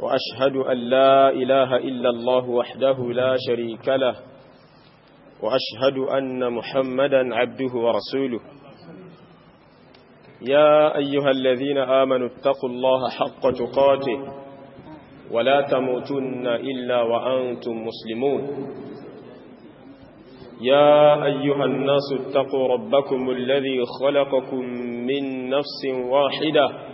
وأشهد أن لا إله إلا الله وحده لا شريك له وأشهد أن محمدا عبده ورسوله يا أيها الذين آمنوا اتقوا الله حق تقاته ولا تموتن إلا وأنتم مسلمون يا أيها الناس اتقوا ربكم الذي خلقكم من نفس واحدة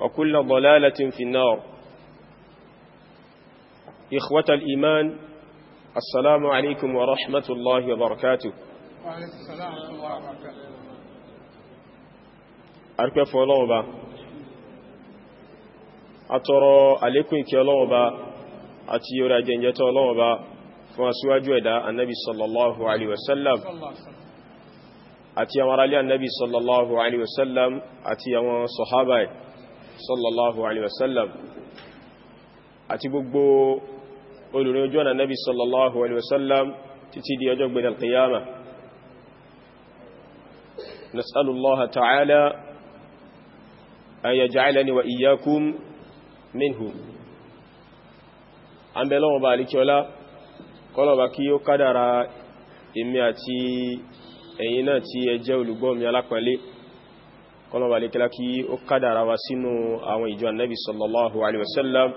وكل ضلالة في النار إخوة الإيمان السلام عليكم ورحمة الله وبركاته أركب فلوبا أترى عليكم كلوبا أتيرى جنجة لوبا فأسوى دا النبي صلى الله عليه وسلم àti àwọn النبي صلى الله عليه وسلم àti àwọn sallallahu alaihi wasallam àti gbogbo olùrin ojú ọ̀nà nabi sallallahu alaihi wasallam títí di ọjọ́ gbẹ̀dẹ̀ alkiyama nasalullaha ta'ala an yaj'alani wa iyyakum minhu an bẹ̀lọ́ ọba alikiola kọlọba kí ó kádàrà èmi àti ẹ̀yin náà tí ẹ jẹ́ olùgbọ́ mi alápẹ̀lẹ́ kọlọ̀bà lè kílá kí ó kádàrà wa sínú àwọn ìjọ annabi sallallahu alaihi wasallam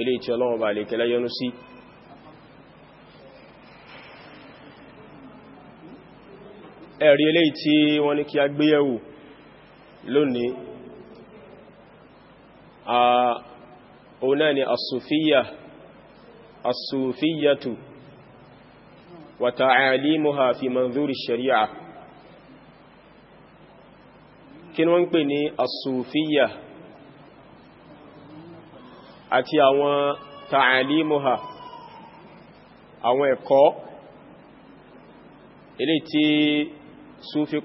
ilé tí ọlọ́wọ̀bà lè kílá yọnú sí ẹ̀rí ilé tí wọ́n ní kí a gbéyẹ̀wò lónìí a ọ̀nà ni asùfíyàtù wa ta'alimuha fi manzuri shari'a kí ni wọ́n ń pè ní asùfíyà àti àwọn tààlímùhà àwọn ẹ̀kọ́ ilé tí súfí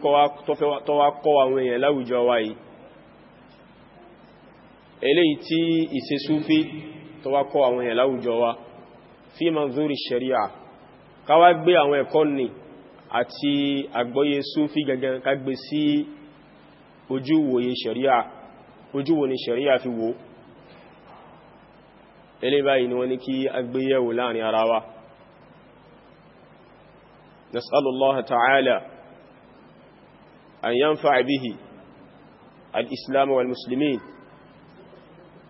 tó wá kọ́ àwọn èèyàn láwùjọ wa yìí ilé tí ìṣe súfí tó kọ́ àwọn èèyàn láwùjọ wa fi manzuri sharia ká wá gbé àwọn ẹ̀kọ́ ni àti àgbọ́yé súfí gangan ká gbé sí ojú wòye ṣẹ̀ríà ojú wo ni ṣẹ̀ríà fi wò ilé báyìí ni wọ́n ní kí agbéyẹ̀wò láàrin ara wa nasalullaha ta'ala an yanfa bihi al-islam wal muslimin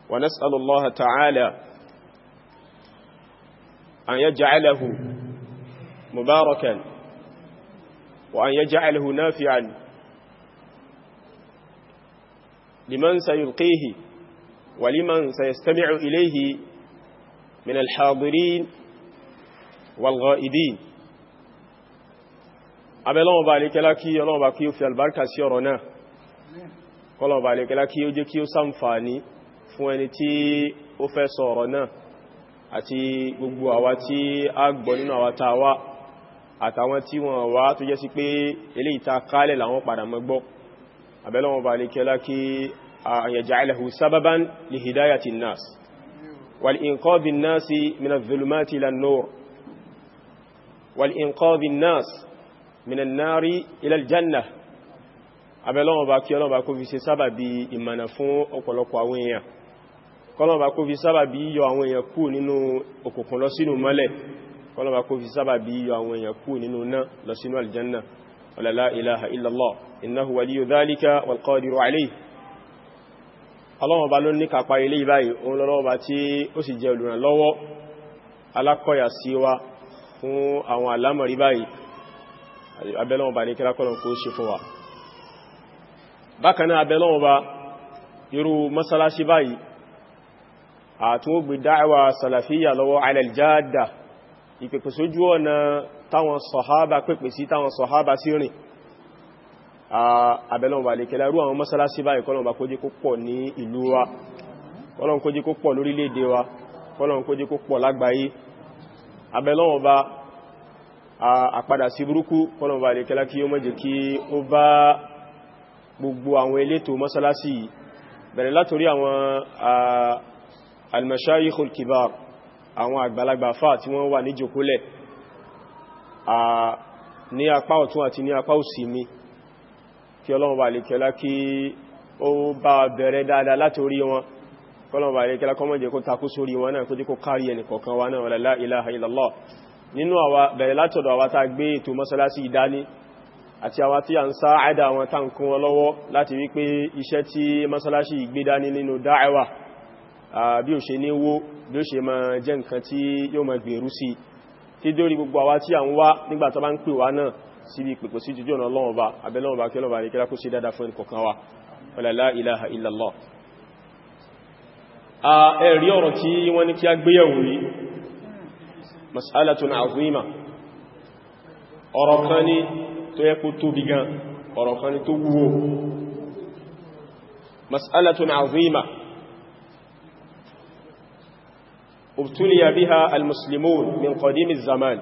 wa nasalullaha ta'ala an yaj'alahu mubarakan wa an yaj'alahu nafi'an لمن سيلقيه ولمن سيستمع إليه من الحاضرين والغائبين abẹ́lọ́wọ́ bá alékẹ́lá kí ọlọ́wọ́ bá kí ó fi albarka sí ọ̀rọ̀ náà kọlọ̀wọ́ bá alékẹ́lá kí ó jẹ́ kí ó ṣàǹfààní fún ẹni tí ó fẹ́ sọ ọ̀rọ̀ náà àti gbogbo àwa tí a gbọ́ nínú àwa tàwa àtàwọn tí wọ́n wá tó jẹ́ sí pé eléyìí tá kálẹ̀ làwọn padà mọ́ gbọ́ abẹ́lọ́wọ̀n bá alékẹ́lá kí yaj'alahu sababan li hidayati nnas wal inqadhi nnasi min adh-dhulumati ila an-nur wal inqadhi nnas min an-nari ila al-jannah abẹ́lọ́wọ̀n bá kí ọlọ́wọ̀n bá kó fi ṣe sábàbí ìmànà fún ọ̀pọ̀lọpọ̀ àwọn èèyàn kọlọ̀bà kó fi sábàbí yọ àwọn èèyàn ولا لا إله إلا الله إنه ولي ذلك والقادر عليه ọlọ́run ọba ló ní kàpá ilé ìbáyìí òun lọ́wọ́ ọba tí ó sì jẹ olùrànlọ́wọ́ alákọ̀yà sí wa fún àwọn alámọ̀rí báyìí abẹ́lọ́wọ́ ọba ní kírákọ́lọ̀ kó ṣe fún wa bákan náà ọba irú mọ́sálásí báyìí àtúnwó gbé táwọn sọ̀hábà pèpè sí táwọn sọ̀hábà sí rìn àbẹ̀lọ́wà lè kẹlẹ̀ rú àwọn mọ́sálásí báyìí kọ́lọ̀wà kó jẹ́ kó pọ̀ ní ìlú wa kọ́lọ̀wà kó jẹ́ kó pọ̀ lórílẹ̀-èdè wa kọ́lọ̀wà kó jẹ́ kó pọ̀ lágbàáyé àbẹ̀lọ́wà àpadà sí burúkú kọ́lọ̀wà lè kẹlẹ̀ kí ó má jẹ́ kí ó bá gbogbo àwọn àwọn àgbàlagbà fà tí wọ́n wà ní jòkólẹ̀ ní apá ọ̀tún àti ní apá òsì mi kí ọlọ́run bá lè kẹ́lá kí ó bá bẹ̀rẹ̀ dáadáa láti orí wọn kọlọ́run bá lè kẹ́lá kó má kó takú sórí wọn náà kó jẹ́ kó kárí ẹnì kọ̀ọ̀kan wa náà la ilaha illallah nínú àwa bẹ̀rẹ̀ látọ̀dọ̀ àwa tá gbé ètò mọ́sálásí ìdání àti àwa tí a ń sáàdà àwọn tá ń kún wọn lọ́wọ́ láti wípé iṣẹ́ tí mọ́sálásí ìgbé tí dórí gbogbo àwa tí à ń wá nígbà tó bá ń pè wá náà síbi ìpèpò sí jíjọ́ ọ̀nà ọlọ́run ọba abẹ́lọ́run ọba kí ọlọ́run ọba ní kílákó sí dáadáa fún ẹnìkọ̀ọ̀kan wa wala la ilaha ẹ̀rí ọ̀rọ̀ tí wọ́n ní kí a gbéyàwó yìí ابتلي بها المسلمون من قديم الزمان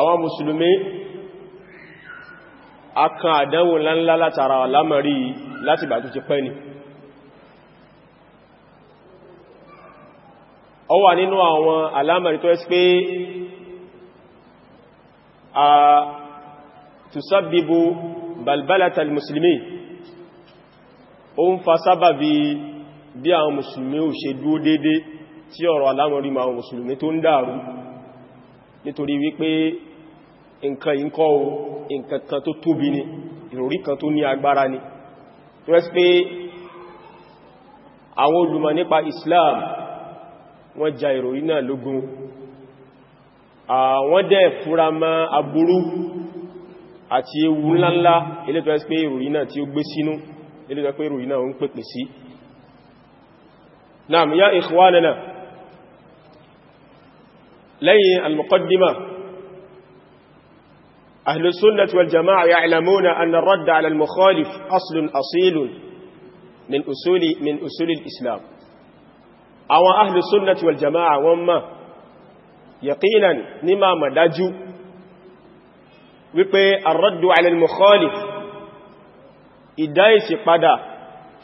àwọn musulmi a kan àdánwò lánlá látara lámàrí láti bàtú ti pẹ́ ni ó wà nínú àwọn alámàrí tó ẹ́sì pé a tùsábìbò balbalatal musulmi ó ń fa sábàbí bí àwọn mùsùlùmí ò ṣe dúó dédé tí ọ̀rọ̀ alámọ̀rí ma àwọn mùsùlùmí tó ń dàrú nítorí wípé nǹkan ìkọ́ o nǹkan kan tó tóbi ni ìròrí kan tó ní agbára ni tó rẹ́sí pé àwọn olùmọ̀ nípa Islam wọ́n ja ìròrí náà lógún àwọn dẹ̀ fúra mọ́ aburú àti ewu ńláńlá ilé tó rẹ́sí pé ìròrí náà tí ó gbé sínú ilé tó rẹ́sí pé ìròrí náà ń pèpè sí نعم يا إخواننا لي المقدمة أهل السنة والجماعة يعلمون أن الرد على المخالف أصل أصيل من أصول, من أصول الإسلام أو أهل السنة والجماعة وما يقينا نما مداجو ويبقى الرد على المخالف إدايس قدر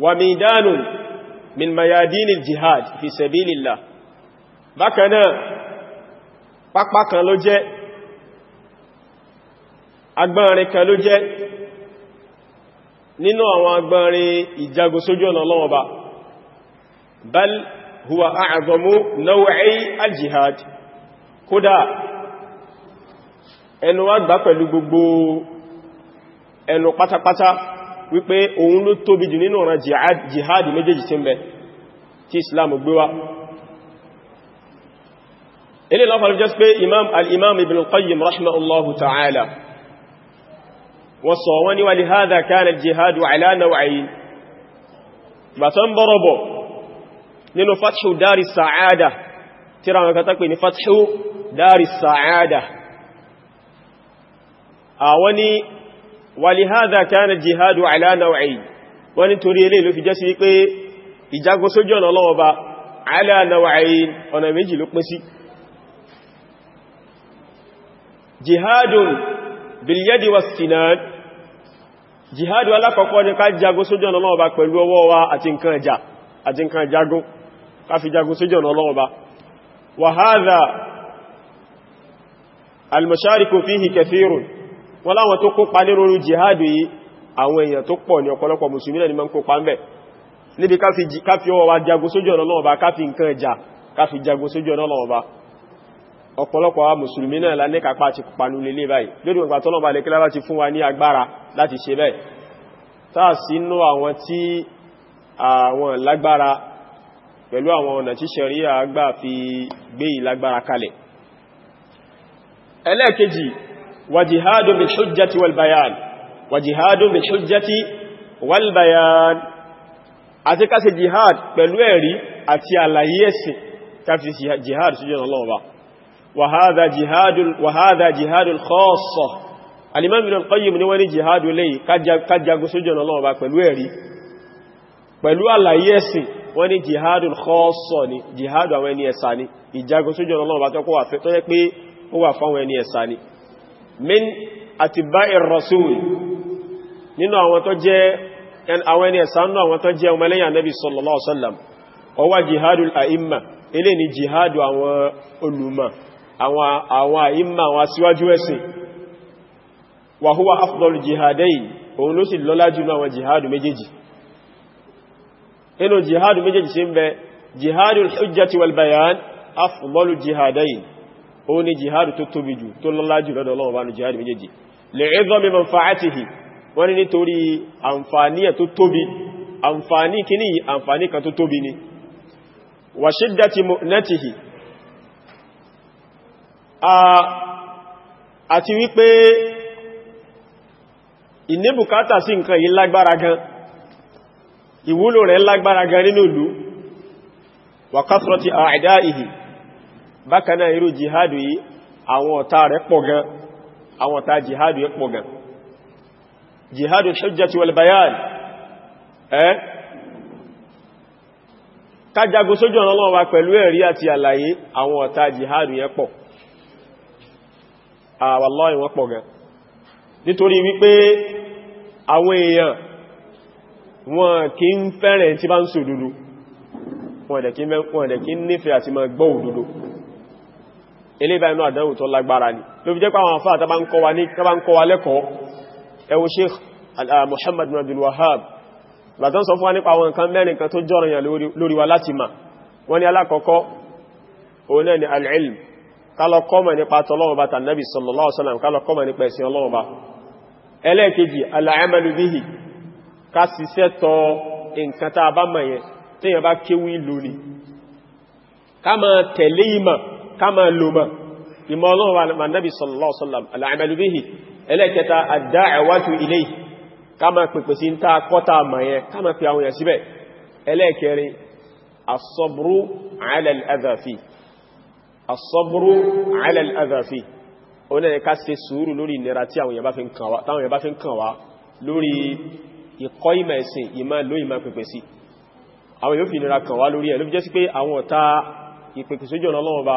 وَمِيدَانٌ من ميادين الجهاد في سبيل الله bákanáà pápá kan ló jẹ́ agbọ́nrin kan ló jẹ́ nínú àwọn agbọ́nrin ìjagun sójú ọ̀nà Ọlọ́hun ba bal huwa a'zamu naw'i al-jihad kódà ẹnu wá gbá pẹ̀lú gbogbo ẹnu pátápátá wípé òun ló tóbi jù nínú ọ̀ràn jihadi méjèèjì tí ń bẹ tí islam gbé wá ilé lọ́fàá jẹ́ pé imam al-imam ibn al-qayyim rahimahullahu ta'ala wọ́n sọ wọ́n ni walihadha kana jihadu ala naw'ayn bàtán bọ́rọ̀bọ̀ nínú fathu dari sa'ada tíra wọn kata pè ní fathu dari sa'ada àwọn ni ولهذا كان الجهاد على نوعين wọ́n nítorí ilé ló fi jẹ́ sí wípé ìjagun sójú ọ̀nà Ọlọ́run Ọba ala naw'ayn ọ̀nà méjì ló pín sí jihadun bilyadi was-sinan jihadu alákọ̀ọ́kọ́ ní ká jagun sójú ọ̀nà Ọlọ́run Ọba pẹ̀lú ọwọ́ wa àti nǹkan ẹja àti ká fi jagun sójú ọ̀nà Ọlọ́run Ọba wa al-mashariku fihi kathirun wọ́n láwọn tó kópa ní rorú jihadu yìí àwọn èèyàn tó pọ̀ ní ọ̀pọ̀lọpọ̀ musulmi náà ni ma ń kópa ń bẹ̀ níbi káfí ọwọ́ wa jago sójú ọ̀nà Ọlọ́run Ọba káfí nǹkan ẹja káfí jago sójú ọ̀nà Ọba ọ̀pọ̀lọpọ̀ wa musulmi náà la níkàpá àti panu lélé báyìí lórí ìgbà tọ́lọ́ba lẹ́kẹ́lá bá ti fún wa ní agbára láti ṣe bẹ́ẹ̀ táà sí inú àwọn tí àwọn lágbára pẹ̀lú àwọn ọ̀nà tí ṣẹ̀ríà gbà fi gbé وجهاد بالحجة والبيان وجهاد بالحجة والبيان àti ká ṣe jihad pẹ̀lú ẹ̀rí àti àlàyé ẹ̀sìn káfí jihad sí jẹ́ ọlọ́ọ̀bá wàhádà jihadul khọ́ọ̀sọ̀ alimamina kọ́yìm ní wọ́n ní jihad olè kájagun sí jẹ́ ọlọ́ọ̀bá pẹ̀lú ẹ̀rí pẹ̀lú àlàyé ẹ̀sìn wọ́n ní jihadul khọ́ọ̀sọ̀ ni jihad àwọn ẹni ẹ̀sà ni ìjagun sí jẹ́ ọlọ́ọ̀bá tó wà min àtìbáì rasul nínú àwọn tó jẹ́ àwọn ẹni ẹ̀sánú àwọn tó jẹ́ ọmọlẹ́yìn anábi sallallahu alaihi wasallam ó wà jihadul a'imma ilé ni jihadu àwọn olùmọ̀ àwọn a'imma àwọn síwájú ẹ̀sìn wa huwa afdol jihadain òun ló sì lọ́lá jùlọ àwọn jihadu ó ní jihadu tó tóbi jù tó lọ́lá jù lọ́dọ̀ Ọlọ́run bá ní jihadu méjèèjì li'idhami manfa'atihi wọ́n ní nítorí àǹfààní ẹ̀ tó tóbi àǹfààní kìíní àǹfààní kan tó tóbi ni wa shiddati mu'natihi àti wípé ìníbùkátà sí nǹkan yìí lágbára gan ìwúlò rẹ̀ lágbára gan nínú ìlú wa kathrati a'da'ihi bákaná náà irú jihadu yìí àwọn ọ̀ta rẹ̀ pọ̀ gan àwọn ọ̀ta jihadu yẹ pọ̀ gan jihadu hujjati ti bayan eh kájagun sójú ọ̀nà Ọlọ́run wa pẹ̀lú ẹ̀rí àti àlàyé àwọn ọ̀ta jihadu yẹ pọ̀ àwàlọ́ì ah, wọ́n pọ̀ gan nítorí wípé àwọn èèyàn wọn ń fẹ́rẹ̀ tí bá ń sọ wọn eléba inú àdánwò tó lágbára ni ló fi jẹ́ pàwọn àfáà tàbá ń kọ́ wa ní tàbá ń kọ́ wa lẹ́kọ̀ọ́ ẹwọ Sheikh Muhammad bin Abdul Wahhab bàtán sọ fún wa nípa àwọn nǹkan mẹ́rin kan tó jọ́rọ̀yàn lórí wa láti ma wọ́n ni alákọ̀ọ́kọ́ òun náà ni al-ilm kálọ kọ́mọ̀ nípa tọ́lọ́wọ́ bá tànàbí sallallahu alaihi wasallam kálọ kọ́mọ̀ nípa ẹ̀sìn tẹ̀lé ìmọ̀ ká máa lò mọ̀ ìmọ̀ ọlọ́run wa mànábì sallallahu alaihi wasallam al-amalu bihi ẹlẹ́kẹta ad-da'watu ilayhi ká máa pèpè sí ń ta kọ́ta mọ̀ yẹn ká máa fi àwọn yẹn síbẹ̀ ẹlẹ́kẹrin as-sabru ala al-adha fi as-sabru ala al-adha fi òun náà ká ṣe sùúrù lórí ìnira tí àwọn yẹn bá fi ń kàn wá lórí ìkọ́ ìmọ̀ ẹ̀sìn ìmọ̀ lóyìn yóò fi ìnira kàn lórí ẹ̀ jẹ́ sí pé àwọn ọ̀tá ìpèpè ọ̀nà ọlọ́wọ́ bá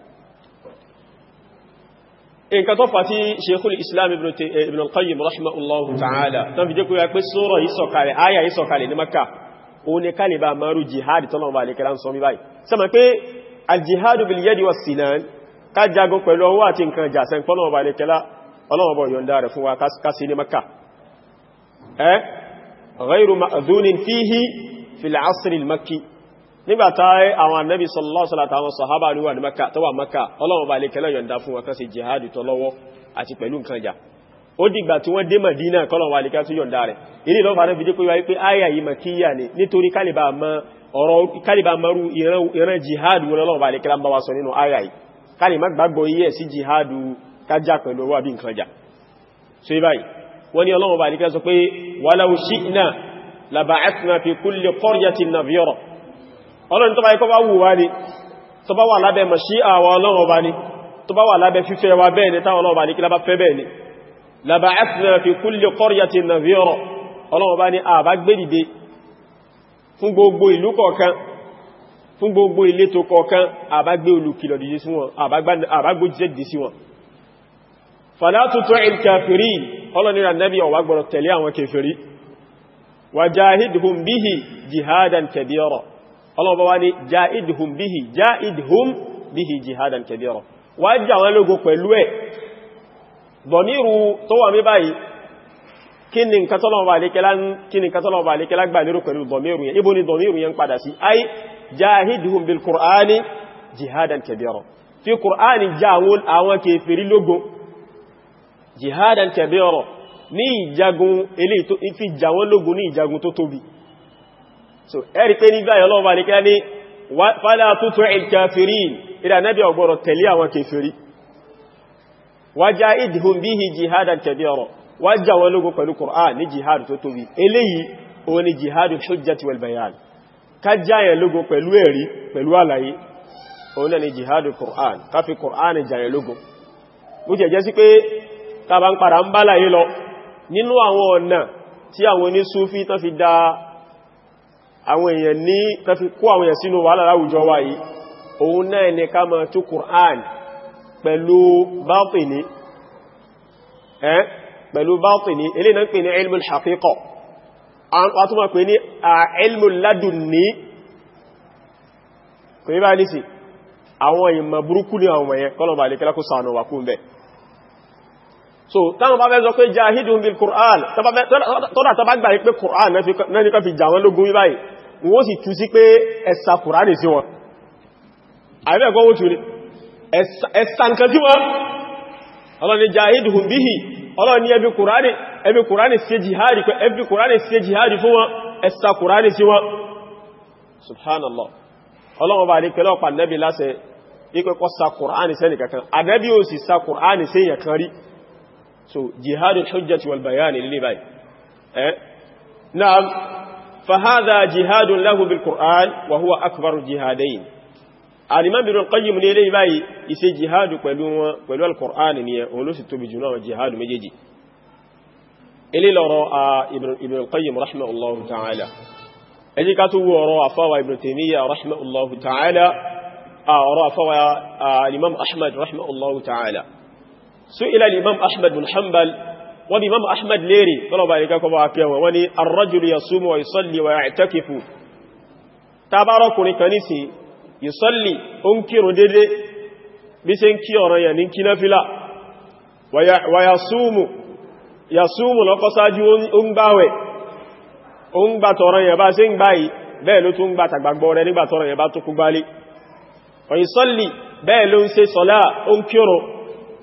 nǹkan tó fà tí Sheikhul Islam Ibn eh, al-Qayyim rahimahullahu ta'ala tán fi jẹ́ kó ya pé sura yìí sọ̀kalẹ̀ àyà yìí sọ̀kalẹ̀ ní Makkah o ní kálìbà maru jihad tọ́lọ̀wà alẹ́kẹ́lá ń sọ mi báyìí sọ́mọ̀ pé al-jihadu bil nígbàtá àwọn ànábì sallallahu alaihi wasallam àwọn sàhábà ní wà ní maka tó wà maka ọlọ́wọ́ bá lè kẹ́lẹ̀ yọ̀nda fún wọn kan sí jihad tó lọ́wọ́ àti pẹ̀lú nǹkan jà ó dìgbà tí wọ́n dé Madina kọ́lọ̀wọ́ àlíká tó yọ̀nda rẹ̀ ilé ìlọ́fà náà fi dé pé wáyé pé áyà yìí makíyà ni nítorí kálíbà mọ́ ọ̀rọ̀ kálíbà marú ìran jihad wọn lọ́wọ́ àlè kíra ń bá wa sọ nínú ayà yìí kálí má ọlọ́run tó bá ikọ́ bá wù wá ní tó bá wà lábẹ́ mọ̀ sí àwọ ọlọ́run ọba ní tó bá wà lábẹ́ fífẹ́ wa bẹ́ẹ̀ ni táwọn ọlọ́run ọba ní kí lábá fẹ́ bẹ́ẹ̀ ni laba'athna fi kulli qaryatin nadhira ọlọ́run ọba ní àbá gbé dìde fún gbogbo ìlú kọ̀ọ̀kan fún gbogbo ìletò kọ̀ọ̀kan àbá ọlọ́ọ̀bá wá ní jáìdhùm bíhì jáìdhùm bíhì jihadan kabira wà jà wọn lógo pẹ̀lú ẹ̀ bọ̀nírù tó wà mí báyìí kí ni nǹkan tọ́lọ̀wà alékẹ́lá gbà nírò pẹ̀lú dọ̀míru yẹn ibo ni dọ̀míru yẹn padà sí ai jáìdhùm bil kùránì jihadan kabira fi kùránì já àwọn kèfèrí lógo jihadan kabira ní ìjagun eléyìí tó fi jà ní ìjagun tó tóbi so ẹ̀rí pé nígbà yẹn lọ́wọ́ ní kẹ́lá ní fala tuti'il kafirin ìdánẹ́bí ọgbọ̀rọ̀ tẹ̀lé àwọn kèfèrí wajahidhum bihi jihadan kabira wájá wọn lógún pẹ̀lú Qur'an ní jihad tó tóbi eléyìí o ni jihad hujjati wal bayan ká jáyẹ lógún pẹ̀lú ẹ̀rí pẹ̀lú àlàyé o ní jihad Qur'an ká fi Qur'an jáyẹ lógún tí àwọn onísúfí tán fi dáa àwọn èèyàn ní kan fi kó àwọn èèyàn sínú wàhálà láwùjọ wa yìí òun náà ni ká máa tú Qur'an pẹ̀lú bátìní ẹ́ pẹ̀lú bátìní ilé náà pè ní ilmul haqiqa a tún máa pè ní ilmul ladunni kò yí bá ní àwọn ìmọ̀ burúkú ní àwọn ẹ̀yẹn kọ́lọ̀bà so táwọn bá fẹ́ sọ pé jahidun bil Qur'an tọ́dà tọ́bá gbà pé Qur'an náà nípa fi jà wọn lógún wí báyìí wọ́n sì tú sí pé ẹ̀sà Qur'an sí wọn àìbẹ̀kọ́ wọ́n tú ní ẹ̀sà nǹkan sí wọn ọlọ́ni jahidun bihi ọlọ́ni ẹbí Qur'an sí jihadi pé ẹbí Qur'an sí jihadi fún wọn ẹ̀sà Qur'an sí wọn subhanallah ọlọ́wọ́ bá ní pẹ̀lọ́ pàdánẹ́bí lásẹ̀ ikẹ́kọ́ sa Qur'an sẹ́nì so jihadul hujjati wal bayani lili bai eh na'am fa hadha jihadun lahu bil qur'an wa huwa akbar jihadain al-imam ibn qayyim lili bai ise jihadu pẹ̀lú pẹ̀lú al qur'an ni ó lọ sí bi juna jihadu méjèèjì ile lọ́rọ̀ a ibn ibn qayyim rahmatullahi ta'ala eji ka tu woro afawa ibn taymiyyah rahmatullahi ta'ala a woro afawa al-imam ahmad rahmatullahi ta'ala سئل الإمام أحمد بن حنبل وبإمام أحمد ليري طلب عليك وعافية واني الرجل يصوم ويصلي ويعتكف تباركني كنيسي يصلي أنكر ديدي بسنكي أريا ننكي نفلا ويصوم يصوم لقصاج أنباوي أنبا تريا باسن باي بẹ́ẹ̀lú tó ń gbà tàgbàgbọ́ rẹ̀ nígbàtọ́rọ̀ yẹ̀bá tó kú gbálé ọ̀yìn sọ́lì bẹ́ẹ̀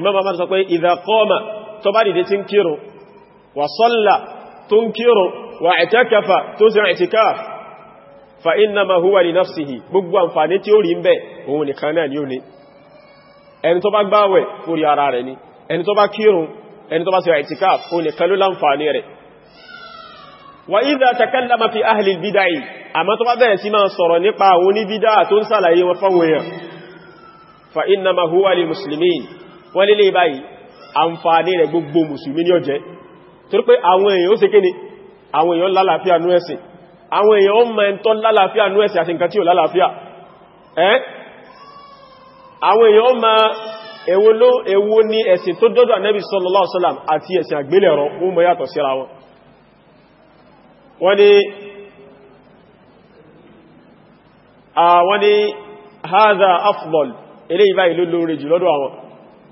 imam ahmad sọ pé idha qama tó bá dìde tí ń kírun wa salla tó ń kírun wa i'takafa tó sì i'tikaf fa innama huwa li nafsihi gbogbo àǹfààní tí ó rí ń bẹ òun nìkan náà ni ó ní ẹni tó bá gbáwẹ̀ fórí ara rẹ̀ ni ẹni tó bá kírun ẹni wa idha takallama fi ahli al-bid'ah àmọ́ tó bá bẹ̀rẹ̀ sí máa sọ̀rọ̀ nípa àwọn oníbídá tó ń sàlàyé wọn fáwọn èèyàn fa huwa lil wọ́n lélé báyìí àǹfààní rẹ̀ gbogbo mùsùlùmí ní ọjẹ́ torí pé àwọn èèyàn ó ṣe kéne àwọn èèyàn lálàáfíà nú ẹ̀sìn àwọn èèyàn ó mọ ẹntọ́ lálàáfíà nú ẹ̀sìn àti nǹkan tí ò lálàáfíà àwọn èèyàn ó mọ èwo ló èwo ẹ̀sìn tó dọ́dọ̀ Ànábì sallallahu alaihi wasallam àti ẹ̀sìn àgbélẹ̀rọ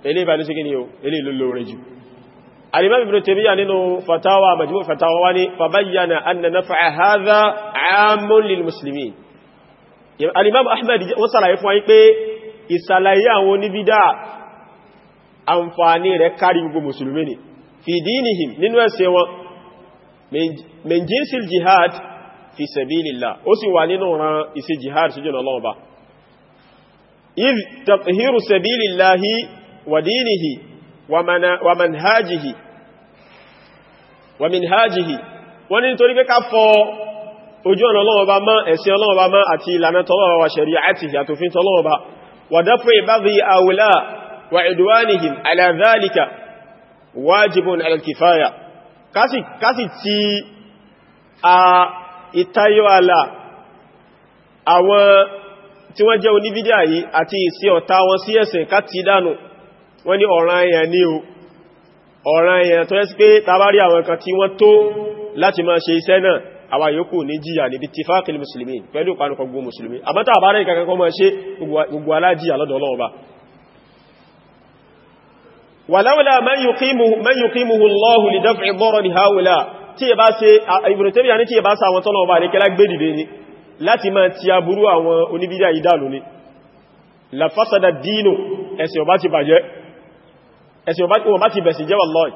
ilé ìbá ní sí gíní o ilé ìlú lóore jù alimami ibn taymiya nínú fatawa majmu fatawa wani fabayyana anna naf'a hadha 'amun lil muslimin alimam ahmad wọ́n ṣàlàyé fún ayi pé ìṣàlàyé àwọn oníbídà àǹfààní rẹ̀ kárí gbogbo mùsùlùmí ni fi dínihim nínú ẹ̀sẹ̀ wọn min jinsil jihad fi sabilillah ó sì wà nínú ran isi jihad sójú ọ̀nà ọlọ́ọ̀ba idh tathiru sabilillahi ودينه ومنهاجه ومنهاجه wọ́n ní nítorí pé ká fọ ojú ọ̀nà Ọlọ́run Ọba mọ́ ẹ̀sìn Ọlọ́run Ọba mọ́ àti ìlànà t'Ọlọ́run Ọba wa shari'atihi àtòfin t'Ọlọ́run Ọba wa daf'i baghi awla wa idwanihim ala dhalika wajibun ala al-kifaya kásì tí a ìtayọ àlà àwọn tí wọ́n jẹ́ oníbídíà yìí àti ìsí ọ̀tá wọn sí ẹ̀sìn ká ti dánù wọ́n ní ọ̀ràn ẹ̀yà ní o ọ̀ràn ẹ̀yà tó yẹ́sí pé tàbárí àwọn kan tí wọ́n tó láti máa ṣe iṣẹ́ náà àwa yòókù ní jíyà níbi tífáàkìlì mùsùlùmí pẹ̀lú ìpanukọ̀ gbogbo ba wàláwàlá man yuqimuhu Allahu li daf'i darari haula tí ẹ bá ṣe Ibn Taymiyyah ní tí ẹ bá sáwọn tọ́lọ̀ ọba àríkẹ́lá gbé láti máa ti aburú àwọn oníbídà ìdálò ni la fasada dínú ẹ̀sìn ọba ti bàjẹ́ ẹ̀sìn wọ́n bá ti bẹ̀sì jẹ́ wallahi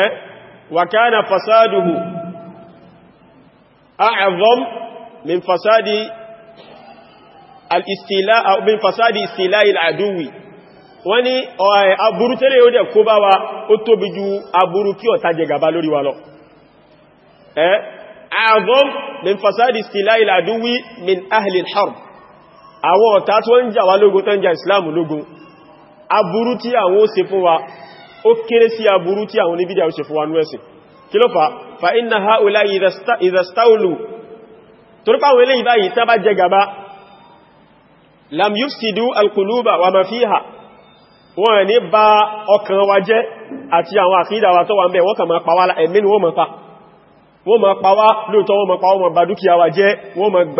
ẹ́ wa kana fasaduhu a'zam min fasadi al-istila min fasadi istilai al-aduwi wọ́n ní aburú tẹ́lẹ̀ yóò dẹ̀ kó bá wa ó tóbi ju aburú kí ọ̀tá jẹ gàba lórí wa lọ àwọn ọ̀tá tó ń jà wá lógun tó ń jà islam lógun aburú tí àwọn ó ṣe fún wa ó kéré sí aburú tí àwọn oníbídà ó ṣe fún wa ní ẹ̀sìn kí ló fà fa inna haula ìzàstáòlù torípa àwọn eléyìí báyìí tá bá jẹ gàba lam yufsidu alquluba wa ma fiha wọ́n ní bà ọkàn wa jẹ́ àti àwọn àkídà wa tó wà ń bẹ wọ́n kàn máa pa wá ẹ̀mẹ́ni wọ́n máa pa wọ́n máa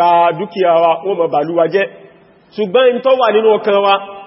pa ṣùgbọ́n tó wà nínú ọkàn wa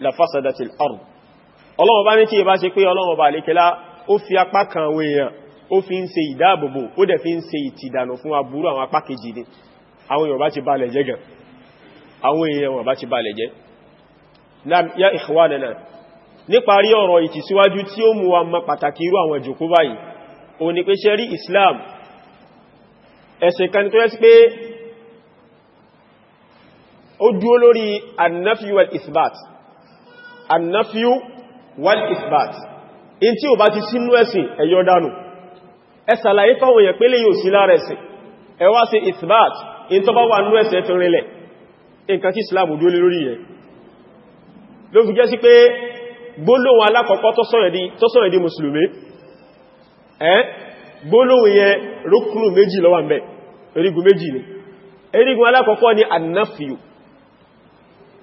lafasadatil ard ọlọ́wọ́ bá ní kí ìbá ṣe pé ọlọ́wọ́ bá lékelá ó fi apá kan àwọn èèyàn ó fi ń ṣe ìdáàbòbò ó dẹ̀ fi ń ṣe ìtìdànà fún aburú àwọn apá kejì ni àwọn èèyàn bá ti balẹ̀ jẹ́ gan àwọn èèyàn wọn bá ti balẹ̀ ya ikhwanana níparí ọ̀rọ̀ ìtìsíwájú tí ó mú wa mọ̀ Islam ẹ̀sìn kan tó yẹ́sí pé ó dúó lórí annafi isbat annafiyu wal isbat in tí ó bá ti sínú ẹ̀sìn ẹ̀yọ́ dánù ẹ ṣàlàyé fáwọn èèyàn pélé yóò sí lára ẹ̀sìn ẹ wá sí isbat in tó bá wà nú ẹ̀sìn ẹ̀fin rinlẹ̀ nǹkan tí islam dúó lórí yẹ ló fi jẹ́ sí pé gbólóhùn alákọ̀ọ́kọ́ tó sọ̀rọ̀ di mùsùlùmí Eh gbólóhùn ye rúkúrù méjì lo wà ńbẹ̀ erigun méjì ni erigun alákọ̀ọ́kọ́ ni annafiyu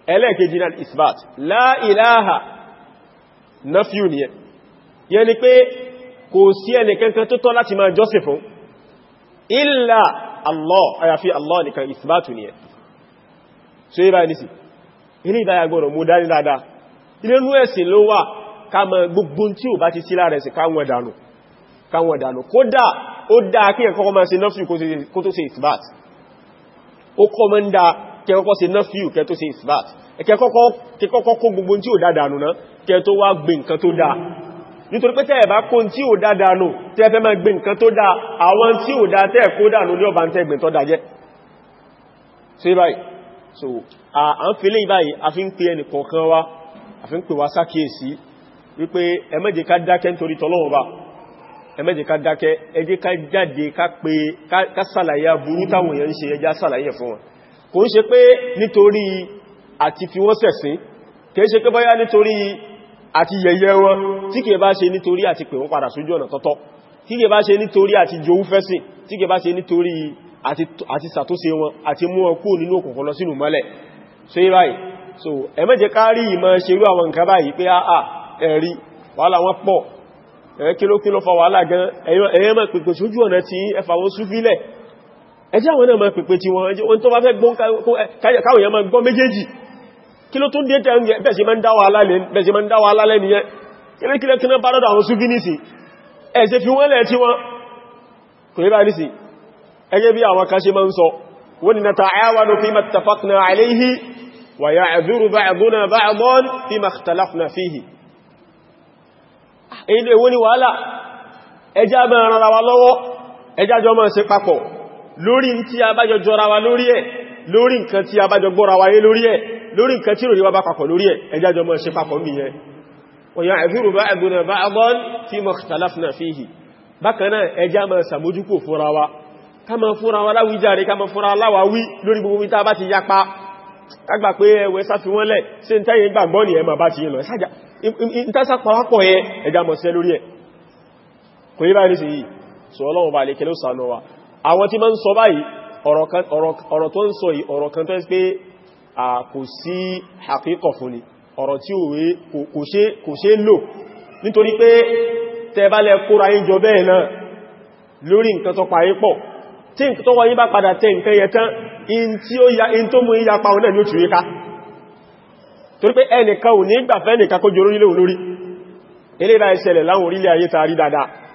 ẹlẹ́ẹ̀kejì náà isbat la ilaha nafiu ni ẹ yẹ ni pé kò sí ẹnìkankan tó tọ́ láti máa jọ́sìn fún illa Allah àyàfi Allah nìkan isbatu ni ẹ so yí báyìí nìsí ilé ìdáyà gbọ́rọ̀ mú dání dáadáa ilé nú ẹ̀sìn ló wà ká mọ gbogbo tí ò bá ti sí lára ẹ̀sìn káwọn ẹ̀dànù káwọn ẹ̀dànù kódà ó dáa kí ẹ̀kọ́kọ́ máa ṣe nafiu kó tó ṣe isbat ó kọ́ mọ́ ń dáa kẹ kọ́kọ́ ṣe nafiu kẹ tó ṣe isbat kẹ kọ́kọ́ kó gbogbo tí ò dáadáa nù náà kẹ tó wá gbé nǹkan tó dáa nítorí pé tẹ́ẹ̀ bá kó tí ò dáadáa nù tẹ́ẹ̀ fẹ́ máa gbé nǹkan tó dáa àwọn tí ò dáa tẹ́ẹ̀ kó dànù ní wa a fi ń pè wá sákìyèsí wípé ẹ má jẹ́ ká dákẹ́ nítorí tọ́lọ́wọ́ ká jáde ká pé ká sàlàyé burú táwọn èèyàn ń ṣe ẹjá sàlàyé fún wọn kò ń ṣe pé nítorí àti fi wọ́n sẹ̀sìn kì í ṣe pé bóyá nítorí àti yẹ̀yẹ́ wọn tí kì í bá ṣe nítorí àti pè wọ́n padà sójú ọ̀nà tọ́tọ́ tí kì í bá ṣe nítorí àti jowú fẹ́sìn tí kì í bá ṣe nítorí àti ṣàtúnṣe wọn àti mú wọn nínú òkùnkùn lọ sínú mọ́lẹ̀ so yí báyìí so ẹ má jẹ́ ká rí ìmọ̀ ṣerú àwọn nǹkan fa wàhálà gan ẹ̀yẹ́ mọ̀ pẹ̀pẹ̀ sójú ọ̀nà tí ẹfà ẹjẹ́ àwọn náà ma pèpè tí wọ́n ẹjẹ́ tó bá fẹ́ gbọ́n káwọn èèyàn ma gbọ́ méjèèjì kí ló tún dé tẹ́ ẹ̀ bẹ̀ṣe ma ń dáwà alálẹ́ nìyẹn kílẹ̀kílẹ̀ kí náà bá lọ́dọ̀ àwọn súfínìsì ẹ̀ṣẹ́ fi wọ́n lẹ̀ tí wọ́n kò yẹ bá nìsì ẹgẹ́ bí àwọn kan ṣe wa ya'dhuru ah, ẹjá jọ máa ṣe papọ̀ lórí tí a bá jọ jọra wa lórí ẹ̀ lórí nǹkan tí a bá jọ gbọ́ra wa yé lórí ẹ̀ lórí nǹkan tí ròrí wa bá papọ̀ lórí ẹ̀ ẹjá jọ mọ́ ṣe papọ̀ mí yẹn wọ̀nyá ẹ̀fíru bá ẹgbùnà bá agbọ́n tí mọ̀ tàlásínà fi hì bákanáà ẹjá mọ́ sàmójúkò fúnra wa ká mọ́ fúnra wa láwí járe ká mọ́ fúnra láwà wí lórí gbogbo tá bá ti yapa kágbà pé ẹwẹ́ sáfi wọ́n lẹ̀ sí ń ẹ̀ kò bá lè kẹlẹ́ sànú wa àwọn tí ma ń sọ báyìí ọ̀rọ̀ tó ń sọ yìí ọ̀rọ̀ kan tó ń pé kò sí àkíkọ̀ fún ni ọ̀rọ̀ tí kò ṣe lò nítorí pé tẹ́bálẹ̀ kóra yín jọ bẹ́ẹ̀ náà lórí nǹkan tó parí pọ̀ tí nǹkan tó wọ́n yí bá padà tẹ nǹkan yẹ tán in tó mú ìyá pa ọ̀nà ní òtù yíká torí pé ẹnìkan ò ní gbàfẹ́ nìkan kó jọ lórílẹ̀ olórí eléyìí bá láwọn orílẹ̀ ayé tààrí dáadáa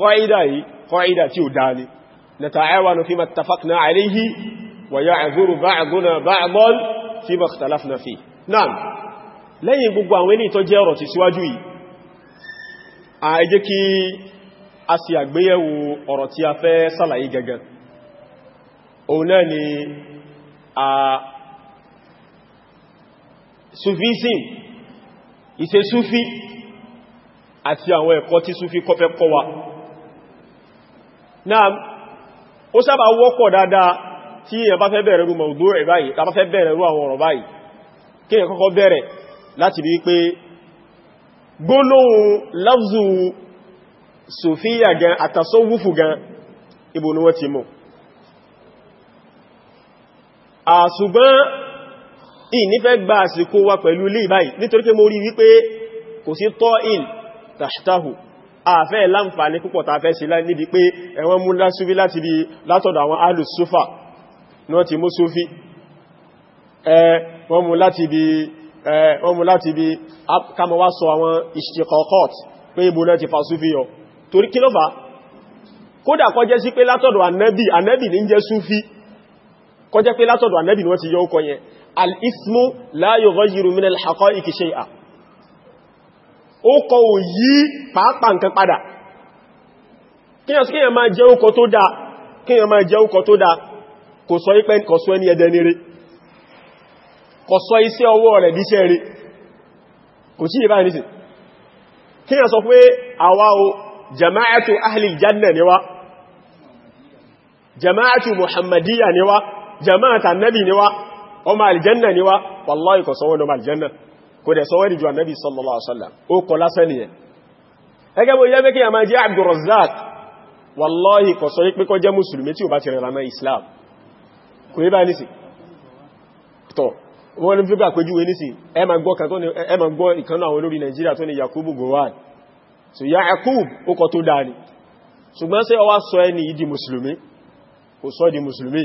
kọ́ìdà yìí kọ́ìdà tí ó dáni na ta'awanu fi mattafaqna alayhi wa ya'dhuru ba'duna ba'dan fi makhtalafna fi naam lẹ́yìn gbogbo àwọn ẹni tó jẹ́ ọ̀rọ̀ ti síwájú yìí a jẹ́ kí a sì àgbéyẹ̀wò ọ̀rọ̀ a fẹ́ sàlàyé gẹ́gẹ́ òun náà ni a sufism ìṣe súfí àti àwọn ẹ̀kọ́ tí súfí kọ́fẹ́ kọ́ wa náà ó sábà wọ́pọ̀ dáadáa tí èyàn bá fẹ́ bẹ̀rẹ̀ rú mọ̀gbó rẹ̀ báyìí tàbá fẹ́ bẹ̀rẹ̀ rú àwọn ọ̀rọ̀ báyìí kí èyàn kọ́kọ́ bẹ̀rẹ̀ láti bí pé gbólóhùn lafzu sofia gan àtàsọ́wúfù gan gba àsìkò wa pẹ̀lú lè báyìí nítorí pé mo rí wípé kò sí tọ́ in tàṣtáhù àfẹ́ láǹfààní púpọ̀ ta fẹ́ sí níbi pé ẹ̀wọ́n mú lásúfí láti bí látọ̀dọ̀ àwọn alùsúfà náà ti mú súfí wọ́n mú láti bí kamọwá sọ àwọn ìṣẹ́kọ̀ọ́kọ́t pé ibò náà ti fa súfí yọ torí kí ló fà kódà kó jẹ́ sí pé látọ̀dọ̀ ànábì ànábì ní jẹ́ súfí kó jẹ́ pé látọ̀dọ̀ ànábì ni wọ́n ti yọ ọkọ̀ yẹn al-ismu la yughayyiru min al-haqa'iqi shay'a ó kọ òyí pàápàá nǹkan padà kíyàn máa jẹ́ ókọ tó dáa kíyàn máa jẹ́ ókọ tó dáa kò sọ ipẹ́ kò sọ ẹni ẹdẹ nire kò sọ iṣẹ́ ọwọ́ rẹ̀ díṣẹ́ rẹ̀ kò sí ìbá nìsìn kíyàn sọ pé àwa o jama'atu ahli janna ni wa jama'atu muhammadiyya ni wa jama'atu annabi ni wa ọmọ aljanna ni wa wallahi kò sọ wọn ọmọ aljanna kò dẹ̀ sọ wẹ́dì ju ànábì sallallahu alaihi wasallam ó kọ lásán nìyẹn ẹgẹ́ bó yẹ́ pé kí a máa sọ mùsùlùmí tí ó bá ti Islam kò yí bá nísì tọ́ wọ́n ní fígbà péjúwe nísì ẹ ma gbọ́ ìkanú àwọn olórí Nàìjíríà tó ní Yakubu Gowal. so ya Yakub ó tó dáa ni ṣùgbọ́n sí ọwá sọ ẹni ìdí mùsùlùmí kò sọ di musulmi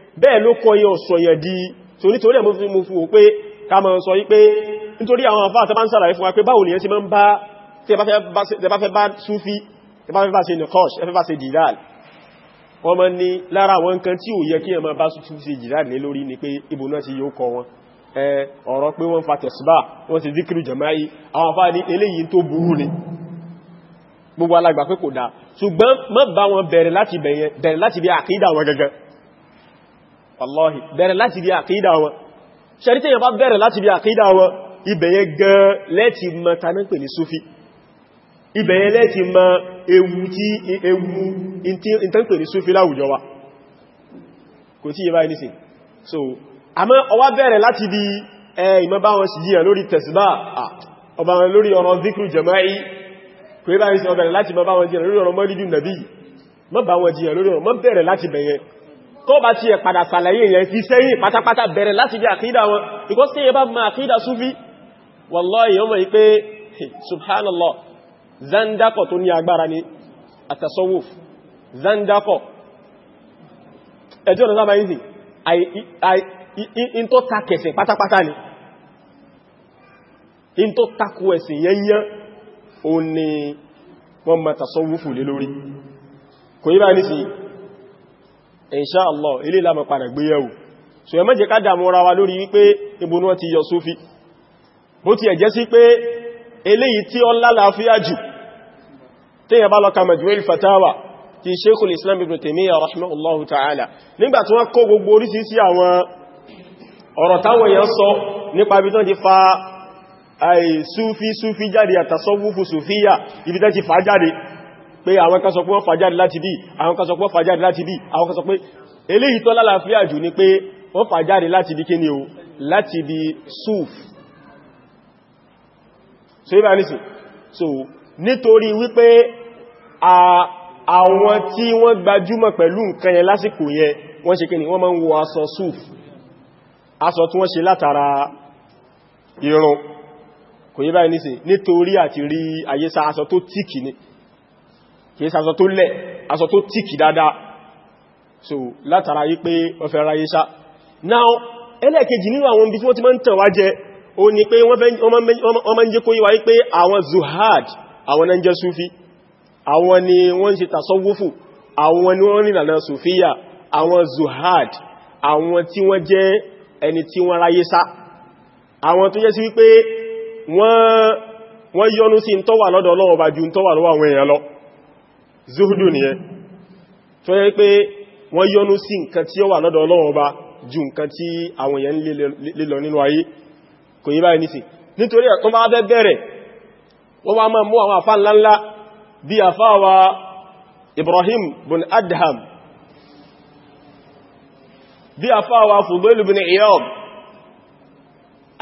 bẹ́ẹ̀ ló kọ yẹ ọ̀sọ̀yẹ̀ di so nítorí ẹ̀ mú fún pé ká mọ̀ sọ wípé nítorí àwọn àfáà tàbá ń sàlàyé fún wa pé báwo nìyẹn ti máa ń bá tẹbá fẹ́ bá súfí tẹbá fẹ́ bá ṣe nìkọ́ṣ ẹfẹ́ bá ṣe dìdáàl wọ́n mọ́ ní lára àwọn nǹkan tí ò yẹ kí ẹmọ bá súfí ṣe dìdáàl ní lórí ni pé ibò náà ti yóò kọ wọn ọ̀rọ̀ pé wọ́n fa tẹ̀síbà wọ́n ti díkìrì jama'i àwọn afá ní eléyìí tó burú ni gbogbo alágbà pé kò dáa ṣùgbọ́n má bá wọn bẹ̀rẹ̀ láti bí àkídà wọn gangan wallahi bẹ̀rẹ̀ láti bí àkídà wọn ṣẹ̀rí tẹ́yàn bá bẹ̀rẹ̀ láti bí àkídà wọn ibẹ̀yẹ gan lẹ́ti mọ taná pè ní súfí ibẹ̀yẹ lẹ́ti mọ ewu tí ewu ìtàn pè ní súfí láwùjọ wa kò tí yẹ báyìí nísìn so àmọ́ ọwá bẹ̀rẹ̀ láti bí ìmọ̀ bá wọn sì yíyàn lórí tẹ̀síbá ọba wọn lórí ọ̀rọ̀ zikru jama'i kò yẹ báyìí sí ọbẹ̀rẹ̀ láti mọ bá wọn jiyàn lórí ọ̀rọ̀ mọ́lídùn nàbí mọ́ bá wọn jiyàn lórí ọ̀rọ̀ mọ́ bẹ̀rẹ̀ láti bẹ̀yẹn tó bá ti ẹ̀ padà sàlàyé yẹn fi sẹ́yìn pátápátá bẹ̀rẹ̀ láti bí àkídà wọn ikọ́ sí ẹbá ma àkídà súfí wallahi yóò mọ̀ ipé subhanallah zandakọ̀ tó ní agbára ní at-tasawuf zandakọ̀ ẹjọ́ ọ̀nà sábà in tó takẹsẹ̀ pátápátá ni in tó insha Allah ilé ìlàmà padà gbéyẹ̀wò so ẹ má jẹ́ ká dàmúra wa lórí wípé ibo ni wọ́n ti yọ súfí bó ti ẹ̀jẹ́ sí pé eléyìí tí ó lálàáfíà jù tíyẹ bá lọ́ka majmu'il fatawa ti Sheikhul Islam Ibn Taymiyyah rahimahullahu ta'ala nígbà tí wọ́n kó gbogbo orísìírísìí pé àwọn kan sọ pé wọ́n fàjáde láti bí àwọn kan sọ pé wọ́n fàjáde láti bí àwọn kan sọ pé eléyìí tó lálàáfíà jù ni pé wọ́n fàjáde láti bí kíni o láti bí suf so ibà nísì so nítorí wípé àwọn tí wọ́n gbajúmọ̀ pẹ̀lú nǹkan yẹn lásìkò yẹn wọ́n ṣe kíni wọ́n máa ń wọ aṣọ suf aṣọ tí wọ́n ṣe látara irun kò yí báyìí nítorí àti rí àyíṣà aṣọ tó tíkì ni kìí sàsọ tó lẹ̀ aṣọ tó tíkì dáadáa so látara yí pé ọfẹ́ ráyé sá now ẹlẹ́ẹ̀kejì nínú àwọn ibi tí wọ́n ti máa ń tàn wá jẹ o ní pé wọ́n máa ń jẹ́ kó yíwa wípé àwọn zuhad àwọn náà jẹ́ sufi àwọn ni wọ́n ṣe tasawufu àwọn ni wọ́n rìnlànà sufiya àwọn zuhad àwọn tí wọ́n jẹ́ ẹni tí wọ́n ráyé sá àwọn tó jẹ́ sí wípé wọ́n yọnu sí ń tọ́wà lọ́dọ̀ Ọlọ́run zuhudu nìyẹn tó yẹ pé wọ́n yọ́nú sí nǹkan tí ó wà lọ́dọ̀ Ọlọ́run Ọba ju nǹkan tí àwọn èèyàn lè lọ nínú ayé kò yí báyìí nìsìn nítorí ẹ̀ bá bẹ́ bẹ̀rẹ̀ wọ́n wá máa àwọn àfá ńláńlá bí àfáwà Ibrahim bin Adham bí àfáwà Fudayl bin Iyad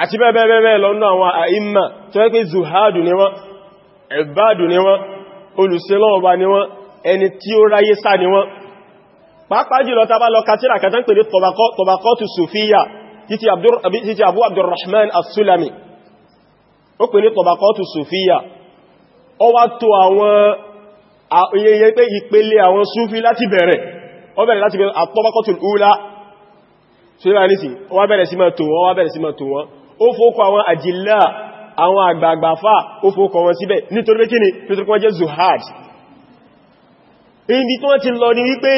àti bẹ́ẹ̀bẹ́ẹ̀bẹ́ẹ̀ lọ́nà àwọn àìmà tó yẹ pé zuhadu ni wọ́n ẹ̀bádù ni wọ́n olùsẹ́lọ́ọ̀bá ni wọ́n ẹni tí ó ráyé sá ni wọ́n pàápàá jùlọ tàbá lọ kàtírà kàtán pẹ̀lú tọbakọ́tù sùfíyà títí abu abdurrahman as-sulami ó pè ní tọbakọ́tù sùfíyà ó wá tó àwọn ayẹyẹ pé ìpele àwọn súfí láti bẹ̀rẹ̀ ó bẹ̀rẹ̀ láti bẹ̀rẹ̀ àtọbakọ́tù ula ṣíra nìsí ó wá bẹ̀rẹ̀ sí máa tò wọ́n ó wá bẹ̀rẹ̀ sí máa tò wọ́n ó fókọ àwọn àjìlá àwọn àgbààgbàfà ó nítorí pé kíni nítorí pé wọ́n jẹ́ zuhad ibi tó ti lọ ní wípé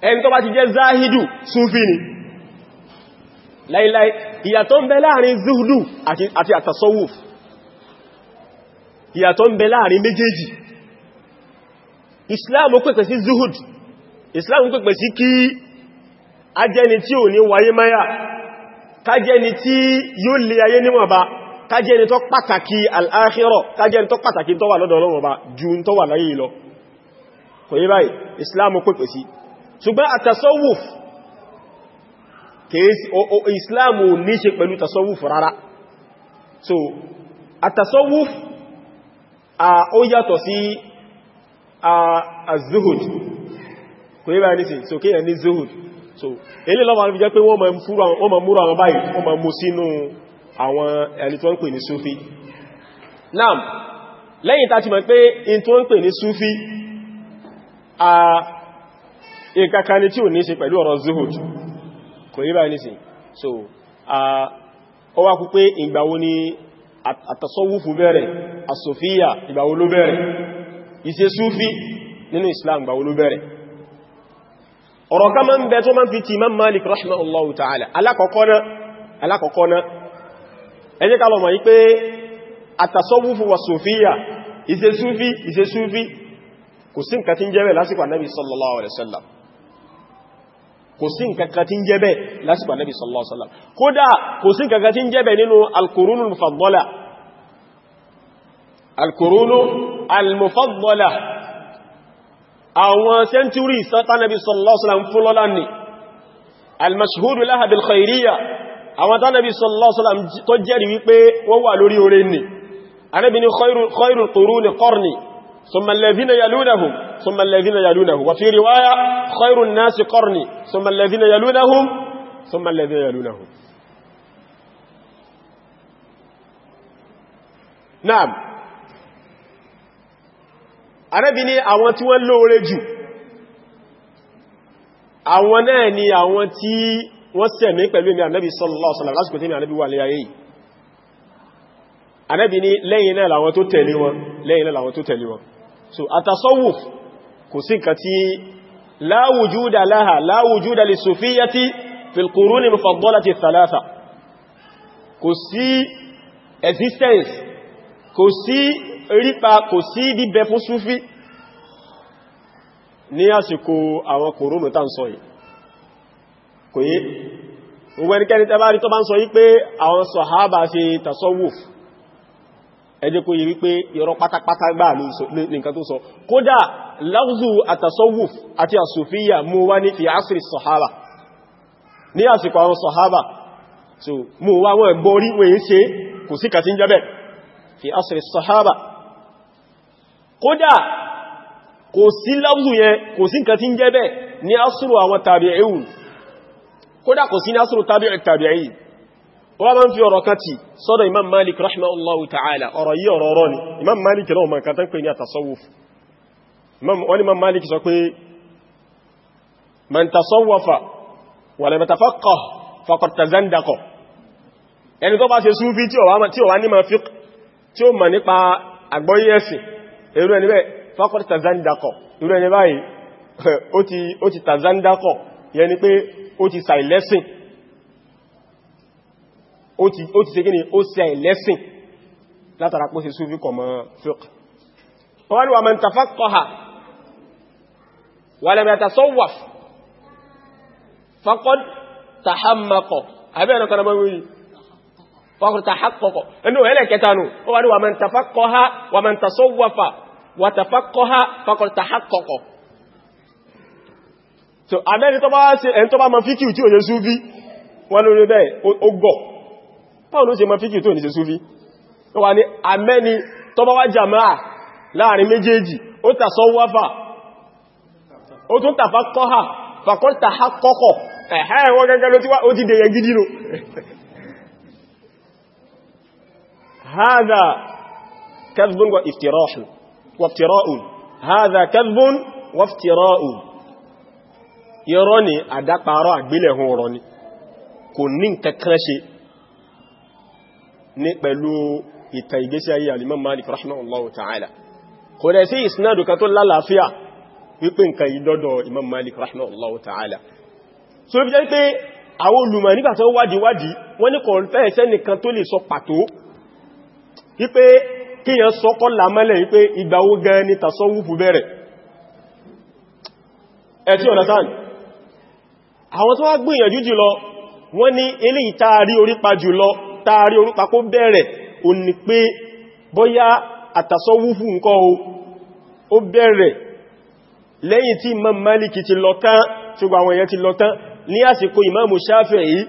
ẹni tó bá ti jẹ́ záhìdù súnfí ni láìláì ìyàtọ̀ ń bẹ láàrin zuhudu àti àtasọ́wùf ìyàtọ̀ ń bẹ láàrin méjèèjì islam pẹ̀pẹ̀ sí zuhud islam pẹ̀pẹ̀ sí kí ajẹni tí ò ní wáyé máyà kájẹni tí yóò lè ayé níwọ̀nba kájẹni tó pàtàkì al-akhirah kájẹni tó pàtàkì tó wà lọ́dọ̀ Ọlọ́run ju tó wà láyé lọ kò yí báyìí islam pèpè sí ṣùgbọ́n àtasọ́wùf kèèsì o islam ò ní ṣe pẹ̀lú tasọ́wùf rárá so àtasọ́wùf ó yàtọ̀ sí az-zuhud kò yí báyìí nìsìn so kéèyàn ní zuhud so ilé lọ́wọ́ alìbí jẹ́ pé wọ́n ma múra àwọn báyìí wọ́n ma mú sínú àwọn ẹni tó ń pè ní súfí náà lẹ́yìn tá mọ̀ pé in tó ń pè ní súfí a ìkaka e ni tí ò ní ṣe pẹ̀lú ọ̀rọ̀ zuhud kò rí bá ní sí so ó wá kú pé ìgbàwo ni àtàsọ́wúfù bẹ̀rẹ̀ àsòfíyà ìgbàwo ló bẹ̀rẹ̀ ìṣe súfí nínú islam ìgbàwo ló bẹ̀rẹ̀ ọ̀rọ̀ ká máa ń bẹ tó máa ń fi ti imam malik rahimahullahu ta'ala alákọ̀ọ́kọ́ náà alákọ̀ọ́kọ́ náà ẹ jẹ́ ká lọ mọ̀ yí pé àtàsọ́wúfù wà sòfíyà ìṣe kò sí nǹkan tí ń jẹ́ bẹ́ẹ̀ lásìkò ànábì sallallahu alaihi wasallam kò sí nǹkan kan tí ń jẹ́ bẹ́ẹ̀ lásìkò ànábì sallallahu alaihi wasallam kódà kò sí nǹkan kan tí ń jẹ́ bẹ́ẹ̀ nínú al-qurunul mufaddala al-qurunu al-mufaddala àwọn sẹ́ntúrì sátánàbí sallallahu alaihi wasallam fúnlọ́lá ni al-mashhudu laha ni anábi ni ثم الذين يلونهم ثم الذين يلونهم وفي رواية خير الناس قرني ثم الذين يلونهم ثم الذين يلونهم نعم Ànábì ní àwọn tí wọ́n lóore jù àwọn náà ni àwọn tí wọ́n sẹ̀mí pẹ̀lú èmì Ànábì sallallahu alaihi wasallam lásìkò tí èmì Ànábì wà lé ayé yìí Ànábì ní lẹ́yìn náà làwọn tó tẹ̀lé wọn lẹ́yìn náà làwọn tó so atasawuf kò sí nǹkan tí la wujuda laha la wujuda li sufiyyati fil quruni mufaddalati thalatha kò sí existence kò sí rípa kò sí bíbẹ fún súfí ní àsìkò àwọn kòrónù tàn sọ yìí kò yé gbogbo ẹnikẹ́ni tẹ́bá tó bá ń sọ yí pé àwọn sọ̀hábà ṣe tasawuf ẹjẹ́ kó yí wípé ìrọ pátápátá gbà nìkan tó sọ kódà láwùzù àtàsọ́wùf àti àsòfíyà mú wá ní fi àṣírí sọ̀hábà ní àsìkò àwọn sọ̀hábà so mú wá wọ́n ẹ̀gbọ́ orí wọ́n ṣe kò sí kàtí jẹ́bẹ̀ fi àṣírí sọ̀hábà kódà kò sí láwùzù yẹn kò sí kàtí jẹ́bẹ̀ wọ́n bá ń fi ọ̀rọ̀ kan tí sọ́dọ̀ imam malik rahimahullahu ta'ala ọ̀rọ̀ yí ọ̀rọ̀ ọ̀rọ̀ ni imam malik lọ́wọ́ ma nǹkan tán pè ní àtasọ́wọ́f wọ́n imam malik sọ pé man tasọ́wọ́fà wà lẹ́mẹ̀ tafakọ̀ ma fi tí ó ma nípa àgbọ́yé ẹ̀sìn irú yẹni pé ó ti sàìlẹ́sìn ó ti ṣe gíní ó ṣe ẹ̀lẹ́sìn látara pọ́ sí súnfí kọmọ fíkà wọ́n ni wà mẹ́ta fàkọ́hà wà lẹ́mẹ́ta sọ́wà fàkọ́ tàhámakọ̀ àbẹ́ẹ̀nà kan mọ́ wí fàkọ́ tàhákọ̀kọ̀ ẹni ò ẹlẹ́ kẹta nù wọ́n ni wà mẹ́ta fàkọ́hà wà mẹ́ta sọ́wà fà wà tàfàkọ́hà fàkọ́ tàhákọ̀kọ̀ so àbẹ́ni tó bá ṣe ẹni tó bá mọ fíkì tí ò yẹ báwọn ló ṣe mọ́ fíkì tó ní ṣe súfí wà ní àmẹ́ni tọ́bọ́wá jàmáà láàrin méjèèjì ó tàṣọ́wọ́fà ó tún tàfà kọ́hà fàkọ́ta ha kọ́kọ̀ ẹ̀hẹ́ ẹ̀wọ́n gẹ́gẹ́ ló tí wá ó ti dẹ̀yẹ gidi nù هذا كذب وافتراء وافتراء هذا كذب وافتراء irọ́ ni àdáparọ́ àgbélẹ̀hùn ọ̀rọ̀ ni kò ní nǹkan kan ṣe ní pẹ̀lú ìtàn ìgbésí ayé al-Imam Malik rahimahullahu ta'ala kò rẹ̀ sí ìsinádù kan tó lálàáfíà wípé nǹkan ìdọ́dọ̀ Imam Malik rahimahullahu ta'ala so ibi jẹ́ pé àwọn olùmọ̀ nígbà tó wádìí wádìí wọ́n ní kò fẹ́ ẹ̀ṣẹ́ nìkan tó lè sọ pàtó wípé kíyàn sọ kọ́ lámẹ́lẹ̀ wípé ìgbà wo gan ni tasawufu bẹ̀rẹ̀ ẹ̀ tí ọ̀nà eléyìí tá a jùlọ taari orúpa kó bẹ̀rẹ̀ o ní pé bóyá àtàsọ́wúfù nǹkan o ó bẹ̀rẹ̀ lẹ́yìn tí imam maliki ti lọ tán tí gbogbo àwọn èèyàn ti lọ tán ní àsìkò imamu Shafi'i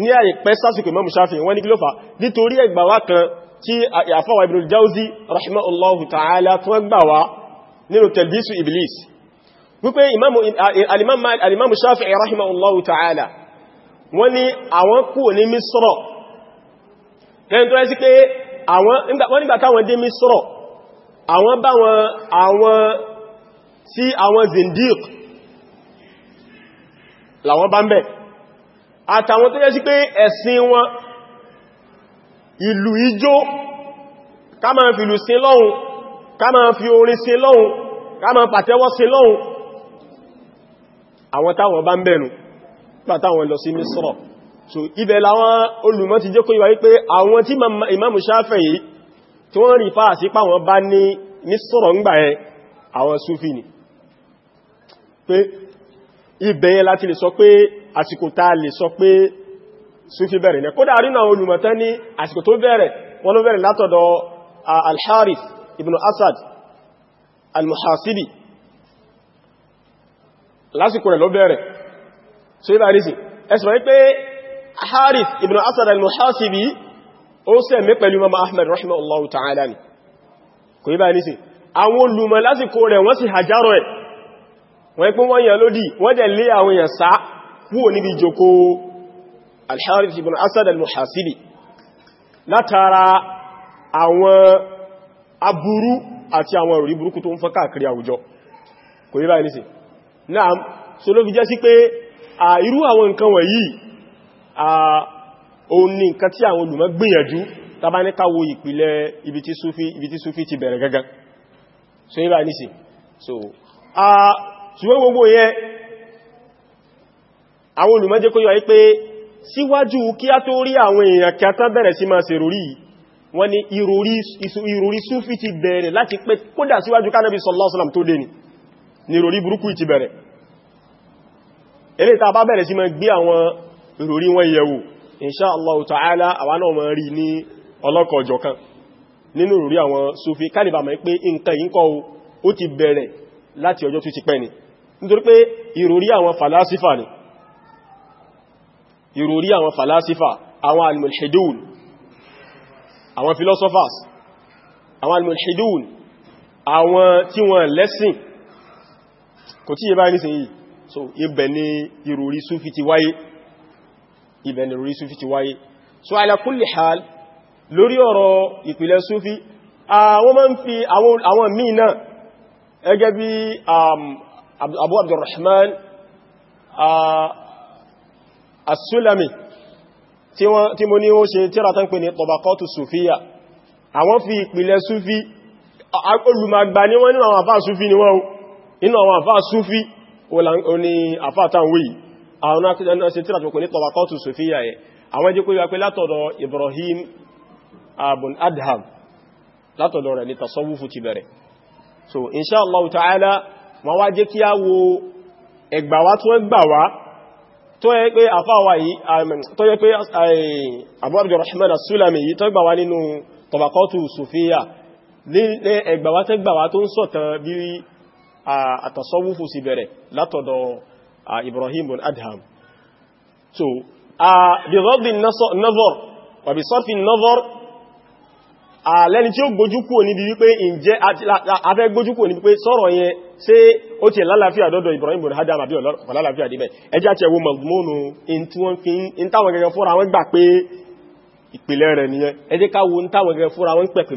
ní àìpẹ́ sásìkò imamu Shafi'i wọ́n ní kí ló fà nítorí ẹgbàwá kan tí àfáwà ibn al-Jawzi rahimahullahu ta'ala tó gbàwá nínú wọ́n ní àwọn kú ní Misra lẹ́yìn tó rẹ̀ sí pé wọ́n nígbà táwọn dé Misrọ̀ àwọn bá wọn àwọn tí àwọn zindiq làwọn bá ń bẹ̀ àtàwọn tó yẹ sí pé ẹ̀sìn wọn ìlú ijó ká máa fi ìlú sin lọ́hun ká máa fi orin sin lọ́hun ká máa pàtẹ́wọ́ sin lọ́hun àwọn táwọn bá ń bẹ̀nu pàtàwọn lọ sí Misrọ̀ so ibẹ̀ làwọn olùmọ̀ ti jẹ́ kó yíwa wípé àwọn tí imamu Shafi'i yìí tí wọ́n rí fáà sí pàwọn bá ní ní sọ̀rọ̀ ń gbà ẹ àwọn súfì ni pé ibẹ̀ yẹn láti lè sọ pé àsìkò tá lè sọ pé súfì bẹ̀rẹ̀ ní kódà rí náà olùmọ̀ tán ní àsìkò tó bẹ̀rẹ̀ wọ́n ló bẹ̀rẹ̀ látọ̀dọ̀ al Asad al-Muhasibi lásìkò rẹ̀ ló bẹ̀rẹ̀ Harith ibn Asad al-Muhasibi ó sẹ̀mí pẹ̀lú Imam Ahmad rahimahullahu ta'ala ni kò yí báyìí nísìn àwọn olùmọ̀ lásìkò rẹ̀ wọ́n sì hajjáró ẹ̀ wọ́n ipin wọ́n yàn lódì wọ́n jẹ́ lé àwọn èèyàn sá kúrò níbi jòkó al-Harith ibn Asad al-Muhasibi látara àwọn aburú àti àwọn òrí burúkú tó ń fọ́n káàkiri àwùjọ kò yí báyìí nísìn náà so ló fi jẹ́ sí pé àìrú àwọn nǹkan wọ̀nyí òun ní nǹkan tí àwọn olùmọ̀ gbìyànjú tàbá ní káwo ìpìlẹ̀ ibi tí súfí ibi tí súfí ti bẹ̀rẹ̀ gangan so yíba nìsìn so a ṣùgbọ́n gbogbo yẹn àwọn olùmọ̀ jẹ́ kó yọ pé síwájú kí a tó rí àwọn èèyàn kí a tán bẹ̀rẹ̀ sí máa ṣe ròrí wọ́n ní ìròrí súfí ti bẹ̀rẹ̀ láti pé kódà síwájú kánàbí sallallahu alaihi wasallam tó dé ni ni ìròrí burúkú ti bẹ̀rẹ̀ eléta bá bẹ̀rẹ̀ sí máa gbé àwọn ìròrí wọn yẹ̀wò insha Allah ta'ala àwọn náà mọ̀ rí ní ọlọ́kọ̀ọ̀jọ̀ kan nínú ìròrí àwọn Sufi kálìbà mọ̀ pé nǹkan yìí kọ́ ó ti bẹ̀rẹ̀ láti ọjọ́ tó ti pẹ́ ni nítorí pé ìròrí àwọn falasifa ni ìròrí àwọn falasifa àwọn al-mulhidun àwọn philosophers àwọn al àwọn tí wọ́n lẹ́sìn kò tí yẹ báyìí nísìnyí so ibẹ̀ ni ìròrí Sufi ti wáyé ibẹ̀ ni orí súfí ti wáyé so ala kulli hal lórí ọ̀rọ̀ ìpìlẹ̀ súfí àwọn máa ń fi àwọn míì náà ẹgẹ́ bí um, abu abdurrahman as-sulami tí mo ní ó ṣe tíra tán pè ní tọbakọ́tù sufiya àwọn fi ìpìlẹ̀ súfí olùmọ̀gbà ní wọ́n nínú àwọn àfáà súfí ni wọ́n ni àfáà tán wéyìí àwọn akẹ́sẹ̀ tí ràtùkù ní tọwàkọ́tù sofia yẹ àwọn jẹ́ kó yíwa pé látọ̀dọ̀ Ibrahim abun adham látọ̀dọ̀ rẹ̀ ní tasawufu ti bẹ̀rẹ̀ so insha Allah ta'ala ma wá jẹ́ kí a wo ẹgbàwá tó ẹgbàwá tó yẹ pé àfáwà yìí um, tó yẹ pé um, Abu Abdurrahman as-Sulami yìí tó gbàwá nínú tọwàkọ́tù sofia lílẹ̀ ẹgbàwá tẹ́gbàwá tó ń sọ̀tàn bí àtasawufu uh, ti bẹ̀rẹ̀ látọ̀dọ̀ Ah, Ibrahim bin Adham so bí rọ́bì nọ́vọ̀r wàbí sọ́fì nọ́vọ̀r lẹ́ni tí ó gbójú kúrò níbi wípé ìjẹ́ afẹ́ gbójú kúrò níbi pé sọ́rọ̀ yẹn ṣé ó ti lálàáfíà dọ́dọ̀ Ibrahim bin Adham àbí ọ̀lálàáfíà débẹ̀ ẹjá tẹ wo mọ̀gbónú in táwọn gẹ́gẹ́ fúnra wọn gbà pé ìpìlẹ̀ rẹ̀ nìyẹn ẹjẹ́ ká wo táwọn gẹ́gẹ́ fúnra wọn pẹ̀pẹ̀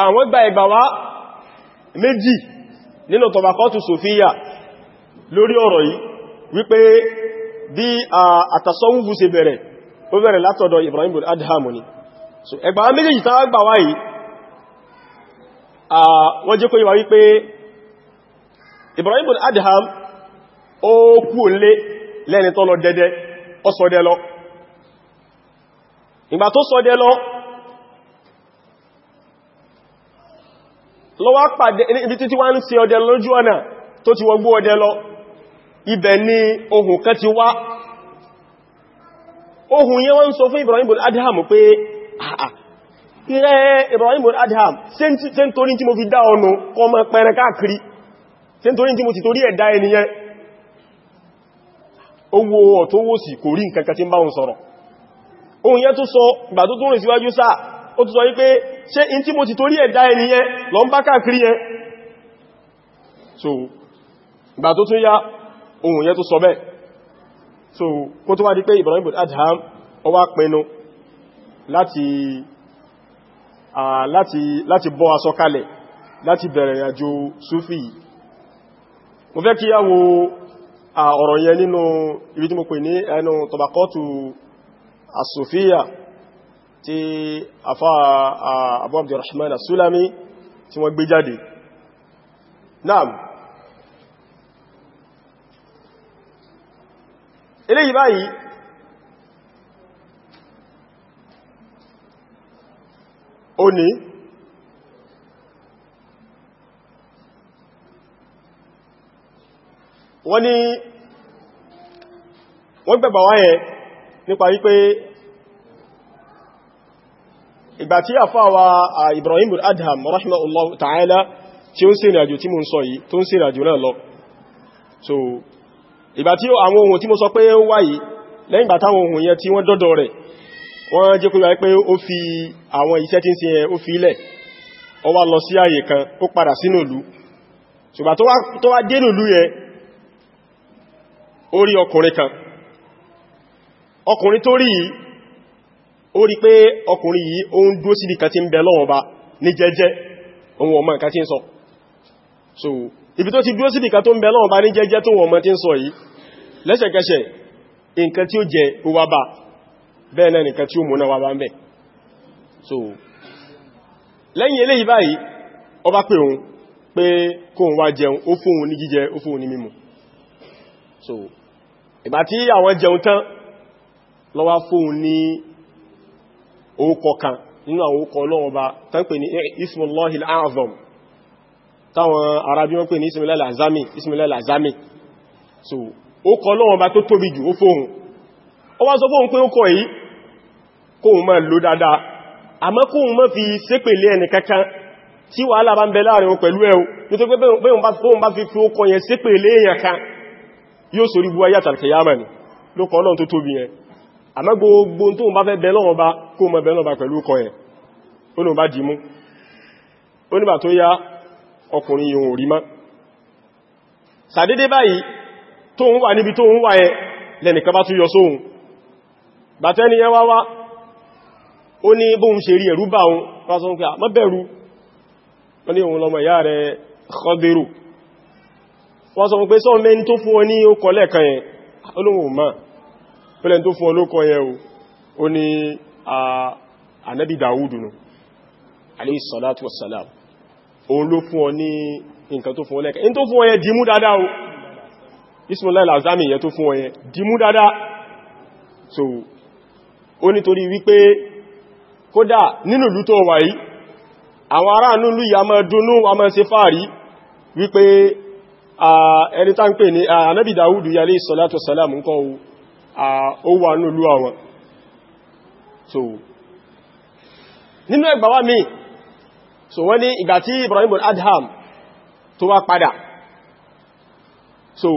àwọn gba ìgbàwá méjì nínú tọbakọ́tù sofiya lórí ọ̀rọ̀ yìí wípé bí àtàsọ́wúfú ṣe bẹ̀rẹ̀ ó bẹ̀rẹ̀ látọ̀dọ̀ Ibrahim bin Adham ni so ẹgbàwá méjì tán gbàwá yìí wọ́n jẹ́ kó yíwa wípé Ibrahim bin Adham ó kú òlé lẹ́ni tó lọ dẹ́dẹ́ ó sọdẹ lọ lọ́wọ́ pàdé ibi títí wá ń ṣe ọdẹ lójú ọ̀nà tó ti wọgbó ọdẹ lọ ibẹ̀ ni ohun kan ohun yẹn wọ́n sọ fún Ibrahim adham pé àà ìrẹ́ adham tí mo fi dá ọnù kọ mọ́ pẹ̀rẹ káàkiri mo ti torí ẹ̀dá owó ọ̀tọ́wọ́sì kò rí nǹkan kan ń bá sọ̀rọ̀ ó ti sọ wípé ṣe in tí mo ti torí ẹ̀dá ẹni yẹn lọ ń bá káàkiri yẹn so ìgbà tó tún yá ohun yẹn tó sọ bẹ́ẹ̀ so kó tó wá di pé Ibrahim bin Adham ó wá pinnu láti láti láti bọ́ aṣọ kalẹ̀ láti bẹ̀rẹ̀ àjò súfì mo fẹ́ kí yáwo ọ̀rọ̀ yẹn nínú ibi tí mo pè ní ẹnu tọbakọ́tù asòfíà tí afá Abu Abdurrahman as-Sulami tí wọ́n gbé jáde naam eléyìí báyìí ó ní wọ́n ní wọ́n gbẹ̀gbà wáyẹ nípa wípé ìgbà tí àfáwà Ibrahim adham rahimahullah ta'ala tí ó ń sìnrìn àjò tí mo ń sọ yìí tó ń sìnrìn àjò náà lọ so ìgbà tí àwọn ohun tí mo sọ pé ó wáyìí lẹ́yìn ìgbà táwọn ohun yẹn tí wọ́n dọ́dọ̀ rẹ̀ wọ́n jẹ́ kó yáyé pé ó fi àwọn ọkùnrin tó rí ó rí pé ọkùnrin yìí ó ń dúó síbi ń bẹ lọ́wọ́ bá ní jẹjẹ ohun ọmọ nǹkan tí ń sọ so ibi tó ti dúó síbi kan ń bẹ lọ́wọ́ bá ní jẹ́jẹ́ tó wọ́n mọ́ tí ń sọ yìí lẹ́sẹ̀kẹsẹ̀ nǹkan tí ó jẹ wá bá bẹ́ẹ̀ náà nǹkan tí ó mú orúkọ kan nínú àwọn orúkọ Ọlọ́run Ọba tán pè ní ismullahi al-azam táwọn arabi wọ́n pè ní ismullahi al so orúkọ Ọlọ́run Ọba tó tóbi jù ó fóhun ó wá sọ fóhun pé ó kọ yìí kóhun máa lò dáadáa àmọ́ kóhun má fi ṣépèlé ẹni kankan tí wàhálà bá ń bẹ láàrin pẹ̀lú ẹ̀ nítorí pé bóhun bá fi fi ó kọ àmọ́ gbogbo tó ń bá fẹ́ bẹ́ẹ̀ lọ́wọ́ bá kó mọ bẹ́ẹ̀ lọ́wọ́ bá pẹ̀lú ọkọ̀ ẹ̀ ó lò bá dìímú ó nígbà tó yá ọkùnrin yìí ò rí mọ́ sàdédé báyìí tó ń wà níbi tó ń wà ẹ lẹ́nìkan bá tún yọ sóhun bàtẹ́ni ẹ wá wá pẹ́lẹ̀ tó fún olókọ yẹn o ní ànábì Dáúdù nù alayhi salatu wassalam òun ló fún ọ ní nǹkan tó fún ọ lẹ́kẹ̀ẹ́ in tó fún ọ yẹn dìmú dáadáa o Ismail Al-Azami tó fún ọ yẹn dìmú so ó nítorí wípé kódà nínú ìlú tó wà yìí àwọn ará inú ìlú yìí a máa dùnnú a máa ṣe fàárí wípé ẹni tá ń pè ní ànábì Dáúdù alayhi salatu wassalam nǹkan ó wà ní olú àwọn so nínú ẹgbàwà mi so wọ́n ní ìgbà tí Ibrahim bin Adham tó wá padà so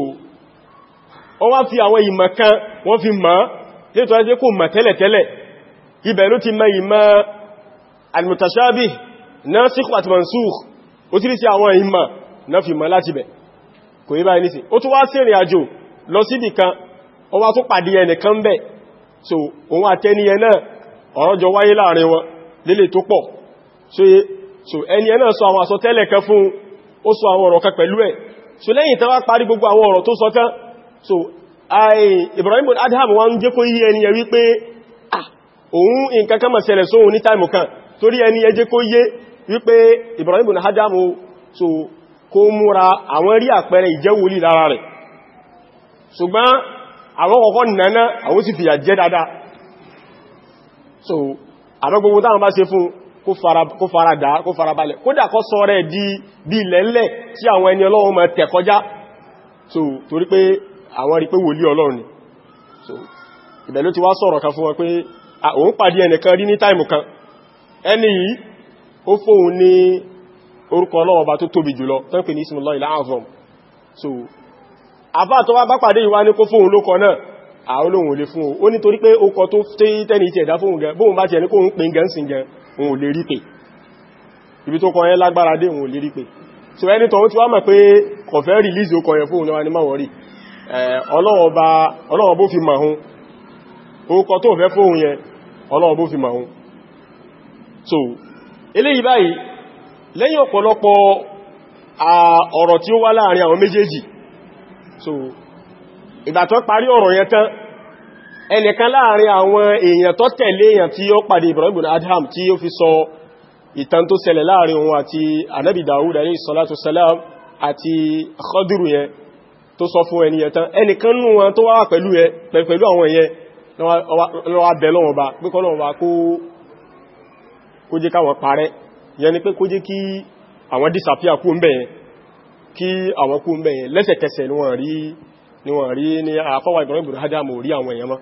ó wá fi àwọn ìmọ̀ kan wọ́n fi mọ̀ létọ́ ẹgbẹ́ kò mọ̀ tẹ́lẹ̀tẹ́lẹ̀ ibẹ̀ ló ti mọ̀ ìmọ̀ al-mutashabih nasikh àti mansukh ó ti rí sí àwọn ìmọ̀ náà fi mọ̀ láti bẹ̀ kò yí báyìí nísìn ó tún wá sí ìrìn àjò lọ síbì kan ó wá tún pàdé ẹnìkan bẹ̀ so òun àtẹniyẹ náà ọ̀rọ̀ jọ wáyé láàrin wọn lélè tó pọ̀ so ẹniyẹ náà sọ àwọn àsọtẹ́lẹ̀ kan fún ó sọ àwọn ọ̀rọ̀ kan pẹ̀lú ẹ̀ so lẹ́yìn tán parí gbogbo àwọn ọ̀rọ̀ tó sọ tán so ai Ibrahim bin Adham wọ́n jẹ́ kó yí ẹniyẹ wípé ah òun nǹkan kan máa ṣẹlẹ̀ sóhun ní táìmù kan torí ẹniyẹ jẹ́ kó yé wípé Ibrahim bin Adham kó múra àwọn rí àpẹẹrẹ ìjẹ́wòlì lára rẹ̀ ṣùgbọ́n àwọn kọ̀kọ́ nana àwọn sì fìyà jẹ dáadáa so àwọn gbogbo táwọn bá ṣe fún kó fara dá kó fara balẹ̀ kódà kó sọ rẹ̀ di bí ilẹ̀lẹ̀ tí àwọn ẹni ọlọ́run ma tẹ̀ kọjá so torí pé àwọn rí pé wòlí ọlọ́run so ibẹ̀ ló ti wá sọ̀rọ̀ kan fún wọn pé òun pàdé ẹnìkan rí ní táìmù kan ẹni yìí ó fóun so àfá tó wá bá pàdé ìwá ní kó fóun ló kọ náà àwọn olóhun olè fún o ó nítorí pé ó kọ tó tẹ́ni ti ẹ̀dá fóun gẹn bóun bá ti ẹni kóhun pín gẹn sí gẹn òun ò lè rí pé ibi tó kọ yẹn lágbára dé òun ò lè rí pé so ẹni tọ́wọ́ ti wá mọ̀ pé kò rìlíìsì ó kọ so ìgbà tó parí ọ̀rọ̀ yẹn tán ẹnìkan láàrin àwọn èèyàn tó tẹ̀lé èèyàn tí ó pàdé Ibrahim ibn Adham tí ó fi sọ ìtàn tó ṣẹlẹ̀ láàrin òun àti Ànábì Dawud alayhi salatu salam àti Khadiru yẹn tó sọ fún ẹni yẹn tán ẹnìkan nù wọn tó wá pẹ̀lú àwọn yẹn lọ́wọ́ abẹ kí àwọn kú mẹ́yìn lẹ́sẹ̀kẹsẹ̀ níwọ̀n rí níwọ̀n rí ní àfọwà ìgbọ̀nà ìbùdó hádàmù rí àwọn èèyàn mọ́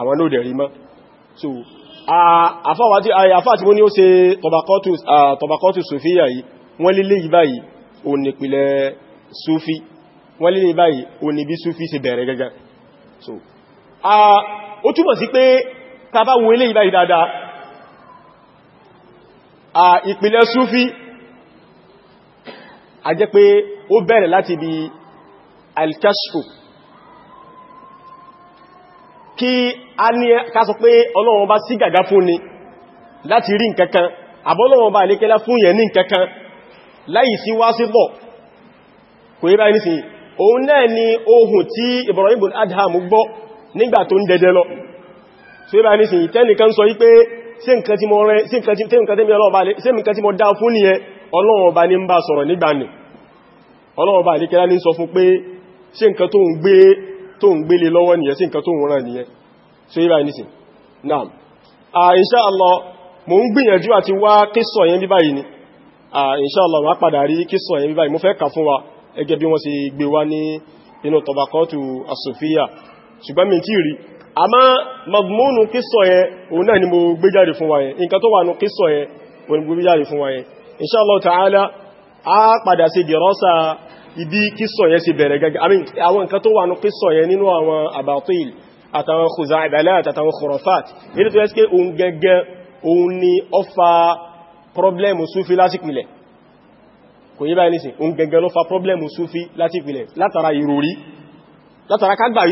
àwọn ló rí mọ́ so àfọwà tí àyàfà tí wọ́n ní ó ṣe tọbakọ́tù sofiya yìí wọ́n lílé yìí báyìí ní sufi wọ́n lílé báyìí ó sufi ṣe bẹ̀rẹ̀ gẹ́gẹ́ so ó túmọ̀ sí pé tàbá wọn ilé yìí báyìí ìpìlẹ̀ sufi a jẹ́ pé ó bẹ̀rẹ̀ láti bí alkashfu kí a ní ká sọ pé ọlọ́wọ́n bá sí gàgá fún ni láti rí nkankan àbọ́lọ́wọ́n bá alékẹ́lá fún yẹn ní nkankan láì sí wá sí bọ̀ kò yí báyìí nísìnyí òun náà ni ohun tí Ibrahim ibn Adham gbọ́ nígbà tó ń dẹdẹ lọ mo dá fún ọlọ́run ọba ní ń bá sọ̀rọ̀ nígbàní ọlọ́run ọba àríkẹ́lá ní sọ fún pé ṣe nǹkan tó ń gbé tó ń gbélé lọ́wọ́ nìyẹn sí nǹkan tó ń ràn nìyẹn so yíra nìsìn náà à insha Allah mo ń gbìyànjú àti wá kíso yẹn bí báyìí ni à insha Allah wá padà rí kíso yẹn bí báyìí mo fẹ́ kà fún wa ẹgẹ́ bí wọ́n ṣe gbé wá ní inú tọbakọ́tù asòfíà ṣùgbọ́n mi tí rí àmá magmónù kíso yẹn òun náà ni mo gbé jáde fún wa yẹn nǹkan tó wà nù kíso yẹn òun gbé jáde fún wa yẹn inshallah ta'ala a padà sí dìrọ́sà ibi kíso yẹn sí bẹ̀rẹ̀ gẹ́gẹ́ àmì àwọn nǹkan tó wà ní kíso yẹn nínú àwọn abatil àtàwọn khuzaibalat àtàwọn khurafat nílùú tó yẹ́ sí pé òun gẹ́gẹ́ òun ni ó fa problem sufi lásìpìlẹ̀ kò yí báyìí nìsìn òun gẹ́gẹ́ ló fa problem sufi lásìpìlẹ̀ látara ìròrí látara kágbà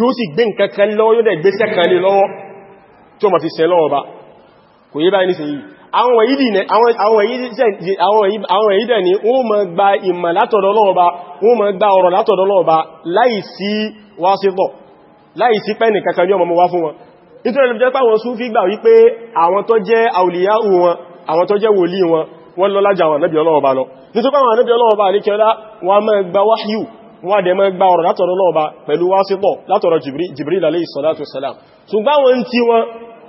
yóò sì gbé nǹkan kan lọ́wọ́ yóò dẹ̀ gbéṣẹ́ kan lọ́wọ́ tí ó ma fi sẹ lọ́wọ́ bá kò yí báyìí nísìnyí àwọn èyí dẹ̀ ni wọ́n ma gba ìmọ̀ látọ̀dọ̀ lọ́wọ́ bá wọ́n ma gba ọ̀rọ̀ látọ̀dọ̀ lọ́wọ́ bá láìsí wásípọ̀ láìsí pẹ́ni kankan ní ọmọ wá fún wọn nítorí ẹlẹ́bẹ̀ jẹ́ pàwọn Súfí gbà wípé àwọn tó jẹ́ àwòlìyà wọn àwọn tó jẹ́ wòlí wọn wọ́n lọ lájà wọn nẹ́bí ọlọ́wọ́ bá lọ nítorí pàwọn nẹ́bí ọlọ́wọ́ bá níkẹ́lá wọn máa gba ọ̀rọ̀ látọ̀rọ̀ lọ́ọ̀bá pẹ̀lú wásípọ̀ látọ̀rọ̀ Jibril alayhi salatu wassalam ṣùgbọ́n wọn tí wọn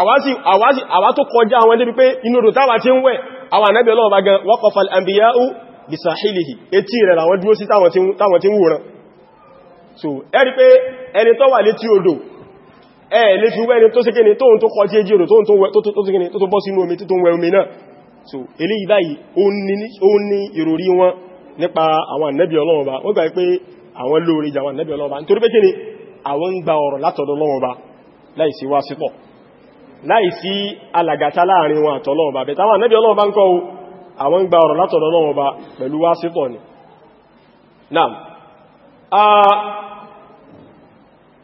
àwa tó kọjá àwọn débi pé inú odò táwa ti ń wẹ̀ àwọn ànábì Ọlọ́run bá gan waqafa al-anbiya'u bi sahilihi etí rẹ̀ làwọn dúró sí táwọn ti ń wòran so ẹ̀rí pé ẹni tó wà létí odò ẹ̀ lè fi wẹ́ni tó sékéni tó ń tó kọjí èjì odò tó tó bọ́ so eléyìí báyìí ó ní ìròrí wọn nípa àwọn ànábì Ọlọ́run bá wọ́n gbà pé àwọn lóore jà àwọn ànábì Ọlọ́run bá nítorí pé kí láìsí wá sípọ̀ láìsí alàgàtà láàrin wọn àtọ́lọ́wọ́ bá bẹ̀tà wọn nẹ́bí ọlọ́wọ́ bá ń kọ́ o àwọn gba ọ̀rọ̀ látọ̀dọ̀ ọlọ́wọ́ pẹ̀lú wá sí pọ̀ ni náà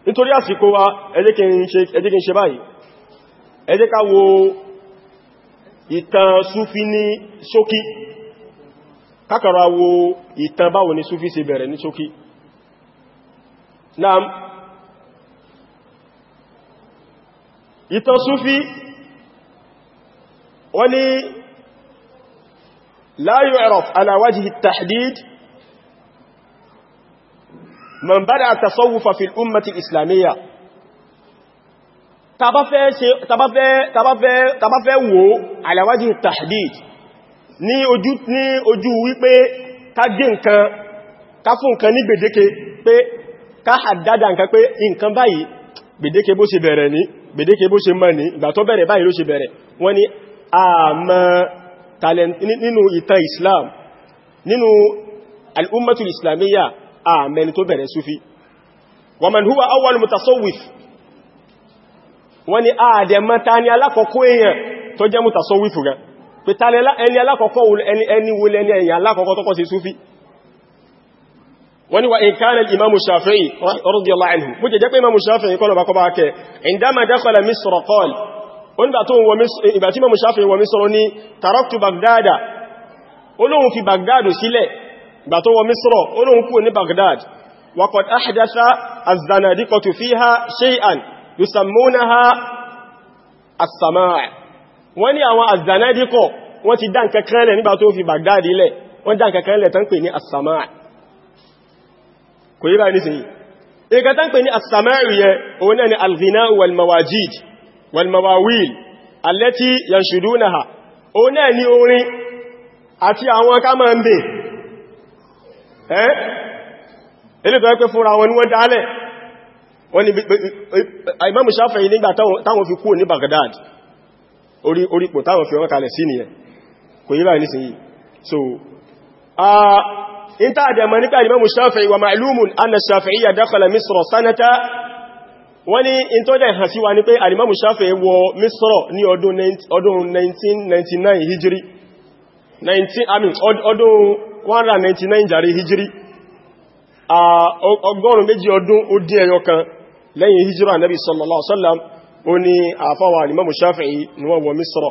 nítorí àsìkò wa ẹ jẹ́ n ṣe báyìí ẹ ká wo ìtàn súfí ní ṣókí kákàrà wo ìtàn báwo ni ìtàn súfí wọ́n ni la yu'raf ala wajhi at-tahdid man bada'a at-tasawwuf fi al-ummati al-islamiyya tàbáfẹ́ wò ala wajhi at-tahdid ní ojú ní ojú wípé ká gé nǹkan ká fún nǹkan ní gbèdéke pé ká haddada nǹkan pé nǹkan báyìí gbèdéke bó ṣe bẹ̀rẹ̀ ní gbèdéke bó ṣe mọ́ ní ìgbà tó bẹ̀rẹ̀ báyìí ló ṣe bẹ̀rẹ̀ wọ́n ní àmọ́ nínú ìtàn Islam nínú al'ummatul islamiyya àmẹ́ni tó bẹ̀rẹ̀ súfí wa man huwa awwal mutasawwif wọ́n ní àdẹ̀mọ́ ta ni alákọ̀ọ́kọ́ èèyàn tó jẹ́ mutasawwifu gan pé ta ni ẹni alákọ̀ọ́kọ́ ẹni wo lẹ́ni ẹ̀yàn alákọ̀ọ́kọ́ tó kọ́ sí súfí wani wa in kana al-imam shafi'i radiyallahu anhu bó jẹ́ pé imam shafi'i kọ́ lọ bá kọ́ bá kẹ́ indama dakhala misra qala ó nígbà tó wọ misra ìgbà tí imam shafi'i wọ misra ní taraktu baghdada olóhun fi baghdad sílẹ̀ ìgbà tó wọ misra olóhun kú ní baghdad wa qad ahdatha az-zanadiqatu fiha shay'an yusammunaha as-sama' wani àwọn az-zanadiqo wọ́n ti dá nǹkan kan lẹ̀ nígbà tó fi baghdad ilẹ̀ wọ́n dá nǹkan kan lẹ̀ tán pè as-sama' kò yí báyìí nísìnyí ìkàtà ń pè ní as-sama'u yẹ òun náà ni al-ghina'u wal-mawajid wal-mawawil allati yanshudunaha òun náà ni orin àti àwọn kámàndé ẹ́ ilé tó ẹ́pẹ́ fúnra wọn ni wọ́n dálẹ̀ wọ́n ni Imam nígbà táwọn fi kúrò ní Baghdad orípò táwọn fi wọ́n kalẹ̀ sí nìyẹn kò yí báyìí nísìnyí انت عدم نبقى الإمام الشافعي ومعلوم أن الشافعية دخل مصر سنة وني انت وجه هسيوا نبقى الإمام الشافعي ومصر ني أدون 1999 هجري 19 أمين أدون 199 جاري هجري ọgọ́rùn méjì ọdún ó dín ẹyọ kan lẹ́yìn hijira nabi sallallahu alaihi wasallam ó ní àfáwà alimamu shafi'i ni wọ́n wọ misra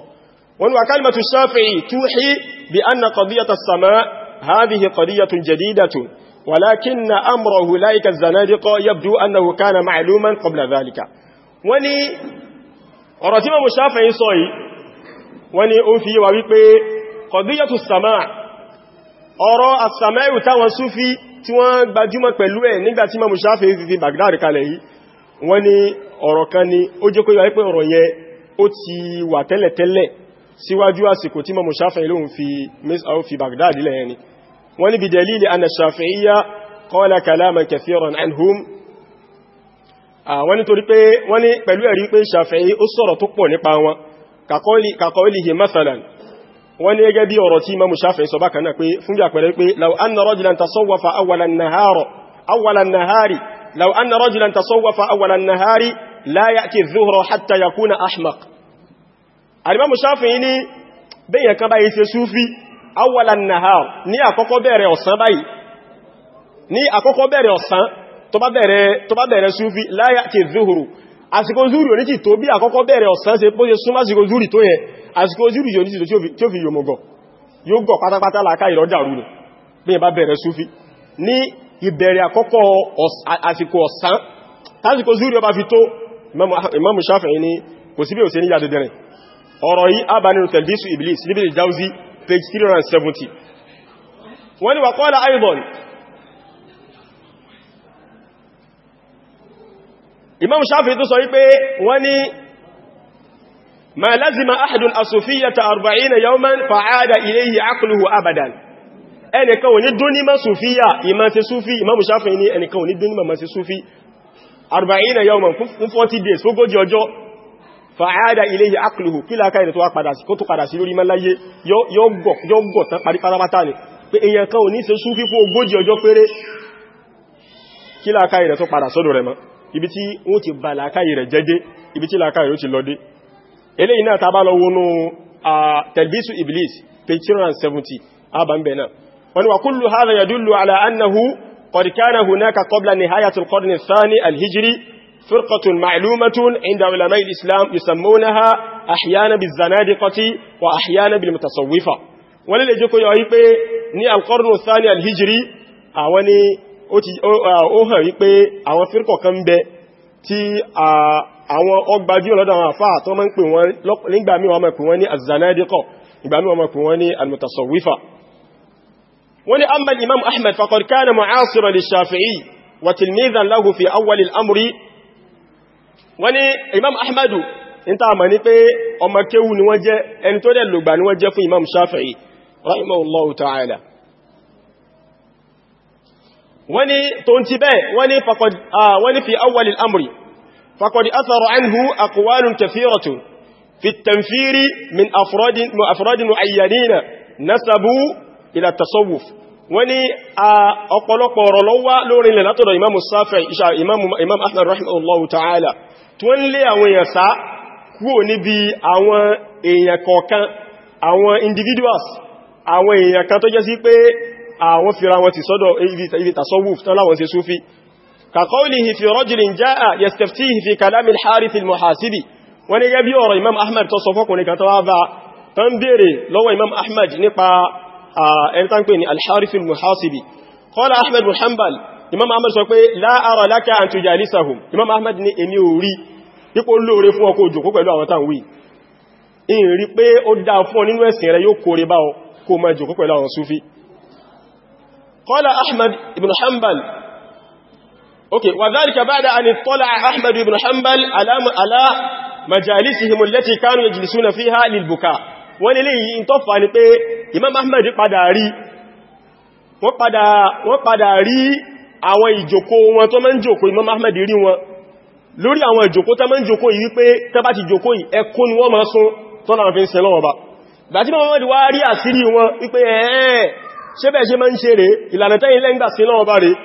wọn wà kalimatu shafi'i هذه قضية جديدة ولكن أمر أولئك الزنادقة يبدو أنه كان معلوما قبل ذلك وني أرتم مشافع صوي وني أوفي وويقبي قضية السماع ọ̀rọ̀ àsàmẹ́rù táwọn súfí tí wọ́n gbajúmọ̀ pẹ̀lú ẹ̀ nígbàtí mọ̀ mùsáfẹ́ ti Baghdad kalẹ̀ yìí wọ́n ní ọ̀rọ̀ kan ni ó jẹ́ kó yọ wípé ọ̀rọ̀ yẹn ó ti wà tẹ́lẹ̀tẹ́lẹ̀ síwájú àsìkò tí mọ̀ mùsáfẹ́ ilé ولبدليل أن الشافعية قال كلاما كثيرا عنهم wọ́n ni torí pé wọ́n ni pẹ̀lú ẹ̀rí pé ṣàfẹ́yí ó sọ̀rọ̀ tó pọ̀ nípa wọn kàkọ́lìhì mathalan wọ́n ni gẹ́gẹ́ bí ọ̀rọ̀ tí mọ́mù ṣàfẹ́ sọ bákan náà pé fún bí àpẹẹrẹ pé law anna rajulan tasawwafa nahari la awalan nahar ni àkọ́kọ́ bẹ̀rẹ̀ ọ̀sán báyìí ní àkọ́kọ́ bẹ̀rẹ̀ ọ̀sán tó bá bẹ̀rẹ̀ tó bá bẹ̀rẹ̀ súfí láyá kí zuhuru àsìkò zúrù ò ní ti tó bí àkọ́kọ́ bẹ̀rẹ̀ ọ̀sán ṣe bó ṣe súnmọ́ àsìkò zúrù tó yẹ ni bí bá bẹ̀rẹ̀ súfí ní ìbẹ̀rẹ̀ àkọ́kọ́ àsìkò ọ̀sán tásìkò zúrù ọba fi tó imamu shafi'i ni kò sí bí ò tẹ̀lbísù iblis níbi ìjáuzi page 370 wọ́n ni wàkọ́lá aydan imam shafi tó sọ wípé wọ́n ni ma lazima ahadun asufiyata 40 yawman fa'ada ilayhi aqluhu abadan ẹnìkan ò ní dúnímọ̀ sufiya ìmọ̀ sí sufi imam shafi ní ẹnìkan ò ní dúnímọ̀ sí sufi 40 yawman 40 days fógójì ọjọ́ fàáyádà ilé yìí akìlùhù kí láàká ìrẹ̀ tó wá padà sí kó tó padà sí lórí mẹ́láyé yóò gọ̀ tán parí pátápátá ni pé èyàn kan ò ní ṣe súnfí fún ogójì ọjọ́ péré kí láàká ìrẹ̀ tó padà sọ́dọ̀ rẹ̀ mọ́ ibi tí wọ́n ti bà láàká ìrẹ̀ jẹ́dé فرقة معلومة عند علماء الإسلام يسمونها أحيانا بالزنادقة وأحيانا بالمتصوفة ولله جوكو ني القرن الثاني الهجري أواني أوها يبي أوان فرقة كمبي تي àwọn ọgbàjú ọlọ́dọ̀ àwọn àfáà tó mọ́ ń pè wọ́n nígbà mí wọ́n mọ́ pè wọ́n ní azanadikọ̀ nígbà mí wọ́n mọ́ pè wọ́n ní almutasawwifa wọ́n ni amma imam ahmed faqad kana mu'asiran lishafi'i wa tilmizan wọ́n ní imam ahmadu ní ta mọ̀ ní pé ọmọ kéwú ni wọ́n jẹ́ ẹni tó dẹ̀ lògbà ni wọ́n jẹ́ fún imam shafi'i rahimahullahu ta'ala wọ́n ní tó ń ti bẹ́ẹ̀ wọ́n ní fi awwalil amri faqad athara anhu aqwalun kathiratun fi at-tanfir min afradin mu'ayyanina nasabu ila tasawuf wọ́n ní ọ̀pọ̀lọpọ̀ ọ̀rọ̀ ló wà imam shafi'i imam ahmad rahimahullahu ta'ala tí wọ́n ń lé àwọn èèyàn sá kúrò níbi àwọn èèyàn kọ̀ọ̀kan àwọn individuals àwọn èèyàn kan tó jẹ́ sí pé àwọn fira wọn ti sọ́dọ̀ ibi tasawuf tán láwọn ṣe súfí kàkọ́lìhì fi rọ́jìlìn jáà yẹstẹ̀ftíhì fi kalamin harith al-muhasibi wọ́n gẹ́ bí ọ̀rọ̀ imam ahmad tó sọ fọ́kùnrin kan tó wá imam ahmad sọ pé la ara laka an tujalisahum imam ahmad ní èmi ò rí dípò lóore fún ọkọ̀ òjòkó pẹ̀lú àwọn tàn wí in rí pé ó dá fún ọ nínú ẹ̀sìn rẹ yóò kóre bá ọ kó máa jòkó pẹ̀lú àwọn súfí qala ahmad ibn hanbal ok wa dhalika ba'da an ittala'a ahmad ibn hanbal ala ala majalisihim wọ́n padà rí àwọn ìjòkó wọn tó máa ń jòkó Imam Ahmed rí wọn lórí àwọn ìjòkó tó máa ń jòkó yìí pé tẹ́bá ti jòkó yìí ẹkún ni wọ́n máa sún tó náà fi ń sẹ́lọ́ ọba gbàtí Imam Ahmed wá rí àsírí wọn wípé ẹ̀ẹ́ ṣe bẹ́ẹ̀ ṣe máa ń ṣe rẹ̀ ìlànà tẹ́yìn lẹ́gbà sí náà ọba rẹ̀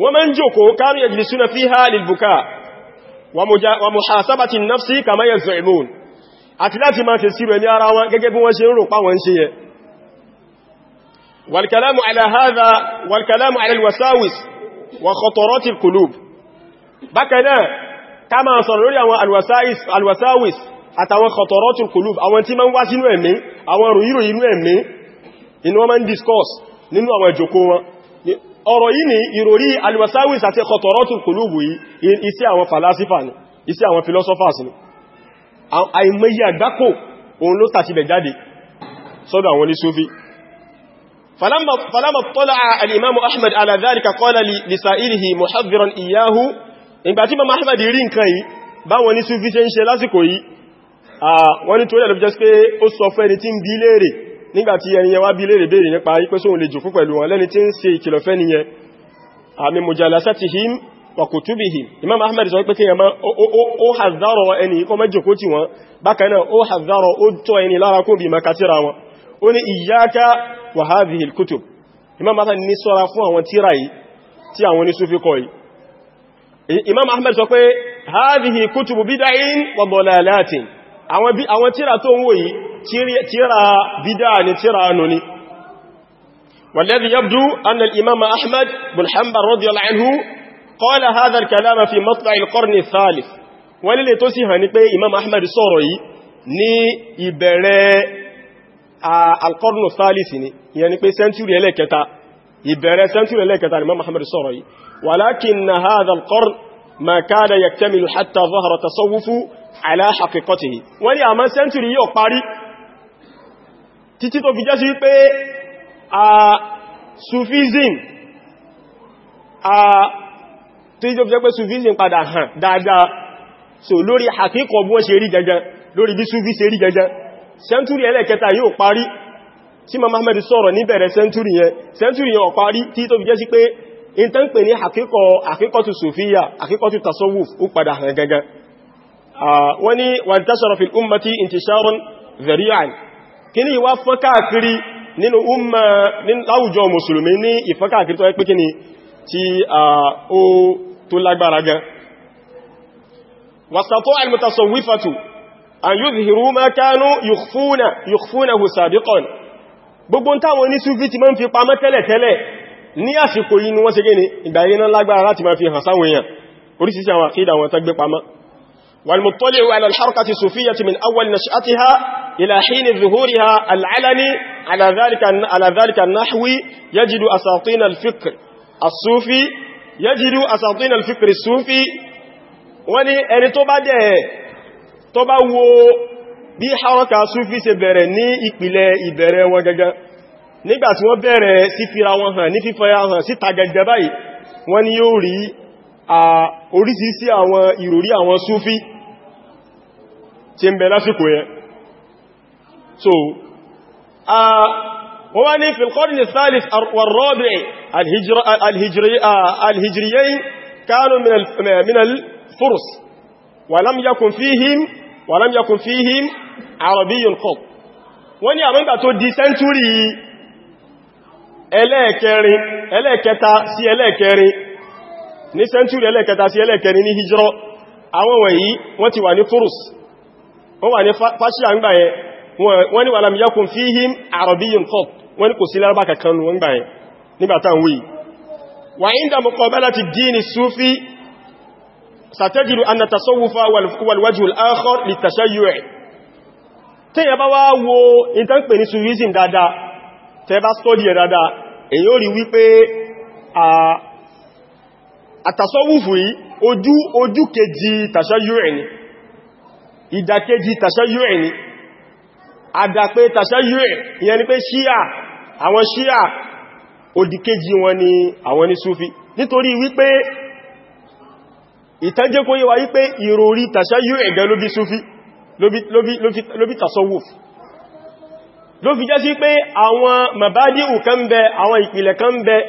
wọ́n máa ń jókòó kánú yajlisuna fiha lilbuka wa muhasabati nafsi kama yaz'imun àti láti máa tẹ̀sírò ẹ̀mí ara wọn gẹ́gẹ́ bí wọ́n ṣe ń rò páwọn ṣe yẹ walkalamu ala hadha walkalamu ala alwasawis wa khataratil qulub bákanáà ká máa sọ̀rọ̀ lórí àwọn alwasawis àtàwọn khataratil qulub àwọn tí máa ń wá sínú ẹ̀mí àwọn ròyìnròyìn inú ẹ̀mí inú wọn máa ń discourse nínú àwọn ìjòkó wọn ọ̀rọ̀ yìí ni ìròrí alwasawis àti kọtọ̀rọ̀tù kòlúbù yìí iṣẹ́ àwọn falasifa ni iṣẹ́ àwọn philosophers ni àìmẹ́yí àgbákò òun ló tàtíbẹ̀ jáde sọ́dọ̀ àwọn oníṣúfí al'imamu ahmad ala dhalika qala li sa'irihi muhadhdhiran iyahu ìgbà tí mama ahmad rí nǹkan yìí bá wọn ní súfí ṣe ń ṣe nígbàtí ẹni yẹn wá bí léèrè béèrè nípa ipé sóhun lè jòkó pẹ̀lú wọn lẹ́ni tí ń ṣe ìkìlọ̀ fẹ́ nìyẹn àmì mujalasatihim wa kutubihim Imam Ahmed sọ pé kíyàmá ó hàzárọ̀ ẹni kó má jòkó tì wọn bákan náà ó hàzárọ̀ ó tọ́ ẹni lára kó bí makatira wọn ó ní iyyaka wa hadhihi al-kutub Imam Ahmad ní sọ́ra fún àwọn tíra yìí tí àwọn ní Sufi kọ yìí àwọn tíra tó ń wò yìí tíra bídá ni tíra nù ni والذي يبدو أن الإمام أحمد بن حنبل رضي الله عنه قال هذا الكلام في مطلع القرن الثالث وللي توسيها نبي إمام أحمد صوري ní ìbẹ̀rẹ̀ alqarnu thalith ni yani pé century ẹlẹ́kẹta ìbẹ̀rẹ̀ century ẹlẹ́kẹta ni Muhammad sọ̀rọ̀ yìí walakinna hadha alqarn ma kada yaktamilu hatta zahara tasawwufu ala títí tó fi jẹ́ sí pé a sufism a títí tó fi jẹ́ pé sufism padà hàn dáadáa so lórí àkíkọ̀ bí wọ́n ṣe rí gẹ́gẹ́ lórí bí sufi ṣe rí gẹ́gẹ́ sẹ́ntúrì ẹlẹ́kẹta yóò parí tí ma Muhammad sọ̀rọ̀ ní bẹ̀rẹ̀ sẹ́ntúrì yẹn sẹ́ntúrì yẹn ó parí títí tó fi jẹ́ sí pé in tán pè ní àkíkọ̀ àkíkọ̀tù sufiyya àkíkọ̀tù tasawuf ó padà hàn gẹ́gẹ́ wọ́n ni wà tashara fil ummati intisharan dhari'an kíní ìwá fọ́n káàkiri nínú umma láwùjọ mùsùlùmí ní ìfọ́n káàkiri tó ẹ́pẹ́ kíní tí ó tó lágbára gan wàsàtọ́ al-mutasawwifatu an yudhiru ma kanu yukhfuna yukhfunahu sabiqan gbogbo táwọn ní súfí ti máa ń fi pamọ́ tẹ́lẹ̀tẹ́lẹ̀ ní àsìkò yìí ni wọ́n ṣe gẹ́ni ìgbà yìí láti máa fi hàn sáwọn èèyàn orísìí àwọn àkídà wọn tẹ́gbẹ́ pamọ́ والمطلع على الحركة الصوفية من أول نشأتها إلى حين ظهورها العلني على ذلك على ذلك النحو يجد أساطين الفكر الصوفي يجد أساطين الفكر الصوفي wani ẹni tó bá dẹ̀ tó bá wo bí haraka sufi ṣe bẹ̀rẹ̀ ní ìpìlẹ̀ ìbẹ̀rẹ̀ wọn gẹ́gẹ́ nígbàtí wọ́n bẹ̀rẹ̀ sí fira wọn hàn ní fífẹ́ hàn síta gẹ́gẹ́ báyìí wọ́n ni yóò rí oríṣiríṣi àwọn ìròrí àwọn súfí tí ń bẹ lásìkò yẹn so wọ́n wá ní fil-qarni ath-thalith wal-rabi' al-hijriyayn kanu min al-furs walam yakun fihim walam yakun fihim arabiyyun qat wọ́n ní àwọn ìgbà tó di sẹ́ntúrì ẹlẹ́ẹ̀kẹta sí ẹlẹ́ẹ̀kẹrin ní sẹ́ntúrì ẹlẹ́kẹta sí ẹlẹ́kẹrin ní hijrọ́ àwọn wọ̀nyí wọ́n ti wà ní furus wọ́n wà ní fásíà ń gbà yẹn wọ́n ni wà lam yakun fihim arabiyyun qat wọ́n ni kò sí lárúbá kankan wọ́n gbà sufi satajidu anna tasawufa walwajhu al-akhar litashayyu' tí yẹ bá wá wo ìtànpẹ̀ ní sufism dáadáa tẹ́ bá stọ́dì ẹ̀ dáadáa èyí ó rí àtàsọ́wùfù yìí ojú ojú kejì tàṣáyú ẹni ìdàkejì tàṣáyú ẹni àdàpé tàṣáyú ẹ̀ ìyẹn ni pé ṣíà àwọn ṣíà òdìkejì wọn ni àwọn ní súfí nítorí wípé ìtànjẹ́ kó yé wa wípé ìròrí tàṣáyú ẹ̀gẹ́ ló bí súfí ló bí tàṣọ́wùfù ló fi jẹ́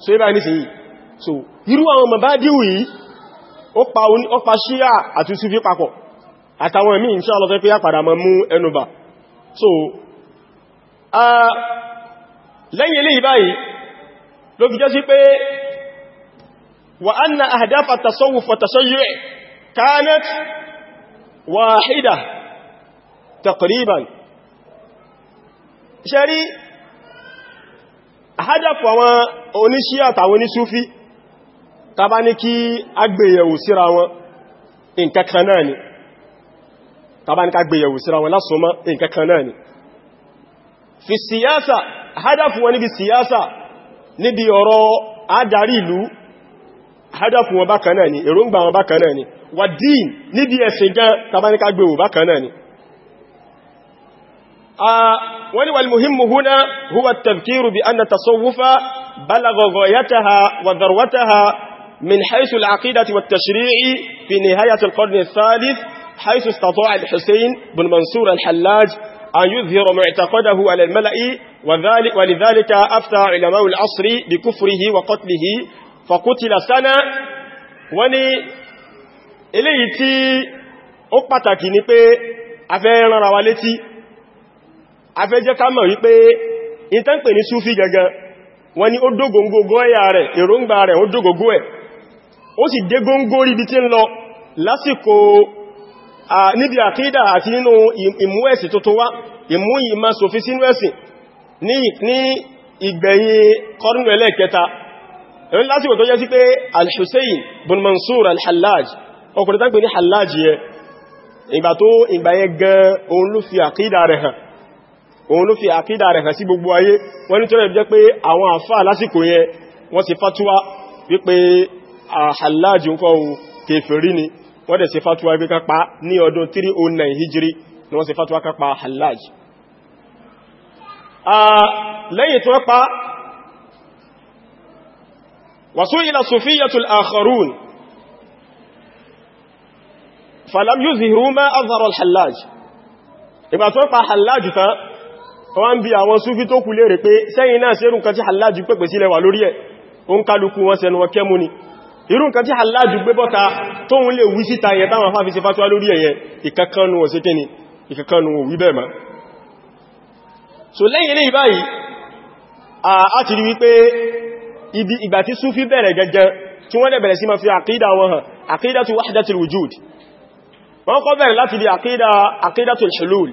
so ibá ní sí so irú àwọn mabadi'u yìí ó pa ṣíyà àti sufi papọ̀ àtàwọn ẹ̀mí insha Allah fẹ́ pé àpàdà mọ́ mú ẹnubà so lẹ́yìn ilé ìbáyìí ló fi jẹ́ sí pé wa anna ahdafa at-tasawwuf wa hajjafu àwọn oníṣíà àtàwọn oníṣúfí tàbá ní kí agbèyẹ̀wò síra wọn nǹkankan náà ni tàbá ní ká agbèyẹ̀wò síra wọn lásùnmọ́ nǹkankan náà ni fi siyasa hajjafu wọn níbi siyasa níbi ọ̀rọ̀ adarí ìlú hajjafu wọn ni èròǹgbà wọn bákan náà ni bákan náà ni آه، والمهم هنا هو التذكير بأن التصوف بلغ غايتها وذروتها من حيث العقيدة والتشريع في نهاية القرن الثالث حيث استطاع الحسين بن منصور الحلاج أن يظهر معتقده على الملأ وذلك ولذلك أفتى علماء العصر بكفره وقتله فقتل سنة وني إليتي أبتكي نبي أفيرنا روالتي afẹ́jẹ́ ká mọ̀ wípé ìtànpè ní súfí gangan wọ́n ni ó dógóngógó ẹ̀yà rẹ̀ èròǹgbà rẹ̀ ó dógógó ẹ̀ ó sì dé góngó ríbi tí ń lọ lásìkò níbi àkídà àti nínú ìmú ẹ̀sìn tuntun wá ìmú ìmá sòfí sínú ẹ̀sìn ní ìgbẹ̀yìn kọrùnù al-Husayn bin Mansur al-Hallaj ọkùnrin tán pè ní Hallaj yẹ ìgbà tó ìgbà yẹ gan òun ló fi àkídà rẹ̀ hàn òun ló fi àkídà rẹ̀ hàn sí gbogbo ayé wọ́n ní tọ́rẹ̀ jẹ́ pé àwọn àfáà lásìkò yẹn wọ́n ṣe fatuwa wípé àhàlájì ń kọ́ ohun kèfèrí ni wọ́n dẹ̀ ṣe fatuwa wípé kápa ní ọdún 309 hijiri ni wọ́n ṣe fatuwa kápa àhàlájì lẹ́yìn tó pa wàsó ila sufiyatul akharun ìgbà tó pa hallaj tán wọ́n bí àwọn súfí tó kú lérè pé sẹ́yìn náà sí irúnkan tí hallájú pẹ̀pẹ̀ sílẹ̀ wà lórí ẹ̀ o ń kálukú wọn sẹnu ọkẹ́ mú ni irúnkan tí hallájú gbé bọ́ta tó ń lè wí síta yẹ táwọn afáfi ṣe fátúwá lórí ẹ̀yẹ ìkankanu so lẹ́yìn lè a ti rí wípé ìgbà tí súfí bẹ̀rẹ̀ gẹ́gẹ́ tí wọ́n dẹ̀ bẹ̀rẹ̀ sí tu wahdatul wujud wọ́n kọ́ bẹ̀rẹ̀ láti tu al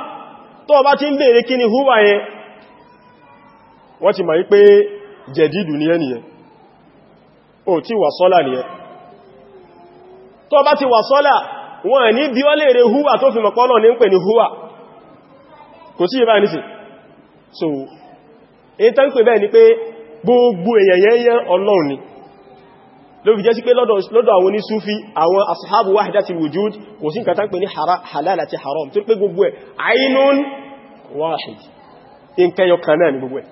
tó bá ti ń bèèrè kí ni húwà yẹn wọ́n ti ma wípé jẹ̀dìdù ní ẹniyẹn ò tí wà sọ́là nìyẹn tó bá ti wà sọ́là wọ́n ní bí ó lèrè húwà tó fi mọ̀pọ́lọ̀ ní ń pè ní húwà kò sí ìbá nìsì so èyí tán pè bẹ́ẹ̀ ni pé gbogbo èyẹ̀yẹ̀yẹ ọlọ́run ni ló fi jẹ́ sí pé lọ́dọ̀ àwọn onísúfí àwọn ashabu wahdatil wujud kò sí nǹkan tán pè ní halal àti haram tó pé gbogbo ẹ̀ ainun واحد nǹkan كان kan náà ni gbogbo ẹ̀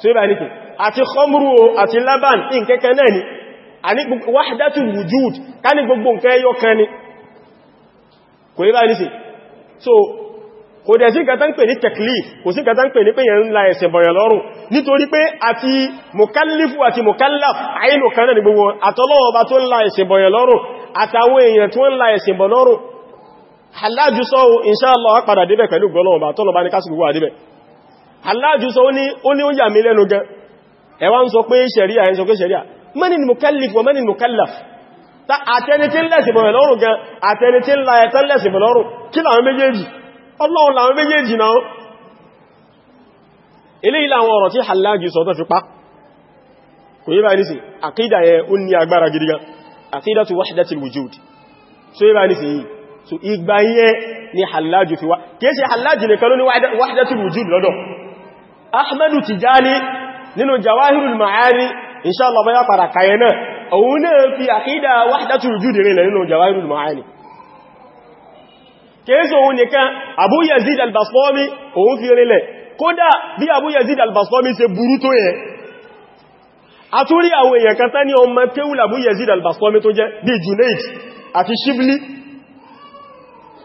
so yíba ní kí àti khamru àti laban nǹkan kan náà ni a ní wahdatul wujud ká ní gbogbo nǹkan yọ kan ni kò yíba ní sí so kò dẹ̀ sí kàtà ń pè ní teklif kò sí kàtà ń pè ní pé yẹn ńlá ẹ̀sẹ̀ bọ̀yàn lọ́rùn nítorí pé àti mọ̀kálífù àti mọ̀kálàf àìlò kan náà ni gbogbo àtọ́lọ́wọ́ bá tó ńlá ẹ̀sẹ̀ bọ̀yàn lọ́rùn àtàwọn èèyàn tó ńlá ẹ̀sẹ̀ bọ̀ lọ́rùn aláàjú sọ insha Allah padà débẹ̀ pẹ̀lú gbọ́lọ́wọ̀n tọ́lọ bá ní kásìkò wà débẹ̀ aláàjú sọ ó ní ó yà mí lẹ́nu gan ẹ wá ń sọ pé ṣẹ̀ríà ẹ ń sọ pé ṣẹ̀ríà mẹ́nin mukallif wa mẹ́nin mukallaf ta àtẹni tí ń lẹ́sìn bọ̀rẹ̀ lọ́rùn gan àtẹni tí ń la ẹ̀tẹ́ lẹ́sìn bọ̀rẹ̀ lọ́rùn kí làwọn méjèèjì ọlọ́run làwọn méjèèjì náà ilé ilé àwọn ọ̀rọ̀ tí sí àkídà yẹ so ìgbà yẹn ni hallaju fi wá kìí ṣe hallaju nìkan ló ní wahdatul wujud lọ́dọ̀ ahmadu tijani nínú jawahirul ma'ani inshallah báyá padà kayẹ náà òun náà fi àkídà wahdatul wujud rìnlẹ̀ nínú jawahirul ma'ani kìí ṣe òun nìkan abu yazid al-baslami òun fi rìnlẹ̀ kódà bí abu yazid al-baslami ṣe burú tó yẹ àtúrí àwọn kan tán ní ọmọ kéwùl abu yazid al-baslami tó jẹ́ bí junaid àti shibli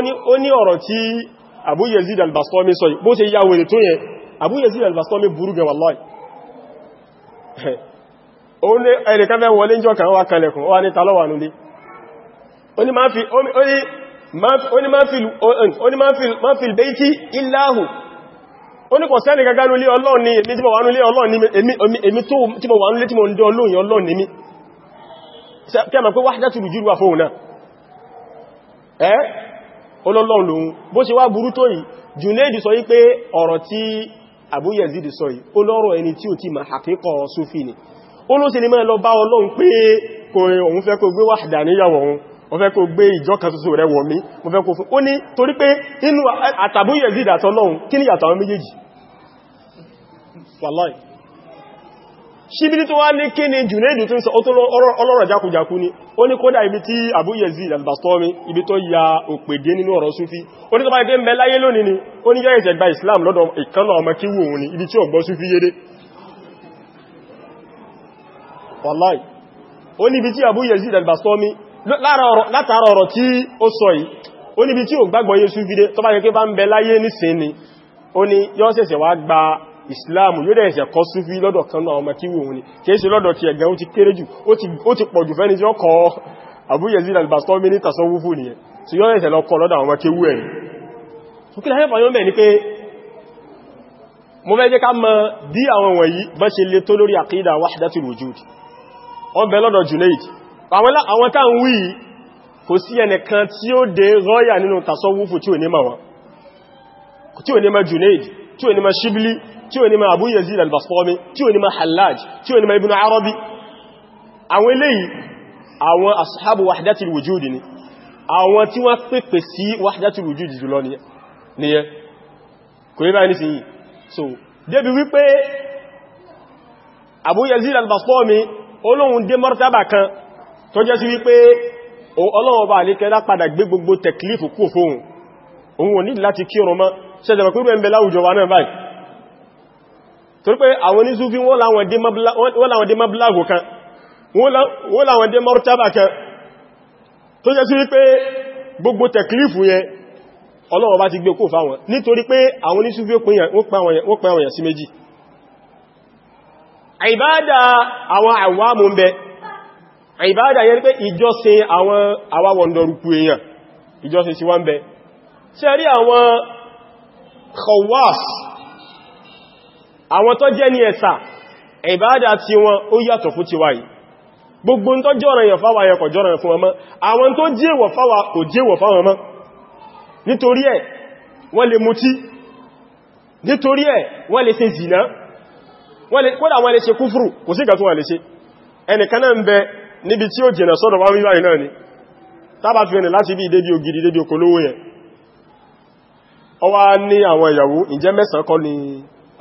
ó ní ọ̀rọ̀ tí Abu Yazid al-Bastami sọ bó ṣe yáwó ètò yẹn Abu Yazid al-Bastami burú gan wallahi ẹnìkan fẹ́ wọlé jọ kan wá kalẹ̀kùn wá ní talọ́wà nílé ó ní máa fi bayti illahu ó ní kò sẹ́nì gaga nílé Ọlọ́run ni èmi tí mo wà nílé Ọlọ́run ni èmi tí mo wà nílé tí mo ń ọlọ́lọ́run lòun bó ṣe wá burú tó yìí Junaid sọ wípé ọ̀rọ̀ tí Abu Yazid sọ yìí ó lọ́rọ̀ ẹni tí ò ti ma àkíkọ̀ Sufi ni ó ló sì ní mẹ́rin lọ bá Ọlọ́run pé kò òun fẹ́ kó gbé wahdaniyyawo òun wọ́n fẹ́ kó gbé ìjọ kan ṣíbílí tó wá ní kí ni jùnédù tó ń sọ ọlọ́rọ̀ jákújákú ni ó ní kódà ibi tí Abu Yazid al-Bastami ibi tó ya òpèdé nínú ọ̀rọ̀ súfí ó ní tó bá ibi ń bẹ láyé lónìí ó ní Islam lọ́dọ̀ ìkanlọ̀ ọmọ kí wò ní ibi tí ó gbọ́ súfí yédé Abu Yazid al-Bastami látara ọ̀rọ̀ tí ó sọ yìí ó ní ibi tí ó gbàgbọ́ yé súfí dé tó bá yọ́ islam yóò dẹ̀ ẹ̀sẹ̀ kọ́ súfí lọ́dọ̀ kan náà ọmọ kíwò òun ni kìí ṣe lọ́dọ̀ ti ẹ̀gẹ́ ó ti kéré jù ó ti pọ̀jù fẹ́ni tí ó kọ́ Abu Yazid al-Bastami ní tasawufu nìyẹn tí yóò ẹ̀sẹ̀ lọ kọ́ lọ́dọ̀ ọmọ kíwò ẹ̀yìn sókè láyé fàyọ́ mẹ́ ni pé mo fẹ́ jẹ́ ká mọ̀ bí àwọn wọ̀nyí bá ṣe le tó lórí àkídà wahdatul wujud wọ́n bẹ lọ́dọ̀ Junaid àwọn táwọn wí kò sí ẹnìkan tí ó dé rọ́yà ò ní mọ̀ Shibli tí ò ní ma Abu Yazid al-Bastami tí ò ní ma Hallaj tí ò ní ma Ibn Arabi àwọn eléyìí àwọn ashabu wahdatil wujudi ni àwọn tí wọ́n pèpè sí wahdatil wujudi jùlọ nìyẹn kò rí báyìí nísìnyí so débi wípé Abu Yazid al-Bastami olóhun dé martaba kan tó jẹ́ sí wípé Ọlọ́run bá ní kẹ́lá padà gbé gbogbo tẹ̀klífù kú fóhun òun ò ní láti kírun mọ́ torí pé àwọn ní Sufi wọ́n láwọn dé mọ́bílágò kan wọ́n láwọn dé mọ́rútàbà kan tó jẹ́ sí wípé gbogbo tẹ̀klífù yẹn Ọlọ́run bá ti gbé kó fáwọn nítorí pé àwọn ní Sufi wọ́n pín àwọn sí méjì àìbáadà àwọn àwámú ń bẹ àìbáadà yẹn pé ìjọsìn àwọn àwáwọ̀ndọ̀rùkú èèyàn ìjọsìn sí wọ́n ń àwọn àwọn tó jẹ́ ní ẹ̀sà ìbádà tí wọn ó yàtọ̀ fún ti wáyìí gbogbo tó jọ́rọ̀ yàn fáwà yàn kò jọ́rọ̀ yàn fún wọn mọ́ àwọn tó jẹ́wọ̀ fáwà kò jẹ́wọ̀ fáwọn mọ́ nítorí ẹ̀ wọ́n lè mutí nítorí ẹ̀ wọ́n lè ṣe zìnà kódà wọ́n lè ṣe kúfùrù kò sí gàtún wà lè ṣe ẹnìkan náà ń bẹ níbi tí ó jìnà sọ́dọ̀ wá wíwá àwọn ìyàwó ni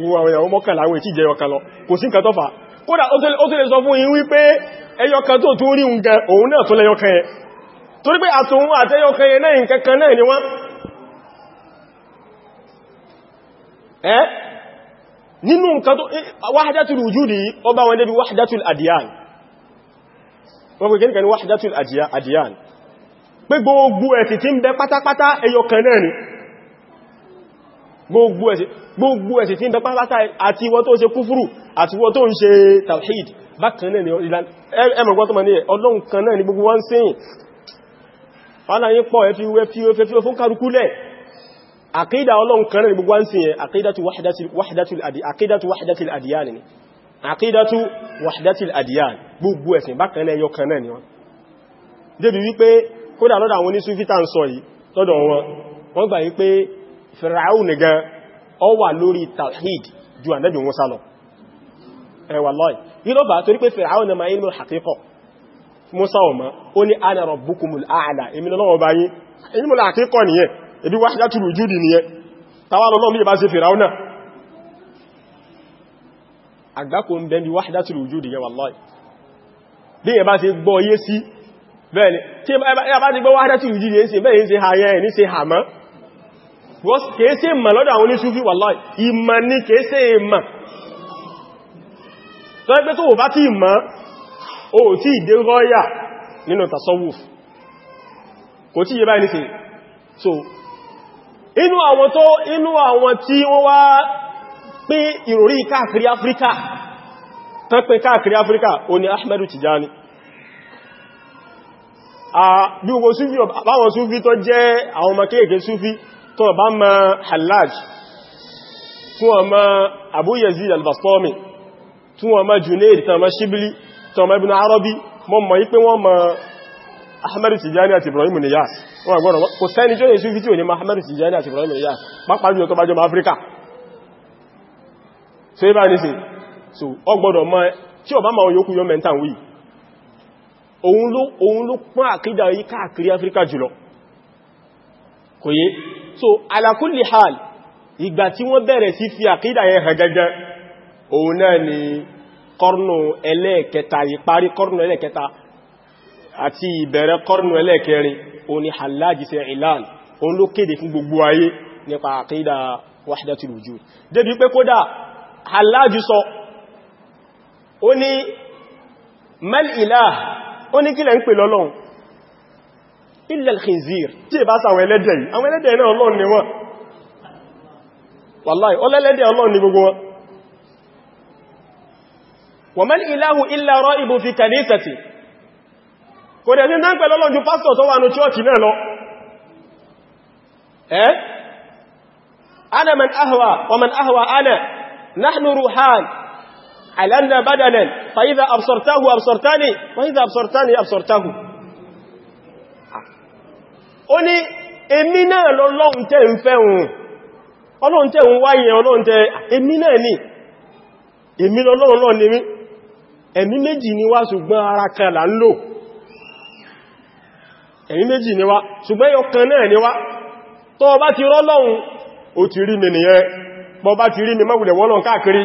wo àwọn ìyàwó mọ́kànlá àwọn ètí jẹyọkan lọ kò sí nǹkan tọ́fà kódà ó tó lè sọ fún yín wípé ẹyọkan tó tún rí nǹkan òun náà tó lẹyọkan yẹn torí pé àtòun àtẹyọkan náà nǹkan náà ni wọ́n ẹ́ nínú nǹkan tó wáhádátùl wùjúdì ọba wọn débi wáhádátùl àdìyàn wọ́n pè kẹ́kẹ́ ní wáhádátùl àdìyàn pé ni gbogbo ẹ̀sìn tí ń bẹ pátá àti ìwọ tó ṣe kúfúrù àti ìwọ tó ń ṣe tawhid bákan náà ni ẹmọ̀gbọ́n tó ma ní ọlọ́run kan náà ni gbogbo wọ́n sẹ́yìn fánàyí pọ̀ ẹfí wẹ́fí fún karukúlẹ̀ àkídà ọlọ́run kan náà ni gbogbo wọ́n sẹ́yìn àkídàtu wahdatil adiyan ni àkídàtu wahdatil adiyan gbogbo ẹ̀sìn bákan náà ẹyọ kan náà ni wọ́n débi wípé kódà lọ́dọ̀ àwọn onísúfítà ń sọ yìí lọ́dọ̀ wọn wọ́n gbà wípé fìràún gan ọ wà lórí tawhid ju ànábì Mùsá lọ ẹwà lọ́ì yílọ́bà torí pé fìràún na ma ilmù haqiqa Mùsá ọmọ ó ní ana rabbukumul a'la èmi lọ́wọ́ bá yí ilmù haqiqa nìyẹn ebi wahdatul wujudi nìyẹn tàwà lọ́lọ́ mi bá ṣe fìràún náà àgbákò ń bẹ́ndì wahdatul wujudi yẹn wallahi bí ẹ bá ṣe gbọ́ yé sí tí ẹ bá ti gbọ́ wahdatul wujudi yẹn sí bẹ́ẹ̀ yẹn ṣe ha yẹn ní ṣe hàmọ́ kéèsè ìmà lọ́dọ̀ àwọn oníṣúfí wallahi ìmà ní kéèsè ìmà tó ẹgbẹ́ tó wò bá tí ìmà o tí ìdé rọ́yà nínú tasawuf kò tí yẹba anything so inú àwọn tó inú àwọn tí wọ́n wá pín ìròrí káàkiri Áfíríkà tán pín káàkiri Áfíríkà o ni Ahmadu Tijani bí ogun súfí báwọn súfí tó jẹ́ àwọn ọmọ kéèkéé súfí tó bá ma hallaj tí wọ́n ma abu yazid al-bastami tí wọ́n ma junaid tí wọ́n ma shibli tí wọ́n ma ibn arabi mọ́ mọ̀ yí pé wọ́n ma ahmadu tijani àti ibrahim niyas wọ́n agbọ́rọ̀ kò sẹ́ni jọ́ yẹsù fídíò ní ma ahmadu tijani àti ibrahim niyas pàápàá jùlọ tó bá jọ ma afirika so ibá ní sí so ọgbọ́dọ̀ ma tí ọba ma yókù yọ mẹ́ntàn òun ló pọ́n àkídà yí káàkiri afirika jùlọ kò so ala kulli hal ìgbà tí wọ́n bẹ̀rẹ̀ sí fi àkídà yẹn hàn gẹ́gẹ́ òun náà ni kọ́rùnù ẹlẹ́ẹ̀kẹta ìparí kọ́rùnù ẹlẹ́ẹ̀kẹta àti ìbẹ̀rẹ̀ kọ́rùnù ẹlẹ́ẹ̀kẹrin òun ni Hallaj ṣe ìlànà òun ló kéde fún gbogbo ayé nípa àkídà wahdatul wujud débi pé kódà illa al-khinzir tí è bá sáwọn ẹlẹ́dẹ̀ yìí àwọn ẹlẹ́dẹ̀ náà Ọlọ́run ni wọ́n wallahi ọlẹ́lẹ́dẹ̀ Ọlọ́run ni gbogbo wọn wa mal ilahu illa ra'ibu fi kanisati kò dẹ̀ sí ń dánpẹ̀ lọ́lọ́run ju pásítọ̀ tó wà ní chọ́ọ̀kì náà lọ eh ana man ahwa wa ó ní èmi náà lọ́lọ́run tẹ́ ń fẹ́ hùn ọlọ́run tẹ́ ń wáyẹ ọlọ́run tẹ́ èmi náà ní èmi lọ́lọ́run lọ́ ẹ̀mí méjì ni wá ṣùgbọ́n ara kan ń lò ẹ̀mí méjì ni wá ṣùgbọ́n yọkan náà ni wá tó bá ti rọ́lọ́run ó ti rí mi nìyẹn bọ́ bá ti rí mi káàkiri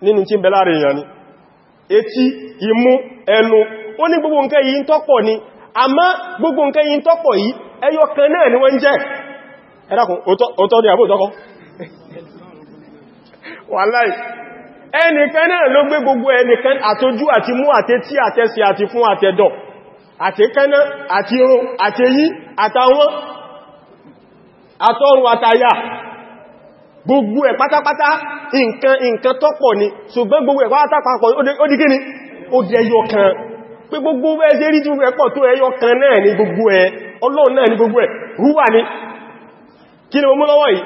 nínú tí ń èèyàn ni etí imú ẹnu ó ní gbogbo nǹkan yìí ń tọ́pọ̀ ni àmá gbogbo nǹkan yìí ń tọ́pọ̀ yìí ẹyọ kan náà ni wọ́n ń jẹ́ ẹ̀dàkùn òtọ́ ni àbò ìtọ́kọ́ wàláì ẹnìkan náà ló gbé gbogbo ẹnìkan àtójú àti mú àtẹ́tí àti fún àtàwọn àtọrùn àtàyà gbogbo ẹ̀ pátápátá nǹkan nǹkan tọ́pọ̀ ni ṣùgbọ́n gbogbo ẹ̀ pátápápọ̀ ó di kíni ó di ẹyọ kan gbogbo ẹ̀ ṣe rí tí ó tó kan náà ni gbogbo ẹ̀ ọlọ́run náà ni gbogbo ẹ̀ ni kí ni mo mú lọ́wọ́ yìí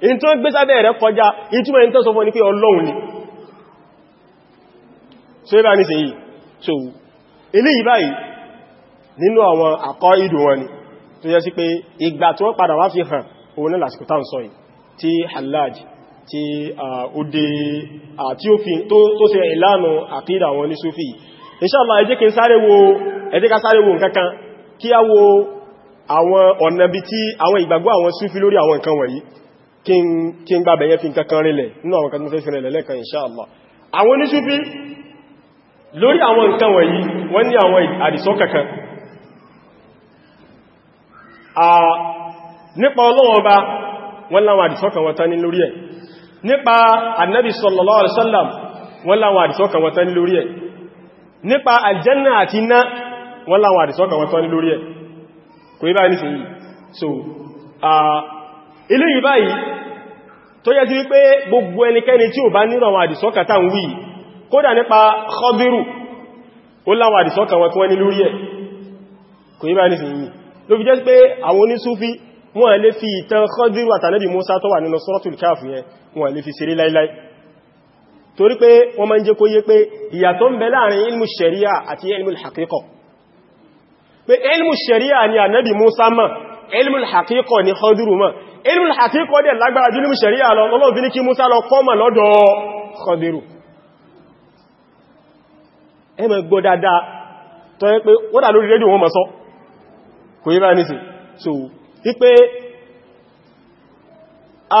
in tó gbé sábẹ́ rẹ̀ kọjá ìtumọ̀ in tó ní pé ọlọ́run ni so ibá ní sí yìí so ilé yìí báyìí nínú àwọn àkọ́ ìdù wọn ni tó yẹ sí pé ìgbà tó padà wá fi hàn òun ní lásìkò tán sọ yìí tí Hallaj tí ó dé àti òfin tó ṣe ìlànà àkídà wọn ní Súfì inshallah ẹ jẹ́ kí n sáré wo ẹ jẹ́ ká sáré wo àwọn ọ̀nà bí tí àwọn ìgbàgbọ́ àwọn Súfì lórí àwọn nǹkan wọ̀nyí kí ń gbábẹ̀ yẹ́ fi kankan rílẹ̀ nínú àwọn kan tó fẹ́ fẹ́rẹ̀ lẹ́lẹ́kan inṣáàlá àwọn oníṣúfí lórí àwọn nǹkan wọ̀nyí wọ́n ní àwọn àdìsọ́kàkan nípa Ọlọ́hun Ọba wọ́n láwọn àdìsọ́kàn wọ́n tán ní lórí ẹ̀ nípa annabi sallallahu alaihi wasallam wọ́n láwọn àdìsọ́kàn wọ́n tán ní lórí ẹ̀ nípa aljanna àti iná wọ́n láwọn àdìsọ́kàn wọ́n tán ní lórí ẹ̀ kò ibá ní sí yìí so uh, ilé yìí báyìí tó yẹ ti wípé gbogbo ẹnikẹ́ni tí ò bá nírọ̀ àwọn àdìsọ́kà tàà ń wí kódà nípa Khadiru ó láwọn àdìsọ́kà wọn tí wọ́n ní lórí ẹ̀ kò yíbá ní sí yìí ló fi jẹ́ pé àwọn onísúfí wọ́n lè fi ìtàn Khadiru àtànẹ́bì Musa tó wà nínú Suratul Kahf yẹn wọ́n lè fi ilmul haqiqa ni khadiru ma ilmul haqiqa dẹ̀ lágbára jùlọ sharia lọ Ọlọ́run fi ní kí Musa lọ kọ́ ma lọ́dọ̀ khadiru ẹ máa gbọ́ dáadáa tó yẹ pé wọ́n dà lórí rédíò wọn ma sọ kò yí bá ní sí so wípé a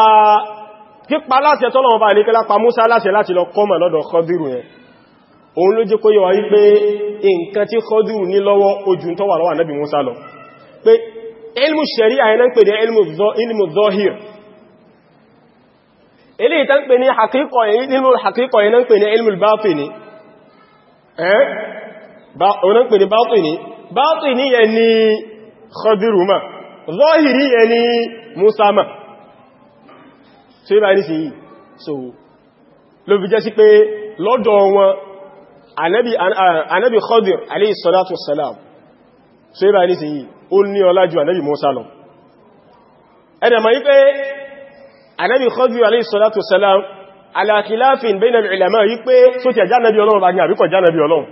pípa láṣẹ tọ́lọ̀wọ́ bá ní kí lápa Musa láṣẹ láti lọ kọ́ ma lọ́dọ̀ khadiru yẹn òun ló jẹ́ kó yọ wáyé pé nǹkan tí khadiru ní lọ́wọ́ ojú tó wà lọ́wọ́ Ànábì Musa lọ pé ilmu sharia àyẹnà ń pè ní ilmu zohir ilé ìta ń pè ní ilmu hakíkọ̀ yẹn ń pè ní ilmu bátini ẹ́ ọ̀nà ń pè ní bátini bátini yẹ ni khadiruma zohiri yẹ ni musama so yíba ní sí yìí so ló fi jẹ́ sí pé lọ́dọ̀ wọn anabi khadir alayhi salatu wassalam so ibà ní sí yìí ó ní ọlá ju ànábì Musa lọ ẹ̀dàmà yí pé ànábì Khidr alayhi salatu wassalam ala khilafin bayna al-ulama yí pé tó ti ẹjá ànábì Ọlọ́run bá ní àbíkọ̀ já ànábì Ọlọ́run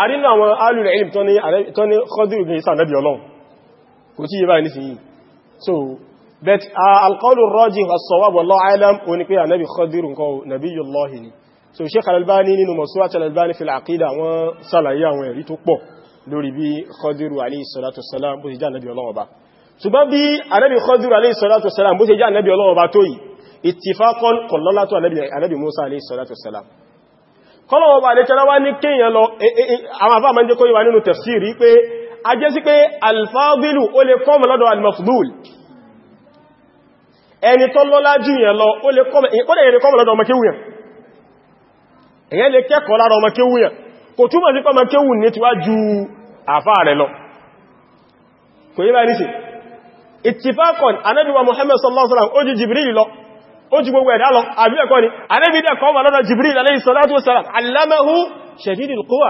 a rí ní àwọn alul ilm tó ní Khidr ní isa ànábì Ọlọ́run kò tí ibà ní sí yìí so but al-qawl ar-rajih as lórí bí Khadiru alayhi salatu wassalam bó ṣe jẹ́ ànábì Ọlọ́run ọba ṣùgbọ́n bí ànábì Khadiru alayhi salatu wassalam bó ṣe jẹ́ ànábì Ọlọ́run ọba tó yìí ìtìfákọ́n kọ̀lọ́lá tó ànábì Musa alayhi salatu wassalam kọ́lọ̀wọ́ bá lẹ́kẹ́lá wá ní kíyàn lọ e, e, e, àwọn àfáà máa ń jẹ́ kó yíwa nínú tafsiri pé a jẹ́ sí pé alfadilu ó lè kọ́mù lọ́dọ̀ kò túmọ̀ sí pọ́mọ kéwù ní tí wá ju àfá rẹ̀ lọ kò yí báyìí sí ìtìfákọ̀n anẹ́bíwa Muhammad sallallahu alaihi wasallam ó ju Jibril lọ ó ju gbogbo ẹ̀dá lọ àbí ẹ̀kọ́ ni anẹ́bí dẹ̀ kọ́ wà lọ́dọ̀ Jibril alayhi salatu wasalam allamahu shadidul quwa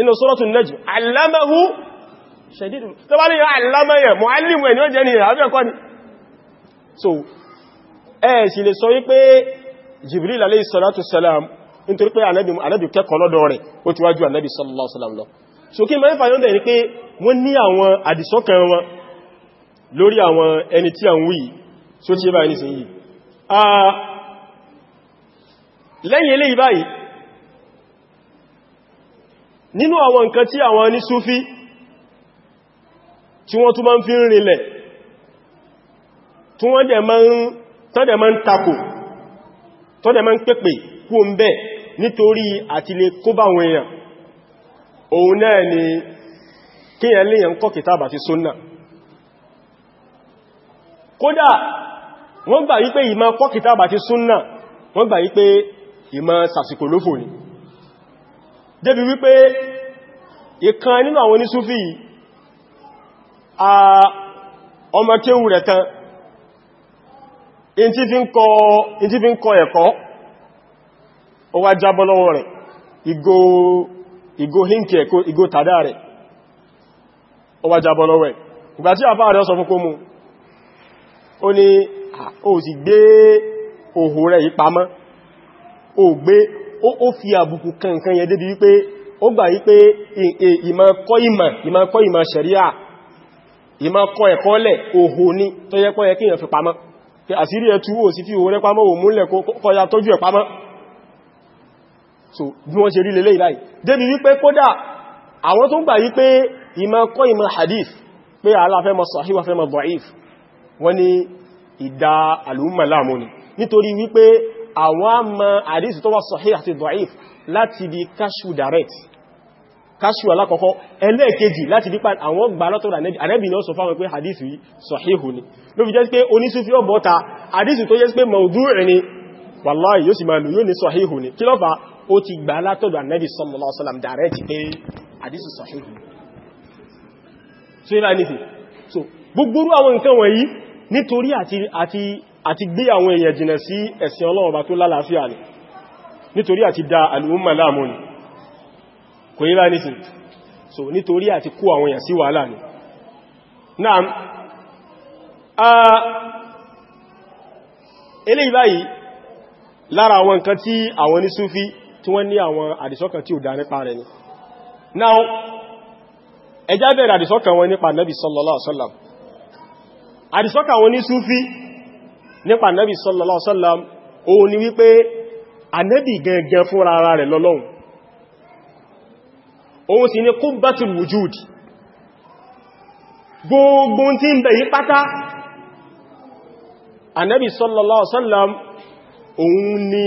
inú suratul najm allamahu shadidul tó bá so ẹ̀ sì lè sọ wípé Jibril alayhi nítorí pé ànábì kẹ́kọ̀ọ́ lọ́dọ̀ rẹ̀ ó ti wájú ànábì sallallahu alaihi wasallam lọ so kí ni pé wọ́n ní àwọn àdìsọ́kàn wọn lórí àwọn ẹni tí a ń wí tí ó ti bá ẹni sí yìí lẹ́yìn eléyìí báyìí nínú àwọn nǹkan tí àwọn ní súfí tí wọ́n tún máa ń fi ń rinlẹ̀ tí wọ́n dẹ̀ máa ń takò tọ́dẹ̀ máa ń pẹ́pẹ̀ kú ń bẹ́ẹ̀ nítorí àti lè kó bá wọn èèyàn òun náà ni kíyàn léyàn kọ́ kìtàbà ti súnnà kódà wọ́n gbà wípé ìmá kọ́ kìtàbà ti súnnà wọ́n gbà wípé ìmá sàsìkò lófò ni débi wípé ìkan nínú àwọn onísúfí a ọmọ kéwù rẹ̀ kan in ti fi ń kọ ẹ̀kọ́ ó wá jábọ́ lọ́wọ́ rẹ̀ ìgò hínkì ẹ̀kọ́ ìgò tàdá rẹ̀ ó wá jábọ́ lọ́wọ́ rẹ̀ ìgbà tí àfáà rẹ̀ sọ fún kó mú ó ní ó sì gbé òhò rẹ̀ ìpamọ́ ó gbé ó fi àbùkù kankan yẹ débi wípé ó gbà wípé ìmọ̀ kọ́ ìmọ̀ ìmọ̀ kọ́ ìmọ̀ lẹ̀ so bí wọ́n ṣe rí lélẹ́ ìláì débi wípé kódà àwọn tó ń gbà wípé ìmọ̀ kọ́ ìmọ̀ hadith pé aláfẹ́ mọ̀ sahih wọ́n ni ìdá alùmọ̀ nítorí wípé àwọn àmà hadith tó wà sahih àti da'if láti di kashu direct kashu alákọ̀ọ́kọ́ ẹlẹ́ẹ̀kejì láti dípa àwọn gbà lọ́tọ̀rọ̀ ànẹ́bì ni ó sọ fáwọn hadith yìí sahihu ni ló fi jẹ́ pé onísúfí ọ̀bọ̀ta hadith tó jẹ́ pé mawdu' wallahi yóò sì máa lù yóò ní sahihu ni kí ló ó ti gbà látọ̀dọ̀ Ànábì sallallahu alaihi wasallam direct pé àdísù sahih so if anything so gbogbo àwọn nǹkan wọ̀nyí nítorí àti àti àti gbé àwọn èèyàn jìnà sí ẹ̀sìn Ọlọ́run Ọba tó lálàáfíà ni nítorí àti dá al-umma ni kò yí bá nísìn so nítorí àti kó àwọn èèyàn sí wàhálà ni náà a eléyìí báyìí lára àwọn nǹkan tí àwọn ní Súfí tí wọ́n ní àwọn àdìsọ́kàn tí ò dá nípa rẹ̀ ni now ẹjá bẹ̀rẹ̀ àdìsọ́kàn wọn nípa nabi sallallahu alaihi wasallam àdìsọ́kàn wọn ní súfí nípa nabi sallallahu alaihi wasallam òun ni wípé ànábì gangan fún ara rẹ̀ lọ́lọ́hun òun sì ni qubbatul òun ni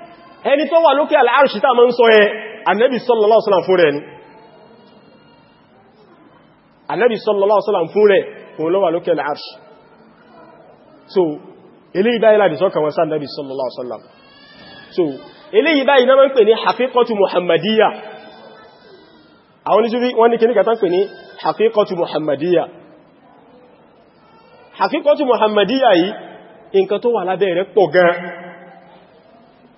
ẹni tó wà lókè al'arṣi tá ma ń sọ ẹ annabi sallallahu alaihi wasallam fún rẹ̀ ni annabi sallallahu alaihi wasallam fún rẹ̀ òun ló wà lókè al'arṣi so eléyìí báyìí láti sọ́kàn wọn sá annabi sallallahu alaihi so eléyìí báyìí náà ń pè ní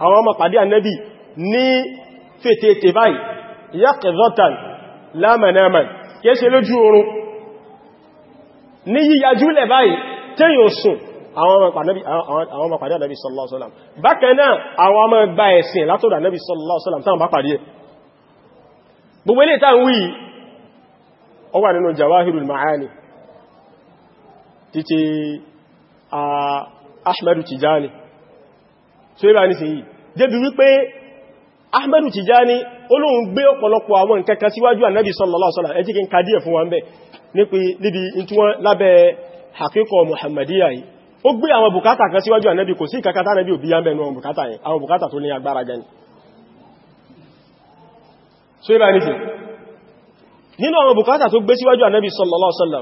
àwọn ọmọ pàdé ànẹ́bì ní fètètè báyìí yaqzatan la manaman kìí ṣe lójú oorun ní yíyajúlẹ̀ báyìí tẹ́yìn sùn àwọn ọmọ pàdé ànẹ́bì sallallahu alaihi wasallam bákan náà àwọn ọmọ gba ẹ̀sìn látọ̀dọ̀ ànẹ́bì sallallahu alaihi wasallam táwọn bá pàdé gbogbo ilé ah, tijani so ibà ní sí yìí débi wípé Ahmadu Tijani olóhun gbé ọ̀pọ̀lọpọ̀ àwọn nkẹ́kẹ́ síwájú ànábì sallallahu alaihi wasallam ẹ jẹ́ kí n ka díẹ̀ fún wa ńbẹ̀ níbi ìtúwọ́n lábẹ́ hakíkọ̀ Muhammadiyya yìí ó gbé àwọn bùkátà kan síwájú ànábì kò sí ìkàkátà ànábì òbí yá mẹ́nu àwọn bùkátà yẹn àwọn bùkátà sallallahu alaihi wasallam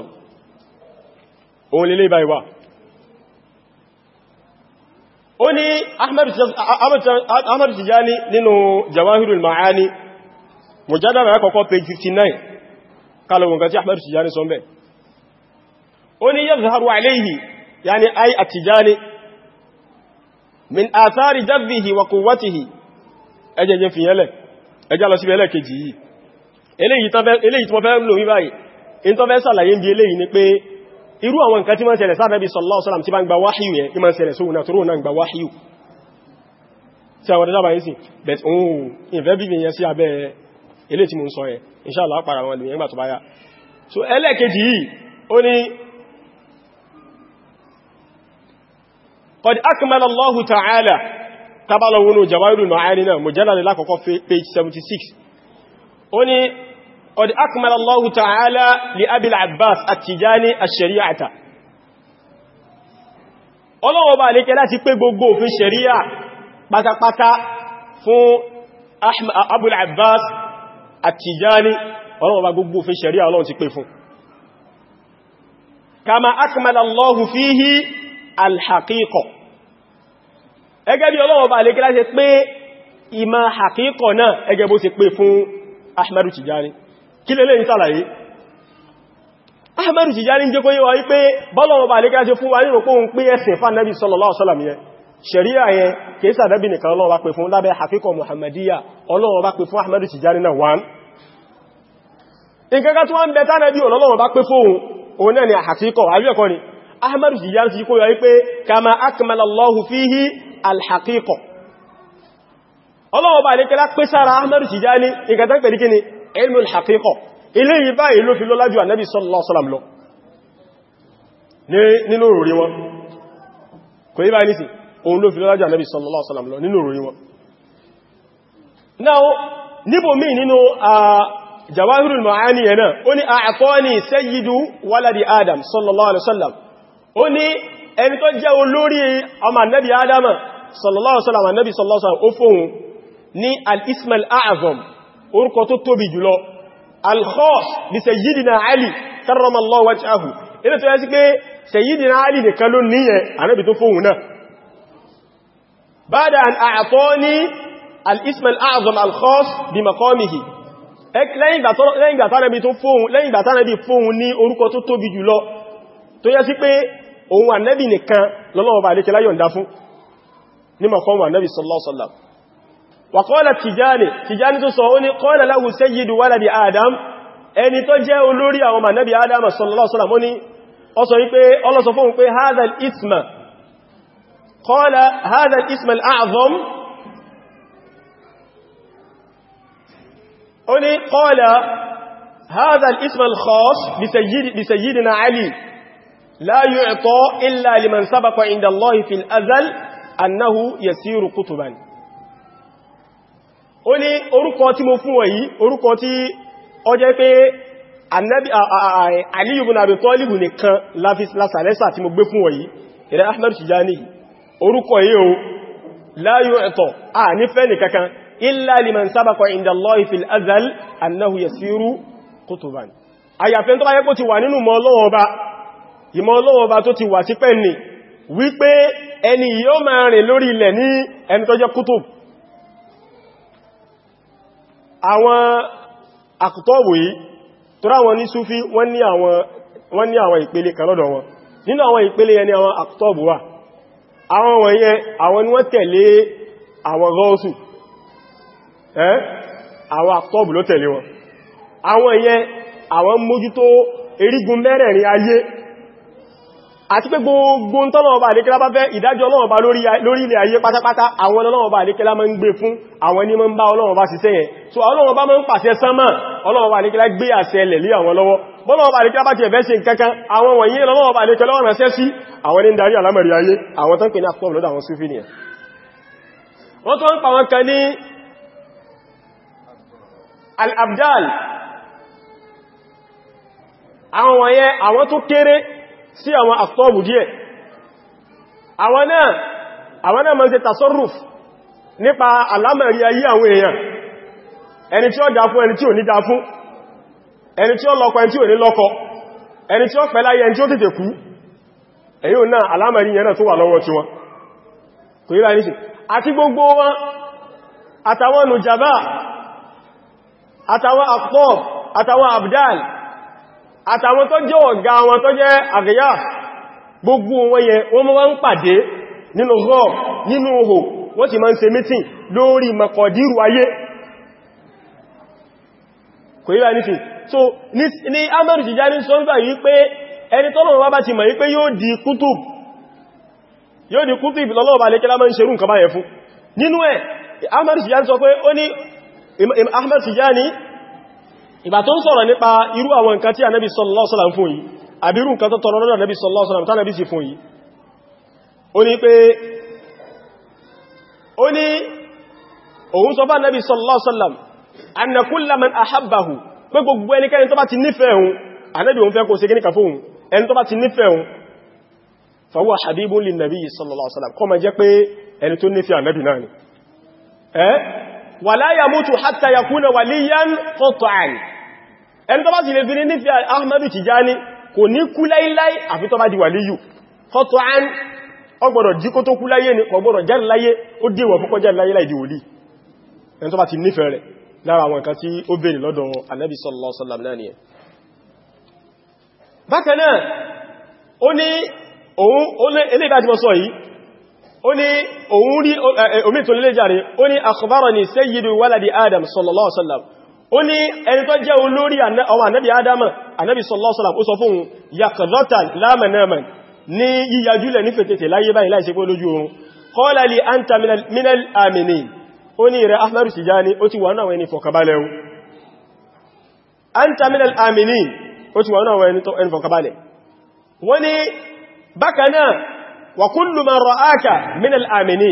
òun ó ní ahmad tijani nínú jawahirul ma'ani mujadala ya kọ́kọ́ page 59 kalawun ga tí ahmad tijani sọ mẹ́ ó ní yazharu alayhi yani ay atijani min athari jaddihi wa quwwatihi ejeje fi yele eja lọ sí bele kejì yìí eléyìí tó fẹ́ eléyìí tó fẹ́ lọ báyìí in tó fẹ́ ṣàlàyé bí eléyìí ni pé irú àwọn nǹkan tí ma ń ṣẹlẹ̀ sáà Nabi sallallahu alaihi wasallam tí bá ń gba wáhíyù yẹn tí ma ń ṣẹlẹ̀ sóhun àtúrò náà gba wáhíyù tí a wọ́n dábà yìí sí bet ohun ìfẹ́ bíbí yẹn sí abẹ́ ilé tí mo ń sọ yẹn inshallah para wọn lè yẹngbà tó bá yá page 76 ó ní قد أكمل الله تعالى لأبي العباس التجاني الشريعة ọlọ́wọ́ bá lè kẹ láti pé gbogbo òfin ṣẹ̀ríyà pátápátá fún Abul Abbas At-Tijani ọlọ́wọ́ bá gbogbo òfin ṣẹ̀ríyà ọlọ́wọ́ ti pé fún kama akmala Allahu fihi al-haqiqa ẹgẹ́ bí ọlọ́wọ́ bá lè kẹ láti pé ìmá haqiqa náà ẹgẹ́ bó ti pé fún Ahmadu Tijani kí lélẹ̀ ń sàlàyé Ahmadu Tijani jẹ́ kó yé wa wípé bọ́lọ̀wọ̀ bá lékẹ́ ṣe fún wa nínú pòun pé ẹsẹ̀ fánàbí sallallahu alaihi wasallam yẹn ṣẹ̀ríà yẹn kìí sàdábì nìkan Ọlọ́run bá pè fún lábẹ́ àfikọ̀ Muhammadiyya Ọlọ́run bá pè fún Ahmadu Tijani náà wán nǹkan kan tó wọ́n bẹ̀ta náà bí Ọlọ́run bá pè fóun òun náà ni àfikọ̀ àríẹ̀kọ́ ilmu al-haqiqa ilé yìí báyìí ló fi lọ́lá jù ànábì sallallahu alaihi wasallam lọ nínú òròrí wọn kò yí báyìí nìsí òun ló fi lọ́lá jù ànábì sallallahu alaihi wasallam lọ nínú òròrí wọn náà níbò mí nínú jawahirul ma'ani yana ó ní a'tani sayyidu waladi adam sallallahu alaihi wasallam ó ní ẹni tó jẹ́ olórí ọmọ ànábì sallallahu alaihi wasallam ànábì sallallahu alaihi wasallam ó fóun ní al-ism al-a'zam orúkọ tó tóbi jùlọ alkhos ni sayyidina ali karramallahu wajhahu ilé tó yẹ sí pé sayyidina ali nìkan ló níyẹn anábi tó fóhun náà bada an àtọ́ ní al-ism al bi maqamihi lẹ́yìn gbàtánàbí fóhun ní orúkọ tó tóbi jùlọ tó yẹ sí pé òun ànábì nìkan lọ́lọ́wọ́ bá adékẹ́lá yọ̀ǹda fún ní maqamu ànábì sallallahu alaihi wàkọ́lá tìjáni tìjáni tó sọ ó ní kọ́lá láhù sayyidu waladi adam ẹni tó jẹ́ olórí àwọn mànábí adam sallallahu alaihi wasallam ó ní ó sọ wípé ọlọ́sọ fún pé hadhal isma kọ́lá hadhal isma al'azam ó ní kọ́lá hadhal isma al-khass bi sayyidina ali la yu'ta illa liman sabaqa inda allahi fil azal annahu yasiru kutuban ó ní orúkọ tí mo fún ọ yìí orúkọ tí ó jẹ́ pé Aliyu ibn Abi Talib nìkan lásàlẹ́sà tí mo gbé fún ọ yìí ìrẹ́ Ahmad Tijani orúkọ yìí o la yu'ta a nífẹ́ nìkankan illa liman sabaqa inda Allahi fil azal annahu yasiru kutuban àyàfẹ́ tó bá yẹ kó ti wà nínú ìmọ̀ Ọlọ́run Ọba tó ti wà sí ẹni yóò máa rìn lórí ilẹ̀ ní ẹni tó jẹ́ kútùbù àwọn àkùtọ́bù yìí tó ráwọn ní súfí wọ́n ní àwọn ìpele kan lọ́dọ̀ wọn nínú àwọn ìpele yẹn ni àwọn àkùtọ́bù wà àwọn wọ̀nyẹ àwọn ni wọ́n tẹ̀lé àwọn gọ́ọ̀sù ẹ́ àwọn àkùtọ́bù ló tẹ̀lé wọn àwọn yẹn àwọn mójútó erigun mẹ́rẹ̀ẹ̀rin ayé àti pé gbogbo tọ́lọ̀ọba àdékẹ́lá bá fẹ́ ìdájọ́ ọlọ́ọ̀ba lórí ilẹ̀ ayé pátápátá àwọn ọlọ́ọ̀ba àdékẹ́lá máa ń gbé fún àwọn ẹni máa ń bá ọlọ́ọ̀ba ṣiṣẹ́ yẹn so ọlọ́ọ̀ba máa ń pàṣẹ sánmà ọlọ́ọ̀ba àdékẹ́lá gbé àṣẹ ilẹ̀ lé àwọn lọ́wọ́ bọ́lọ́ọ̀ba àdékẹ́lá bá ti ẹ̀fẹ́ ṣe nǹkankan àwọn wọ̀nyí lọ́wọ́ọ̀ba àdékẹ́lá wọ́n ránṣẹ́ sí àwọn ní darí alámẹ̀rí ayé àwọn tán pè ní àpọ̀ lọ́dọ̀ àwọn súfì nìyẹn wọ́n tó ń pa wọn kan ní àwọn wọ̀nyẹn àwọn tó kéré sí àwọn àtọ́bù díẹ̀ àwọn náà àwọn náà máa ń ṣe tasarruf nípa alámẹ̀rí ayé àwọn èèyàn ẹni tí ó dá fún ẹni tí ò ní dá fún ẹni tí ó lọ́kọ ẹni tí ò ní lọ́kọ ẹni tí ó pẹ́ láyé ẹni tí ó tètè kú èyí náà alámẹ̀rí yẹn náà tó wà lọ́wọ́ tí wọn àti gbogbo wọn àtàwọn nùjàbá àtàwọn àpọ̀ àtàwọn abdal àtàwọn tó jẹ́ ọ̀gá wọn tó jẹ́ àríyá gbogbo wọn ya wọ́n mọ́ ń pàdé nínú rọ̀ nínú ohò wọ́n ti máa ń ṣe mítìn lórí ayé kò yíra ní so ní amẹ́rù ti já ní sọ́nfà yí pé ẹni tọ́lọ̀ wọ́n bá ti mọ̀ yí pé yóò di ìgbà tó ń sọ̀rọ̀ nípa irú àwọn nǹkan tí ànábì sallallahu alaihi wasallam fún yìí àbírù nǹkan tó tọrọ lọ́dọ̀ ànábì sallallahu alaihi wasallam tánàbì sí fún yìí ó ní pé ó ní òun sọ bá ànábì sallallahu alaihi wasallam anna kulla man ahabbahu pé gbogbo ẹnikẹ́ni tó bá ti nífẹ̀ẹ́ òun ànábì òun fẹ́ kó ṣe kíníkà fóun ẹni tó bá ti nífẹ̀ẹ́ ẹni tó bá sì lè fi ní nífẹ́ Ahmadu Tijani kò ní kú láíláí àfi tó bá di wàlíyù fọ́tọ̀ án ọgbọ̀dọ̀ jí kó tó kú láyé ní ọgbọ̀dọ̀ jẹ́ ó dèwọ̀ púpọ̀ jẹ́ láyé di wòlí ẹni tó bá ti nífẹ́ rẹ̀ lára àwọn nǹkan tí ó bèèrè lọ́dọ̀ Ànábì sallallahu alaihi wasallam náà nìyẹn bákan náà ó ní òun ilé ìdájúmọ́ sọ yìí ó ní òun rí omi tó lè járe ó ní akhbarani sayyidu waladi Adam sallallahu alaihi wasallam ó ní ẹni tó jẹ́ olórí ọmọ ànábì adama ànábì sọlọ́sọlám ó sọ fún yàkọ̀lọ́ta lámẹ̀nàmẹ̀ ní yíyajúlẹ̀ ní fètètè láyé báyìí láìsí pé lójú oorun kọ́lá lè anta minal amini ó ní rẹ̀ ahmaru Tijani ó ti wà náà wẹni fọ̀kabalẹ̀ anta minal amini ó ti wà náà wẹni fọ̀kabalẹ̀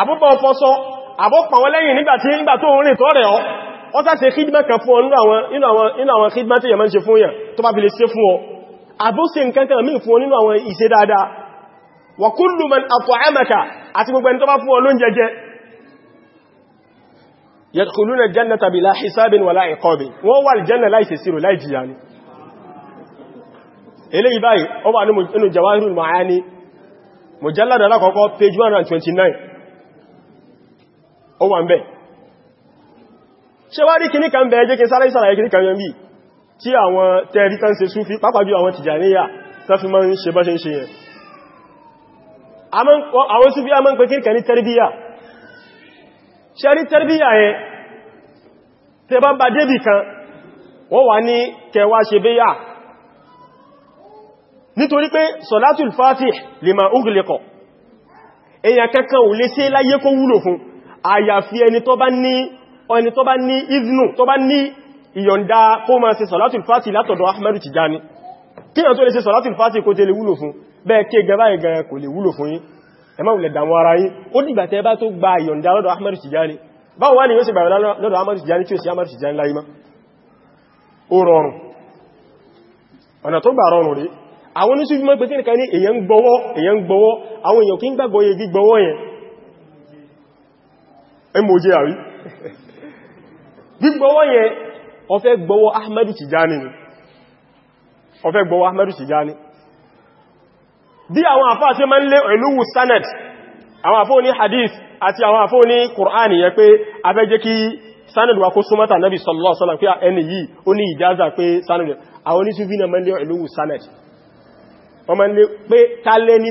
àbúbọ̀ fọ́sọ́ àbọ́pàwọ́ lẹ́yìn nígbàtí nígbà tó ń rìn tọ́ rẹ̀ ọ́ ọ́ sá ṣe kídímẹ́ kan fún ọ nínú àwọn kídímẹ́ tí yẹ̀mọ́ ṣe fún yẹn tó bá fi lè ṣe fún ọ àbó ṣe nǹkan kan mí fún ọ nínú àwọn ìṣe dáadáa wa kullu man at'amaka àti gbogbo ẹni tó bá fún ọ lóúnjẹ jẹ yadkhuluna al-jannata eléyìí báyìí ó nínú Jawahirul Ma'ani mujallad alákọ̀ọ́kọ́ page 129 ó wà ń bẹ̀ ṣe wá rí kìní kan bẹ̀ẹ́ jẹ́ kí sáré ìsàlàyé kìní kan yẹn bí tí àwọn tẹ́rí tán ṣe súfí pápájú àwọn tìjàníyà tán fi máa ń ṣe bá ṣe ń ṣe yẹn a máa ń pè kìní kan ní tẹ́rbíyà ṣe rí tẹ́rbíyà yẹn tẹ bá bá débì kan wọ́n wà ní kẹwàá ṣe béyà nítorí pé sọ̀látùl fátì lè máa ń gùn lẹ́kọ̀ọ́ èèyàn kankan ò lè ṣe láyé kó wúlò fún àyàfi ẹni tó bá ní ẹni tó bá ní ìdínú tó bá ní ìyọ̀nda kó máa ṣe sọ̀látùl fàtì látọ̀dọ̀ Ahmadu Tijani kí yàn tó lè ṣe sọ̀látùl fàtì kó tẹ lè wúlò fún bẹ́ẹ̀ kí gẹba ìgẹ̀rẹ̀ kò lè wúlò fún yín ẹ má Tijani báwo wá ni yóò ṣe gbà lọ́dọ̀ Ahmadu Tijani tí ó sì Tijani láyé má ó rọrùn ọ̀nà tó gbà rọrùn rí àwọn oníṣùfí mọ́ pé kí nìkan ní èyàn mo jẹ́ àrí gbígbọ́wọ́ yẹn ó fẹ́ gbọ́wọ́ Ahmadu Tijani ni ó fẹ́ gbọ́wọ́ Ahmadu Tijani bí àwọn àfáà tí ó máa ń lé ìlúwù sanad àwọn àfóò ní hadith àti àwọn àfóò ní Kùránì yẹ pé a fẹ́ jẹ́ kí sanad wa kó súnmọ́ta nabi sallallahu alaihi wasallam pé ẹni yìí ó ní ìjáza pé sanad àwọn oníṣú bí na máa ń lé ìlúwù sanad wọ́n máa ń lé pé kalẹ́ni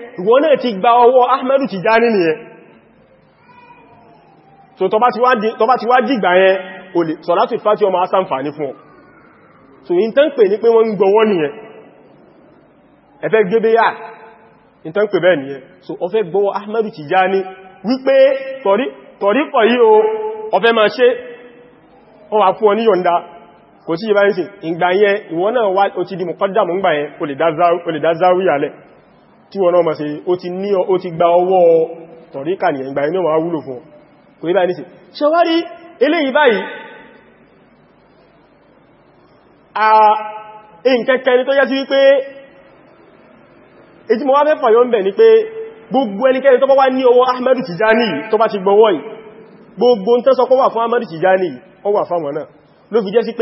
ìwọ náà ti gba ọwọ́ Ahmadu Tijani nìyẹn so tó bá ti wá dìgbà yẹn sọ̀látù ìfàtí ọmọ asánfàní fún ọ so in tán pè ní pé wọ́n ń gbọ́wọ́ nìyẹn ẹfẹ́ gébé yà in tán pè bẹ́ẹ̀ nìyẹn so ọfẹ́ gbọ́wọ́ Ahmadu Tijani wípé tọ̀rípọ̀ yí o ọfẹ́ máa ṣe wọ́n wà fún ọ ní yọ̀nda kò sí ìbáyìí sí ìgbà yẹn ìwọ náà wá ó ti di mọ̀kọ́dàmù ń gbà yẹn o lè dá záwíyà lẹ́ tí wọ́n náà ma ṣe ó ti ní ó ti gba ọwọ́ tọ̀ríkà ní ẹgbà inú ma wúlò fún kò ní báyìí nìsí ṣe wá rí eléyìí báyìí a nkẹ́kẹ́ni tó yá sí wípé ètí mo wá fẹ́ fàyọ́ ń bẹ̀ ni pé gbogbo ẹnikẹ́ni tó Ahmadu Tijani tó bá ti gbọ́wọ́ yìí gbogbo ń tẹ́sọ́kọ́ wà fún Ahmadu Tijani ó wà fáwọn náà ló fi jẹ́ sí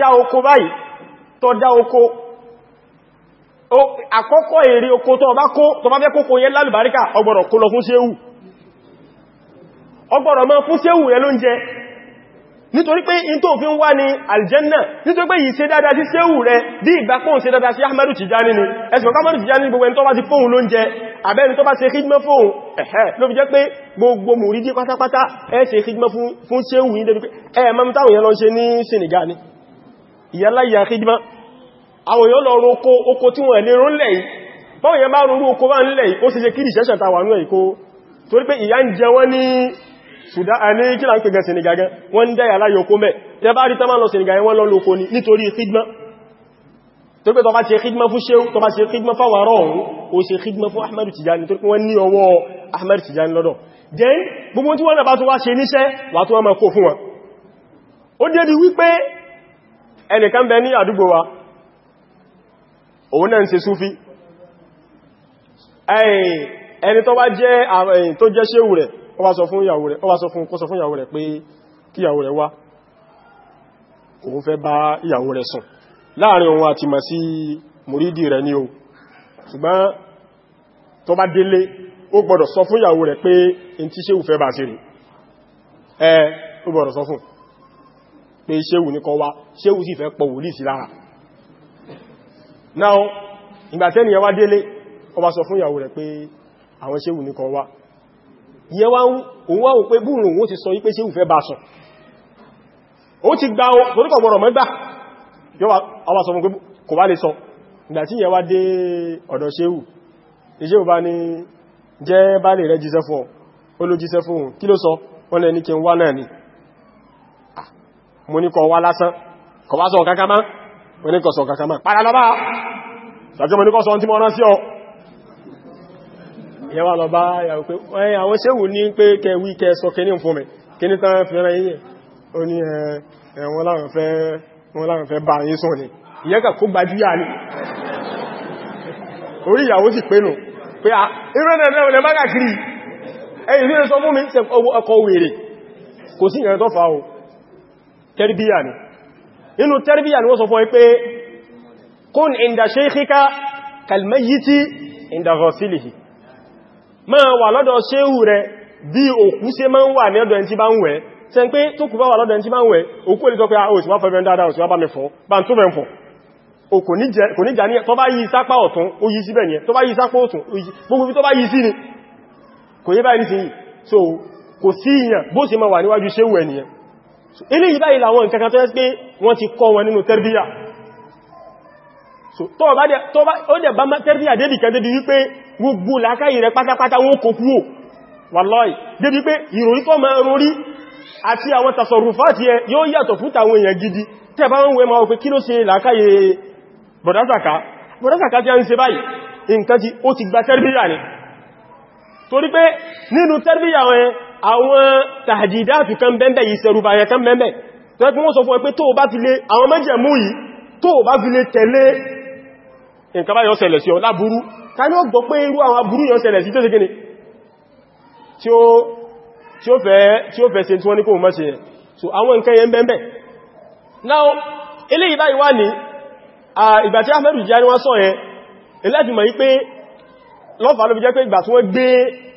dá oko báyìí tó dá oko àkọ́kọ́ èrè oko tó bá kó tó bá fẹ́ kókó yẹ lálùbáríkà ọgbọ̀rọ̀ kó lọ fún séhù ọgbọ̀rọ̀ mọ́ fún séhù yẹ ló ń jẹ nítorí pé in tó fi ń wá ní aljanna nítorí pé yìí ṣe dáadáa sí séhù rẹ bí ìgbà pọ́n ṣe sí Ahmadu Tijani ni ẹ̀sùn Ahmadu Tijani gbogbo ẹni tó bá ti fóhun ló ń jẹ abẹ́ni tó bá ṣe kígbọ́ fóhun ẹ̀hẹ́ ló fi jẹ́ pé gbogbo mùrídí pátápátá ẹ ṣe kígbọ́ fún séhù yìí débi pé ẹ̀ẹ̀mọ́mtáwò ìyàláyà àkíjímá àwọn èèyàn lọ rọ oko oko tí wọ́n ẹ̀lẹ́rọ lẹ̀ yìí báwọn èèyàn bá rọrú oko bá ń lẹ̀ yìí ó sì ṣe kí ìṣẹ́ṣẹ̀ tàwà ní ẹ̀kó torí pé ìyà ń jẹ wọ́n ní Sudan ní kí là ń pègẹ́ Senegal ó ṣe khidma Tijani torí pé wọ́n ní Tijani lọ́dọ̀ then gbogbo tí wọ́n náà bá tó wá ṣe wípé ẹnìkan bẹ ní àdúgbò wa òun náà ń ṣe súfí ẹni tó bá jẹ́ tó jẹ́ ṣéwù rẹ̀ ó wá sọ fún ìyàwó rẹ̀ ó wá sọ fún kó sọ fún ìyàwó rẹ̀ pé kí ìyàwó rẹ̀ wá òun fẹ́ bá ìyàwó rẹ̀ sùn láàrin òun àti mà sí mùrídì rẹ̀ ní o ṣùgbọ́n tó bá délé ó gbọ́dọ̀ sọ fún ìyàwó rẹ̀ pé in tí ṣéwù fẹ́ bá sí rí ẹ ó gbọ́dọ̀ sọ fún pé ṣéwù ní kan wá ṣéwù sì fẹ́ pọ̀ wòlíì sí lára now ìgbàtẹ́ni yẹn wá délé ó wá sọ fún ìyàwó rẹ̀ pé àwọn ṣéwù ní kan wá yẹn wá òun wá wò pé búrùn òun ti sọ wípé ṣéwù fẹ́ bá sùn ó ti gba orúkọ̀ gbọ́rọ̀ mọ́gbà yọ́wà sọ fún fún òun kí ló sọ wọ́n lẹ́ ní kí wá náà ni mo ní kọ wá lásán kọ wá sọ kankan mọ́ mo ní kọ sọ kankan mọ́ padà lọ́bá ṣàkí mo ní kọ sọ tí mo rán sí ọ ìyẹwà lọ́bá àwọn ṣéwù ní pé kẹwí kẹ sọ kí ní fún mi kí ní tán fi rán yíyẹ ó ní ẹ̀wọ̀n láwọn fẹ́ bá yín sùn ni ìyẹ́kà kó gbajúyà ni orí ìyàwó sì pé nù pé à ìrẹ́nẹ̀ẹ́rẹ́ olè bá kàkiri ẹ̀yìn ní ẹ̀sọ fún mi ọkọ̀ wèrè kò sí ìrẹ́ tẹ́rbíyà ni inú tẹ́rbíyà ni wọ́n sọ fún ẹ pé kún inda shaykhika kalmayiti inda ghasilihi ma wà lọ́dọ̀ ṣéhù rẹ bí òkú ṣe máa ń wà ní ọ̀dọ̀ ẹni tí bá ń wẹ̀ ṣe ń pé tó kù bá wà lọ́dọ̀ ẹni tí bá ń wẹ̀ òkú èlé sọ pé àwọn ah, òsìwá fẹ́ ó yí síbẹ̀ ní so kò sí ìyàn bó ṣe máa ilé ìbá ìlà àwọn nǹkan kan tó yẹ́ pé wọ́n ti kọ́ wọn nínú tẹ́rbíyà ó dẹ̀ bá tẹ́rbíyà débì kan débi wípé gbogbo làákàyè rẹ̀ pátápátá wọ́n kò kúrò wàláì débi pé ìròrí tó máa rorí àti àwọn tasọ̀rùfà ti ẹ yóò yàtọ̀ fún tàwọn èèyàn gidi tẹ́ bá ń wẹ ma ọ̀pẹ́ kí ló ni torí pé nínú àwọn tàdìdáàtù kan bẹ́ẹ̀bẹ̀ yìí sẹrù bàyẹ̀ kan bẹ́ẹ̀bẹ̀ tó ẹkùn wọ́n sọ fún ẹ pé tó bá fi lé àwọn májẹ̀mú yìí tó bá fi lé tẹ̀lé nǹkan bá yọ ṣẹlẹ̀ sí ọ láburú ká ní ó gbọ́ pé irú àwọn aburú yọ ṣẹlẹ̀ sí tó ṣe tí now eléyìí báyìí wá ní ìgbà tí ahmed jẹ́ ni wọ́n lọ́fà ló fi jẹ́ pé ìgbà tí wọ́n gbé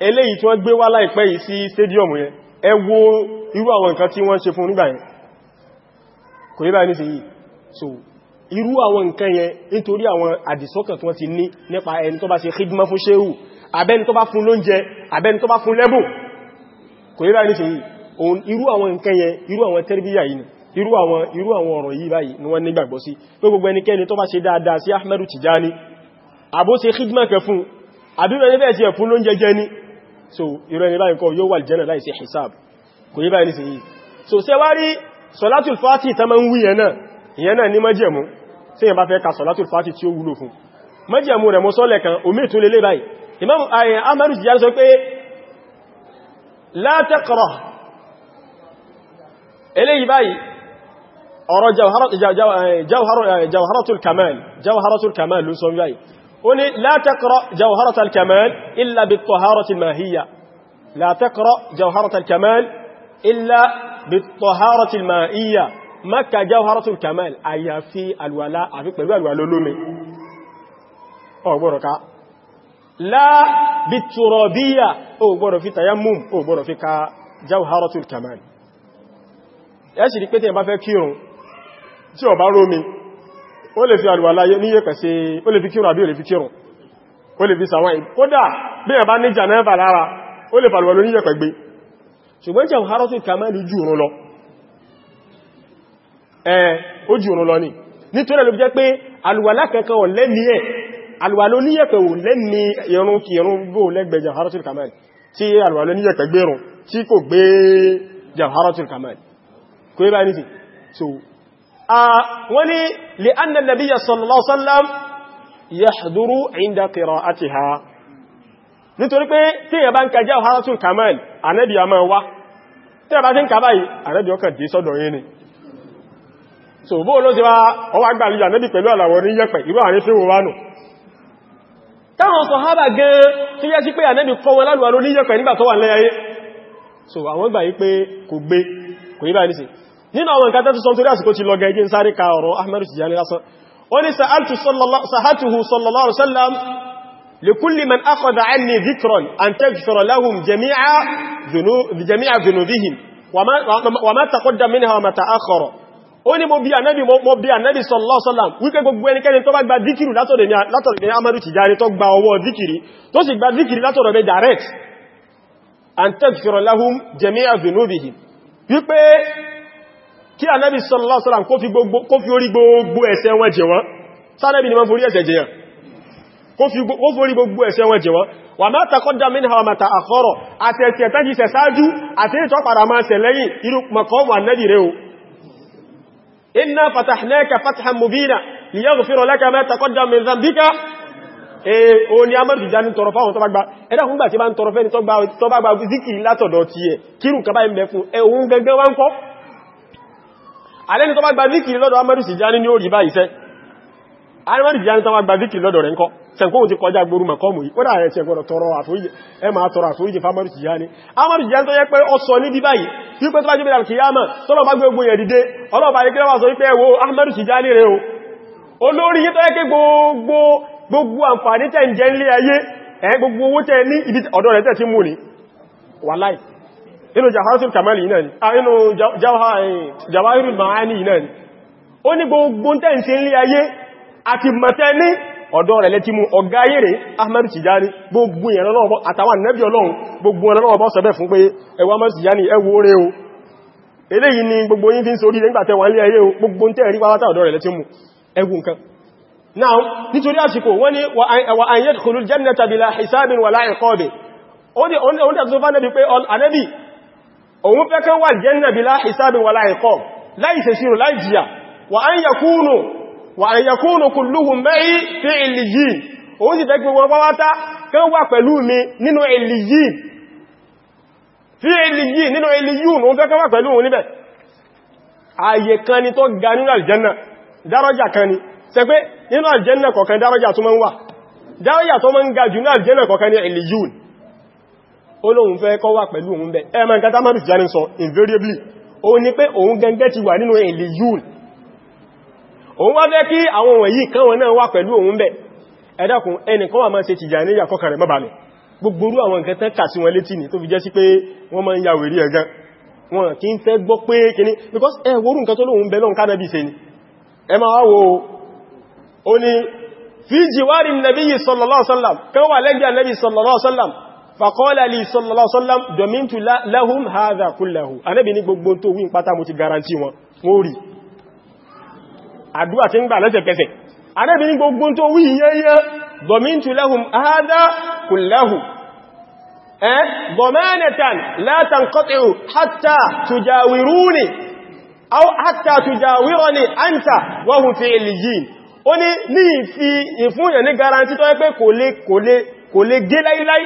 eléyìí tí wọ́n gbé wá láìpẹ́ yìí sí stadium yẹn ẹ wo irú àwọn nǹkan tí wọ́n ṣe fún nígbà yẹn kò yẹ báyìí nísìnyí so irú àwọn nǹkan yẹn nítorí àwọn àdìsọ́kàn tí wọ́n ti ní nípa ẹni tó bá ṣe khidma fún ṣéhù abẹ́ni tó bá fún lóúnjẹ abẹ́ni tó bá fún lẹ́bùn kò yẹ báyìí nísìnyí irú àwọn nǹkan yẹn irú àwọn tẹ́rbíyà yìí irú àwọn irú àwọn ọ̀rọ̀ yìí báyìí ni Tijani àbó ṣe khidma àbíbẹ̀ ní bẹ́ẹ̀ tí ẹ̀ fún ló ń jẹjẹ ní so ìrọ̀ ẹni báyìí kọ yóò wà jẹ́nà láìsí hisab kò yí báyìí nísìnyí so ṣe wá rí sọlátùl fàtí tàmà ń wí yẹnà ìyẹnà ní májẹ̀mú tí yẹn bá fẹ́ ka sọlátùl fàtí tí ó wúlò fún májẹ̀mú rẹ̀ mọ́ sọ́lẹ̀ kan omi tún lélé báyìí Imam eh, Ahmadu Tijani sọ pé la taqra eléyìí báyìí ọ̀rọ̀ eh, eh, jawharatul kamal jawharatul kamal ló sọ báyìí ó ní la taqra jawharat al-kamal illa bit-taharati al-mahiyya la taqra jawharat al-kamal illa bit-taharati al-mahiyya maka jawharat al-kamal àyàfi alwala àfi pẹ̀lú alwala lómi ọgbọ̀rọ̀ ká la bit-turabiyya ọgbọ̀rọ̀ fi tayammum ọgbọ̀rọ̀ fi ka jawharat al-kamal ẹ sì rí pé bá fẹ́ kírun tí ó bá rómi ó lè fi àlùwàlá níyẹ kẹsẹ̀ ó lè fi kírùn àbí ó lè fi kírùn ó lè fi sàwọn kódà bí ẹ̀bá ní jànáàbà lára ó lè fàlùwàlá níyẹ pẹ̀gbé ṣùgbọ́n jẹ́ ọ̀hárọ́tún kàmẹ́lì jù rún lọ ni nítorí ló jẹ́ pé àlùwàlá kankan ò lẹ́ni ẹ̀ àlùwàlá níyẹ pẹ̀ ò lẹ́ni ẹ̀rún kí ẹ̀rún bó lẹ́gbẹ̀ jàhárọ́tún kàmẹ́lì Ah, wọ́n ní lè annan nabiya sallallahu alaihi wasallam yahduru inda qira'atiha nítorí pé tí yẹ bá ń kajá ọ̀hárátún kamal anẹ́bí a máa wá tí yẹ bá ti ń kà báyìí anẹ́bí ọkàn dé sọ́dọ̀ yìí ni so bó ló ti wá ọwá gbàlú anẹ́bí pẹ̀lú àlàwọ̀ ní yẹ́pẹ̀ irú àrin nínú àwọn nǹkan tẹ́tù sọ́ntorí àsìkò ti lọ́gá igé ń sáré ka ọ̀rọ̀ ahmadu tijani lásán ó ní sa'atuhu sallallahu alaihi wasallam li kulli man akhadha anni dhikran an taghfira lahum jami'a dhunubihim wa ma taqaddama minha wa ma ta'akhkhara ó ní mo bi ànábì mo bi ànábì sallallahu alaihi wasallam wípé gbogbo ẹnikẹ́ni tó bá gba díkìrì látọ̀dọ̀ ní amadu tijani tó gba kí ànábì sallallahu alaihi wasallam kó fi orí gbogbo ẹ̀ṣẹ̀ wọn jẹ wọ́n sánẹ́bì ni wọ́n forí ẹ̀ṣẹ̀ jẹyàn kó forí gbogbo ẹ̀ṣẹ̀ wọn jẹ wọ́n wà máa taqaddama minha wa máa ta'akhkhara àti ẹ̀ṣẹ̀ tẹ́jì ṣẹ̀ sáájú àti ìtọ́ padà máa ṣẹ̀ lẹ́yìn irú mọ̀kọ́ wà nẹ́bì rẹ̀ o inna fatahnaka fathan mubina liyaghfira laka ma taqaddama min dhanbika o ni a mọ́ ìjá ní tọrọ fáwọn tọ́bàgbà ẹ̀dàkùn alẹ́ni tó bá gba zikiri lọ́dọ̀ amadu Tijani ní orí báyìí sẹ́ amadu Tijani tó bá gba zikiri lọ́dọ̀ rẹ̀ ńkọ́ sẹ́nkóhun ti kọjá gbóru mọ̀kọ́mù yìí ó dà rẹ̀ sẹ́gbọ́dọ̀ tọrọ àforíjì ẹ máa tọrọ àforíjì fún amadu Tijani amadu Tijani tó ti mú inú jahasul kamali náà ni a ah, inú eh, jawahirul ma'ani náà ni ó ní gbogbo tẹ́ǹsí ilé ayé àti mọ̀tẹ́ ní ọ̀dọ́ rẹ̀ lẹ́tí mú ọ̀gá ayére Ahmadu Tijani gbogbo ìrànlọ́wọ́ àtàwọn nẹ́bí Ọlọ́run gbogbo ìrànlọ́wọ́ sọ bẹ́ fún pé ẹwà Ahmadu Tijani ẹwọ oore o eléyìí ni gbogbo yín fi ń sorí nígbàtẹ́ wà nílé ayé o gbogbo tẹ́ẹ̀rí pátá ọ̀dọ́ rẹ̀ lẹ́tí mú ẹwù nǹkan náà nítorí àsìkò wọ́n ni wà an yadkhulul jannata bila hisabin wala iqabin ó ní ọdún tó fánẹ́bí pé anẹ́bí òun fẹ́ kán wà jẹ́nà bí láì sábin wà láì kọ́ láì ṣèṣirò láì jìyà wà án yakúnù wà án yakúnù kulluhum ma'i fi illiyin òun sì fẹ́ gbogbo pàwátá kán wà pẹ̀lú mi nínú illiyin fi illiyin nínú illiyun òun fẹ́ kán wà pẹ̀lú níbẹ̀ ààyè kan ni tó ga olóhun fẹ́ kọ́ wà pẹ̀lú òun bẹ̀ ẹ̀mọ̀ nǹkan tá mọ́bí jẹ́rin sọ invariably o ní pé òun gẹ́gẹ́ ti wà nínú èlè yúùn òun wá fẹ́ kí àwọn òun yìí kan wọn náà wà pẹ̀lú òun bẹ̀ ẹ dákun ẹnìkan wà máa ṣe Tìjàníyà kọkàn rẹ̀ mọ́bàlẹ̀ gbogbo orú àwọn nǹkan tán kà sí wọn létí ni tó fi jẹ́ sí pé wọ́n máa ń ya wèrí ẹ̀gán wọn kì í fẹ́ gbọ́ pé kìíní because ẹ worú nǹkan tó lóun bẹ lọ́n kánàbì ṣe ni ẹ máa wá wo ó ní fi jìwárì nàbí sallallahu alaihi wasallam kan wà lẹ́gbẹ̀ẹ́ nàbí sallallahu alaihi wasallam fàkọ́lá lè sọ́lọ́sọ́lọ́m dọ̀míntù láhùn haza kúlẹ̀hù anẹ́bì ní gbogbo tó wí pátá mo ti garanti wọn wọ́n rí àdúwà tí ń gbà lẹ́sẹ̀kẹsẹ̀ anẹ́bì ní gbogbo tó wí yẹ́yẹ́ dọ̀míntù láhùn haza kúlẹ̀hù ẹ́ eh, dọ̀mẹ́nẹ̀tàn látàn kọ́tẹ̀rù hátà tùjàwìrúni aw hátà tùjàwìrọ́ni áńtà wọ́hùn fi ìlìyìn ó ní ní ìfi ìfúnyẹ̀ ní garanti tó yẹ kò lè gé láíláí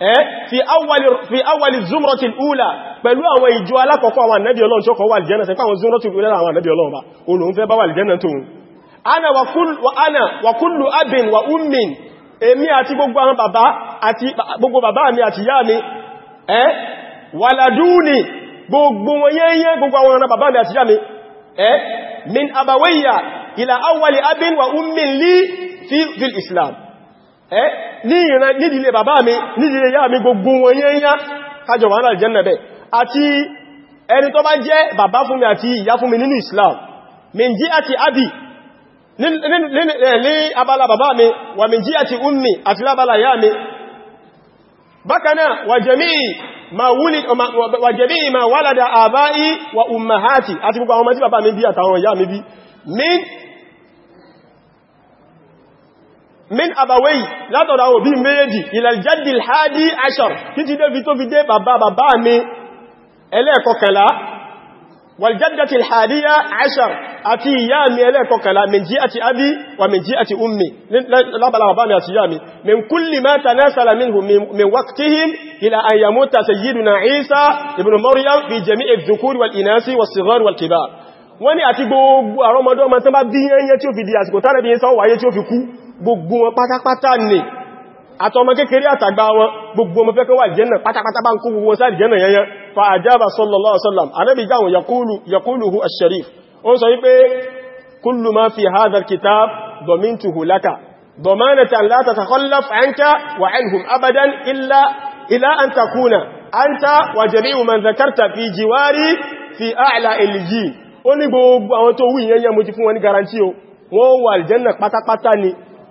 Eh, fi awali zumratil ula pẹ̀lú àwọn ìjọ alákọ̀ọ́kọ́ àwọn ànábì Ọlọ́run tí ó kọ́ wà aljanna sẹ́pẹ́ àwọn zumratil ula àwọn ànábì Ọlọ́run bá olóhun fẹ́ bá wà aljanna tóhun ana wa kullu abin wa ummin èmi àti gbogbo àwọn bàbá àti gbogbo bàbá mi àti yá mi ẹ́ eh, waladuni gbogbo wọn yẹ́yẹ́ gbogbo àwọn ọ̀nà bàbá mi àti yá mi ẹ́ eh, min abawayya ila awali abin wa ummin li fi fil islam ní ìran nídìlé bàbá mi nídìlé yá mi gbogbo wọn yẹ́yá kájọ wà náà jẹ́nà bẹ̀ àti ẹni tó bá jẹ́ bàbá fún mi àti ìyá fún mi nínú Islam mẹ́jí àti abi ní abala bàbá mi wà mẹ́jí àti ummi àti lábala yá mi bákanáà wà jẹ́mí ma wálàdà àbáyí wà ummahati àti gbogbo àwọn ọmọ tí bàbá mi bí àtàwọn ìyá mi min àbàwẹ́yì látọ̀dọ̀ àwọn òbí méjèèjì ìlàjẹ́dì hadi ashar títí dé bí tó fi dé bàbá bàbá mi ẹlẹ́ẹ̀kọkànlá wàljẹ́dì hadiya ashar àti ìyá mi ẹlẹ́ẹ̀kọkànlá min jí àti abi wa min jí àti ummi lábàlá bàbá mi àti ìyá mi min kulli ma tanasala minhu min waqtihim ila an yamuta sayyiduna isa ibn maryam fi jami'i dhukuri wal inasi was sighar wal kibar wani àti gbogbo àrọ́mọdọ́mọ tán bá bí yẹnyẹ tí ó fi di àsìkò tánàbí yẹn sọ tí ó fi kú gbogbo wọn pátápátá ni àtọmọ kékeré àtàgbà wọn gbogbo ọmọ fẹ́kọ́ wà jẹ́nà pátápátá bá ń kó gbogbo sáàrì jẹ́nà yẹnyẹ fa àjábà sallallahu alaihi wasallam anábi dáhùn yakúlùhù al-sharif ó kitab damintuhu laka damanatan anka wa anhum abadan illa ila an anta wa jami'u man dhakarta fi jiwari fi a'la al-jin ó ní gbogbo àwọn tó wù yẹnyẹ mo ti fún wọ́n wà aljanna pátápátá ni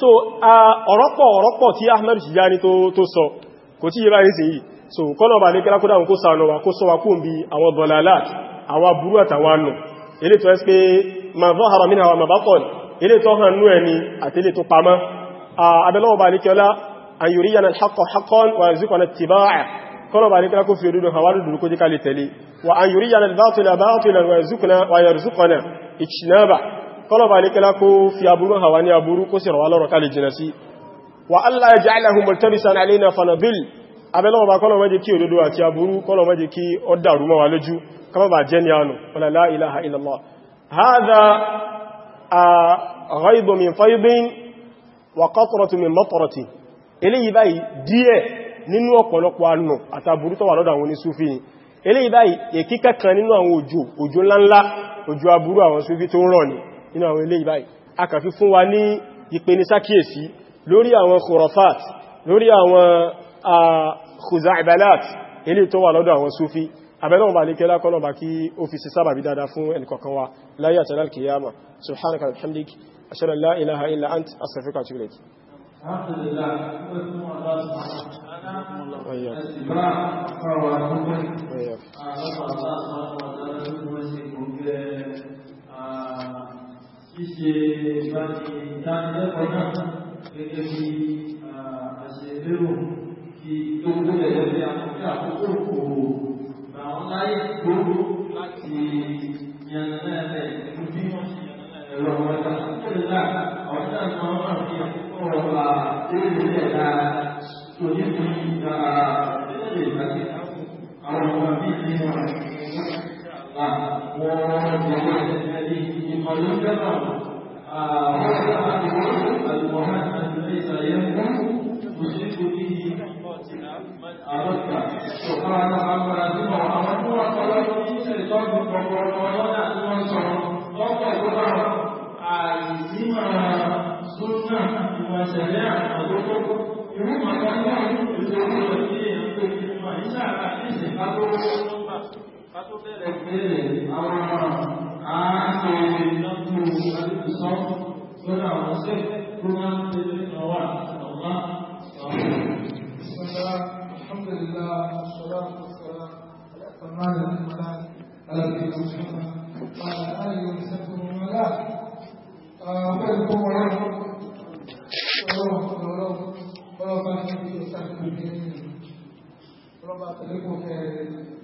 so ọ̀rọ̀pọ̀ ọ̀rọ̀pọ̀ tí Ahmed Tijani tó sọ kò tí yíra ìsìn yìí so kọ́nà bá ní kí lákúdà kó sànà wà kó sọ wà kún bí àwọn bọ̀lálà àwọn burú àtàwọn nù ilé tó ẹ́sì pé ma zahara minha wa ma batan ilé tó hàn nú ẹni àti ilé tó pamọ́ abẹ́lọ́wọ́ bá ní wa yarzuqna ittiba'a kọ́nà bá ní kí lákú fi òdúdó kọlọ̀bà alékẹ́lá kó fi aburú hàwà ní aburú kó sì rọ̀wà lọ́rọ̀ kalẹ̀ jìnà sí wa Allah ya ja'ala hum multabisan alaina fanabil abẹ́lọ́wọ́ bá kọlọ̀ mẹ́jẹ kí òdodo àti aburú kọlọ̀ mẹ́jẹ kí ó dàrú mọ́ wa lójú kama ba jẹ́ niyanu eléyìí báyìí díẹ̀ nínú àwọn òjò òjò ńláńlá òjò aburú àwọn súfí tó ń rọ̀ ni nínú àwọn ilé ìbáyìí a kà fi fún wa ní ìpenisákíyèsí lórí àwọn khurafat lórí àwọn khuza'ibalat ilé tó wà lọ́dọ̀ àwọn sufi abẹ́lọ́wọ̀n bá ní kẹ́lá kọ́lọ̀bá kí ó fi sí sábàbí dáadáa fún ẹnìkọ̀kan wa láyé àtàlá kìyàmà subhanaka alhamdik ashhadu an la ilaha illa ant astaghfiruka wa atubu ilayk الحمد الله سبحانه وتعالى الاستمرار فهو الله سبحانه ṣíṣe ìdánilẹ́kọ̀ọ́ náà gẹ́gẹ́ bí àṣẹ lérò kí tó gbọ́dọ̀ lẹ́gbẹ́ àkókò àkókò òwò àwọn láyé gbogbo láti yànnẹ́lẹ̀ nínú bí wọ́n ṣe ẹ̀rọ ọ̀rẹ́ta tó lè dá àwọn náà máa ń ràn ní àkókò ọ̀la lórílẹ̀ dáa tó ní fún ìgbà lórílẹ̀ ìgbà àwọn ọmọ bíi nínú àti Ìrúmọ̀ kan náà ní ìṣòro ìròyìn èèyàn tó fi mọ̀ nígbà àti ìsìnká tó rọ́ ká tó bẹ̀rẹ̀ ìbéèrè àwọn àárín ìlọ́gbọ̀n alùpùsọ́ lọ́dọ̀ àwọn ṣe tó máa ń tẹ̀lé ìnáwà ọ̀gá Alhamdulillah, والصلاة والسلام على أكمل الأكمال على نبينا محمد وعلى آله وصحبه ومن والاه. أحبكم ورحمة الله وبركاته. ورحمة الله وبركاته. ورحمة الله وبركاته.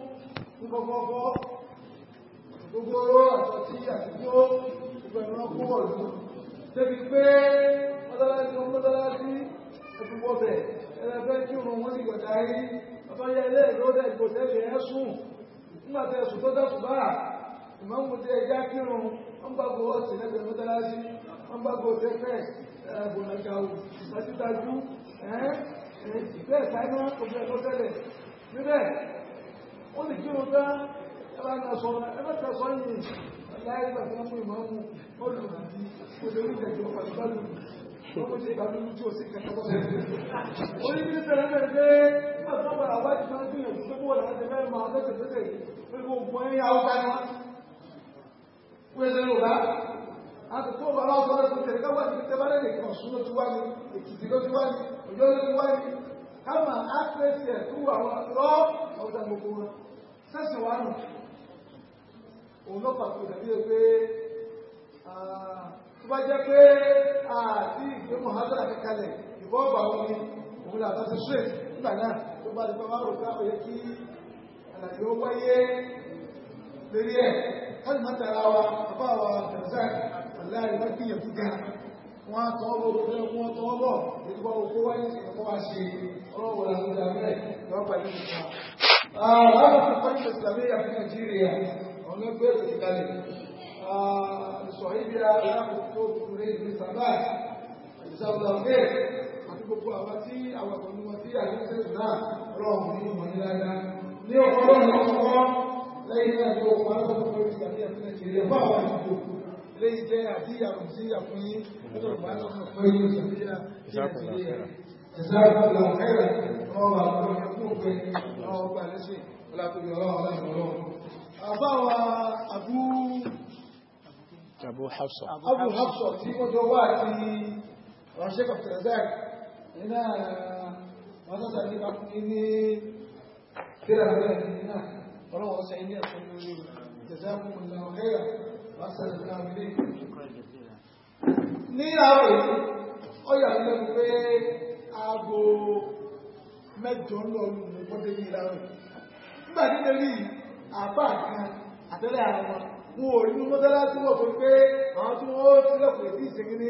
ní gbogbo gbogbo owó àtọ́tí àti tó gbogbo ẹ̀rọ kó wọ̀ lù débi pé mọ́tàlásí mọ́tàlásí ẹ̀dùnwọ́bẹ̀ ẹ̀rẹ̀fẹ́ kí òun wọ́n sì gbọ̀dá rí ọ̀tọ́yẹ ilé ìrọ́dẹ̀ ìgbòtẹ́lẹ̀ ẹ̀sùn nígbàtẹ̀ ẹ̀sùn tó dásùbá ìmọ̀mùdé ẹja kírun wọ́n gbàgbọ́ ọ̀sìn lẹ́gbẹ̀ẹ́ mọ́tàlásí wọ́n gbàgbọ́ tẹ́fẹ́ ẹ̀bùnàjàù ìgbàtítajú ẹ̀ẹ́ ìgbẹ́ ìtàná òbí ẹ̀kọ́ tẹ́lẹ̀ níbẹ̀ ó sì kírun tán ẹbá ní ọ̀sọ̀ ẹbá tẹ sọ yìí láyé ìgbà tí wọ́n mú ìmọ̀ mú olùrà àti olórí ìjẹ̀jọ pàṣípàlù lọ́pọ̀ ṣe ìgbà lórí tí ó sì kẹta bọ́ sẹ́yìn orí ní tẹ̀lé mẹ́rin pé nígbà tó padà wá ti máa ń gbìyànjú pé bóòlù láti fẹ́ máa lẹ́sẹ̀ lẹ́sẹ̀ pé gbogbo ẹ̀yìn haúsá ni wọ́n pèsè lòdà àti tó bàbá ọ̀sán lẹ́sẹ̀ tẹ̀lé káwá ti tẹ́ bá lẹ́lẹ̀ kan súnú ti wá ní èkìtì ló ti wá ní òjò ló ti wá ní ká máa á pèsè ẹ̀ tó àwọn lọ́ọ́ haúsá gbogbo wọn sẹ́sì wà nù òun lọ́pàá tó dàbí ẹ pé tó bá jẹ́ pé àti ìgbé mọ̀hádọ́rà kẹkalẹ̀ ìbọ́ọ̀bà wọn ni òun là bá ti ṣe nígbà náà tó bá ti bá máa rò pé àwọn yẹ kí àlàyé ó wáyé lórí ẹ̀ káàdì máa tara wa bàbá wa tẹ̀sán aláàrí wá gbìyànjú gan wọn á tọwọ́ bọ̀ wọn tọwọ́ bọ̀ ètò bá wọn kó wáyé ọkọ̀ wá ṣe ولا مدامات ربع الإسلام هذا القيمة الإسلامية في نيجيريا هناك بيت الكلام الصعيد يأخذ كتب مريد من سبات جزاه الله خير àti gbogbo àwọn tí àwọn ọ̀gbọ̀nmọ́ tí àjọṣẹ́sù náà rọrùn ní ìmọ̀ ní dáadáa ní ọ̀pọ̀lọ́ ní ọ̀pọ̀ lẹ́yìn náà ní ọkọ̀ alábọ̀pọ̀ ìsàlẹ̀ àti nàìjíríà fún àwọn ìdìbò lẹ́yìn jẹ́ àti àrùn sí àfúnyí lọ́dọ̀ ìgbà náà fún ìsàlẹ̀ àti nàìjíríà جزاكم الله خيرا ọwọ́ àgbọ̀n fún pé ọwọ́ ọgbà lẹ́sẹ̀ ọlápẹ̀lú ọlọ́run ọlọ́run ọlọ́run àbáwa àbú àbú hafsọ àbú hafsọ tí ó jọ wà àti ránṣẹ́ kọ̀tẹ̀ zak iná wọn tó sàbí bá fún ní kíra rẹ̀ iná ọlọ́run ọ̀sẹ̀ ilé ẹ̀sùn lórí جزاكم الله خيرا وأسأل الله عليكم ní àárọ̀ yìí ó yà lẹ́nu pé aago mẹ́jọ ń lọ lù mú bọ́dé yìí lára rẹ̀ nígbà nílé rí àbá kan àtẹ́lẹ̀ àwọn wọn ò nínú mọ́sálásí wọ̀ tó pé àwọn tí wọ́n ti lẹ́kọ̀ọ́ ìdí ìṣẹ́gi ní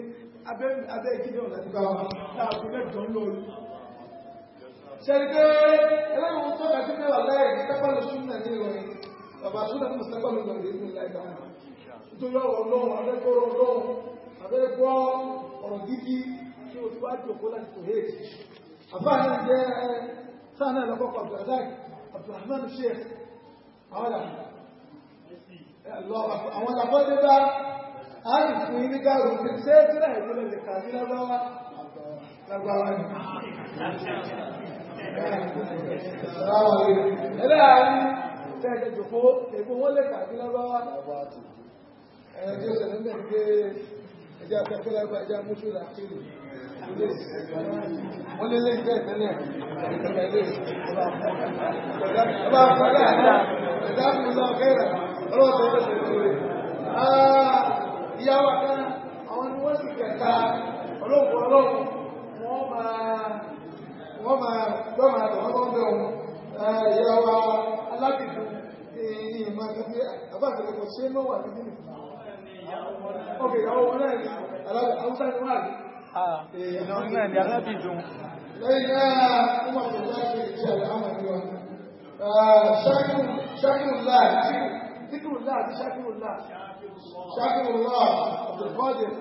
abẹ́ ìjíjọ́ láti bá wa láàbù mẹ́jọ ń lọ lù ṣẹ́rí pé ẹlẹ́yìn tó dájú pé wà láì ìtẹ́pàlù súnmọ̀ ní ìrọ̀rìn bàbá súnmọ̀ ní ìtẹ́pàlù ìrọ̀rìn ìlú láìpẹ́ nítorí ọ̀rọ̀ ọlọ́run abẹ́kọ̀ọ́ ọ̀rọ̀ o ti wá jòkó láti tó hé àbáyé jẹ́ sáànà lọ́kọ́kọ́ abdulrazak abdulrahman sheikh àwọn àwọn àkọ́dé bá a lè fún yí ní gáàrùn tí ṣe tí náà ìlú lè kà ní lágbára lágbára ní ẹgbẹ́ àwọn tẹ́ẹ̀kì jòkó ègbò wọ́n lè kà ní lágbára ẹ̀yẹ́ tí ó sẹ̀lẹ̀ mẹ́rin gẹ́ ẹjá pẹ́kẹ́lẹ́gbà ẹjá mú wọ́n lé lé ìgbẹ́ ìtẹ́lẹ̀ ìtẹ́lẹ̀ ọba àpẹẹrẹ àdá ẹ̀dá mi lọ kẹ́rẹ̀ ọlọ́sọ̀ ọ̀sẹ̀ lórí ìyáwó kan àwọn ni wọ́n sì kẹta ọlọ́pù ọlọ́pù wọ́n máa gbọ́mà àtọ̀wọ́n bẹ̀ wọn ìyáwó alábìdú ìmọ̀ àti àbájọ̀lẹ̀ kò ṣe mọ́wà nígbìn Ah, náà ni alábì dùn. Lẹ́yìn náà, ó mọ̀ tó láti ṣe àlàmọ̀ ní wọn. Ṣákìrùlá àti Ṣíkìrùlá àti Ṣákìrùlá. Ṣákìrùlá Abdulkadir.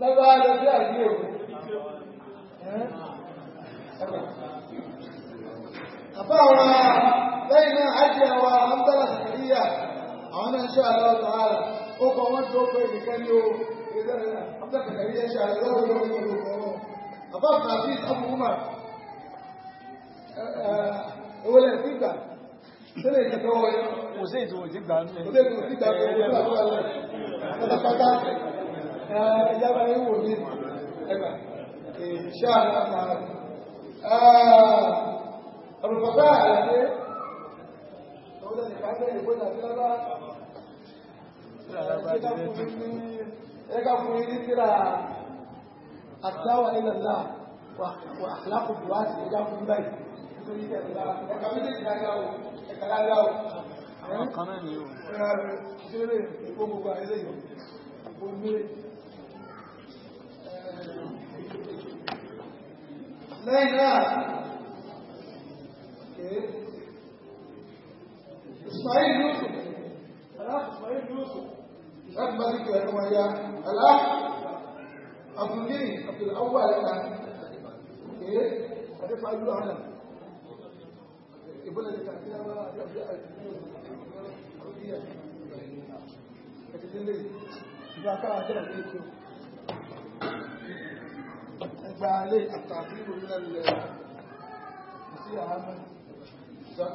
Lọ́wọ́ lọ sí àgbé òkú. Àbá àwọn lẹ́yìn náà, àjẹ́ wa, àmdára Sàkàríyà, àwọn náà ń ṣe àlọ́ ọ̀tọ̀ ààrẹ. ó kọ wọ́n tó pé nìkan ní o abẹ́kẹ̀kẹ́ yẹ ṣe àlọ́ lọ́wọ́ lọ́wọ́ lọ́wọ́ àbá kàbí àbúrúmà owó lẹ́yìn tó gbà sílẹ̀ ìjẹ̀kọ́ wọ yẹn. kò sí ètò òtí gbà ń bẹ. kò sí ètò òtí gbà ń bẹ wọ́n lọ́wọ́ lọ́wọ́ pátápátá ìjábá yín wò ní ẹgbà ẹ̀ka fún yín ní tíra àtàwà ilẹ̀ náà wà láàkù buwá sí ẹ̀ka fún báyìí ẹ̀ka méjèèjì dáadáa o ẹ̀ka dáadáa o àwọn kan náà ni o ṣeré ìgbógbogbo àìlè yìí omi lẹ́yìn náà ìsmáyé yóò sùn láti bá sí kílẹ̀ ọmọ ya alá abdulgiri abdulawọ ẹ̀ka ee adéfájú àná ìbọ̀lẹ̀ ní kàkíyà wá àjọ àjọ Ẹgbà alé àtàkì ìròyìn ẹ̀lẹ̀ sí àhámẹ́ ìjọ́.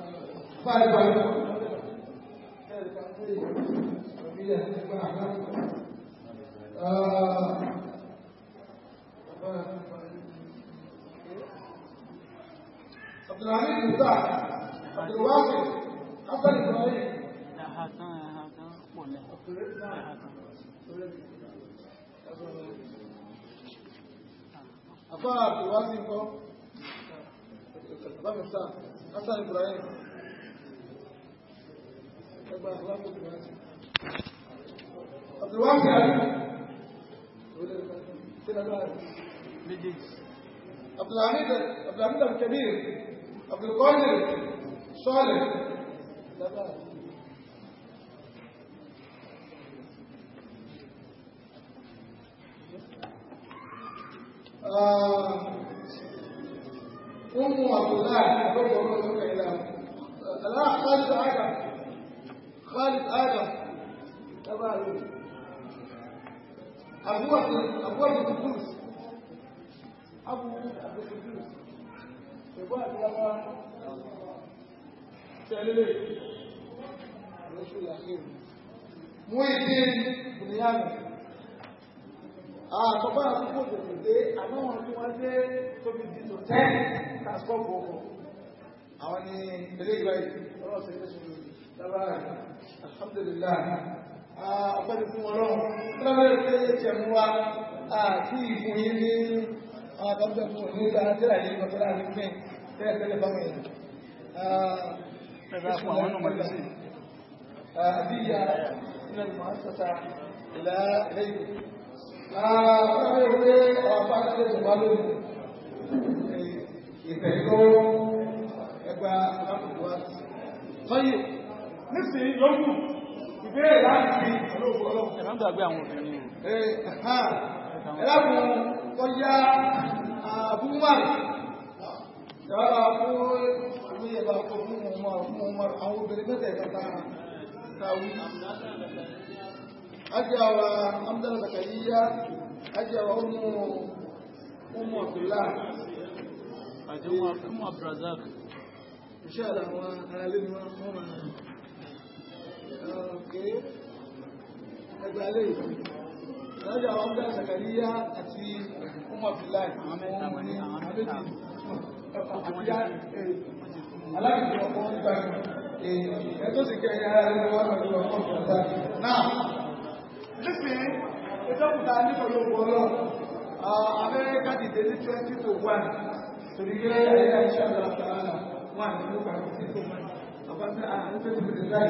Báyìí báyìí. Iya, ah, apa? ilẹ̀ nípa àgbàkù Abdulhamid Musa Abdulwasi Hassan Ibrahim Afa Abdulwasi kọ́ Abdulhamid Musa Hassan Ibrahim Ẹgbẹ́ Abdulhamid Musa عبد الواحد يعني. عبد الحميد عبد الحميد الكبير عبد القادر صالح آه، أم عبد الله الله خالد آدم خالد آدم شباب أبواب أبواب القدوس أبو أبو القدوس أبواب يا سألني وش الأخير مؤيدين بنيامين àtọ́gbà àkókò tètè dé àmọ́wọn tí wọ́n dé tóbi di tó tẹ́ kásìkọ́ọ̀bù ọkọ̀ àwọn ni ilé ìgbà yìí ọlọ́ọ̀sẹ̀ fẹ́ sọ̀rọ̀ lábára alhamdulillah ọ̀pẹ́ni fún ọlọ́run lọ́wọ́lẹ́ pé tẹ̀mú wa àti ìfún yí ní àtọ́jọ́ fún ní ìdára tẹ́lá yìí lọ tẹ́lá ní pín tẹ́lẹ̀ tẹ́lẹ̀ bá wọn yìí أبي من المؤسسة إلى إليكم. أنا أقول أفعل الزبالون يتهدون يبقى أفعل طيب نفسي يوم ìbéèrè láti ẹ̀láǹdàgbé àwọn obìnrin ẹ̀láàkùn tó yá àbúwà ìjọba fún orí ẹ̀bà kò fún ọmọ fún ọmọ àwọn obìnrin mẹ́tẹ̀ ìtàtà tàwí ajíyàwà amdára zakariya ajíyàwà ọmọ ọmọ ọ̀pìlá àjọwà fún àbúrazak iṣẹ́ àdàwọn alẹ́ ni wọ́n ẹgbẹ́ alẹ́ yìí lọ́jọ́ àwọn ọmọdé àṣàkàríyá àti ọmọbìláì àwọn méjì aláìsí ọkọ̀ nígbà ẹjọ́ sì kẹrin ara rẹ̀ wọ́n pẹ̀lú ọkọ̀ ìjọba náà nísìnyí ìjọba ní pẹ̀lú ọgbọ̀n náà amẹ́ríkà dìde ní 20 to 1 torí gẹ́gẹ́ ẹ̀yà ìṣàlọ̀ àtàrà 1 ní ọkọ̀ àti 2 to 1 ọkọ̀ àti àwọn tó ti bẹ̀rẹ̀ láì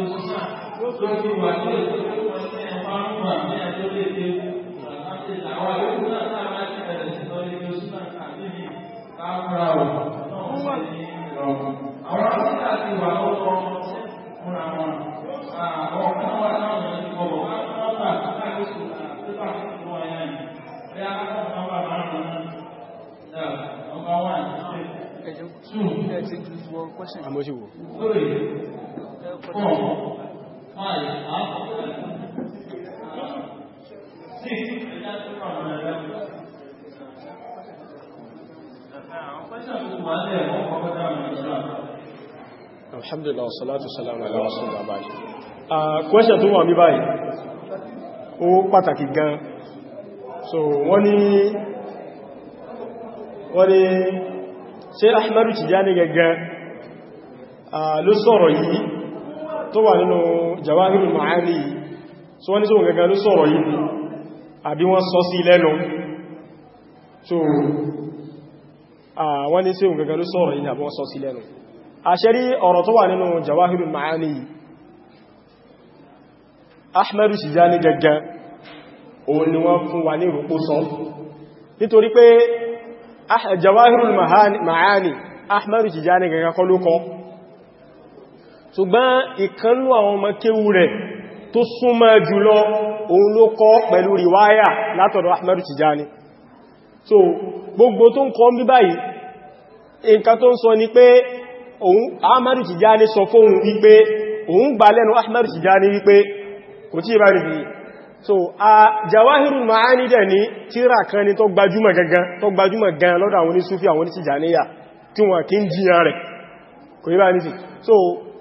lórí Two. Three. Four. Five, up. Six, and that's the problem. Alhamdulillah, salatu salamu ala rasulullah báyìí. Kwẹ́ṣẹ̀ tó wà mí báyìí, ó pàtàkì gan. So, wọ́n ni, wọ́n ni, ṣe Ahmadu Tijani gẹ̀gẹ̀ ah, ló sọ̀rọ̀ yìí tó wà nínú Jawahirul Ma'ani so wọ́n sóhun gẹ́gẹ́ ló yìí ni àbí wọ́n sọ sí lẹ́nu so wọ́n ní sóhun gẹ́gẹ́ ló sọ̀rọ̀ yìí ni àbí wọ́n sọ sí lẹ́nu àṣẹ́rí ọ̀rọ̀ tó wà nínú Jawahirul Ma'ani Ahmadu Tijani gẹ́gẹ́ òun ni wọ́n fún wa ní ìrùkú sọ nítorí pé ah, Jawahirul Ma'ani Ahmadu Tijani gẹ́gẹ́ kọ́ ṣùgbọ́n ìkanlú àwọn ọmọ kéwú rẹ̀ tó súnmọ́ jùlọ òun ló kọ́ pẹ̀lú riwaya látọ̀dọ̀ Ahmadu Tijani so gbogbo tó ń kọ́ ń bí báyìí nǹkan tó ń sọ ni pé òun Ahmadu Tijani sọ fóhun wípé òun gbà lẹ́nu Ahmadu Tijani wípé kò tí ìbá nìbí so a Jawahirul Ma'ani dẹ̀ ní tíra kan ni tó gbajúmọ̀ gangan tó gbajúmọ̀ gan lọ́dọ̀ àwọn onísúfí àwọn onítìjáníyà tí wọ́n so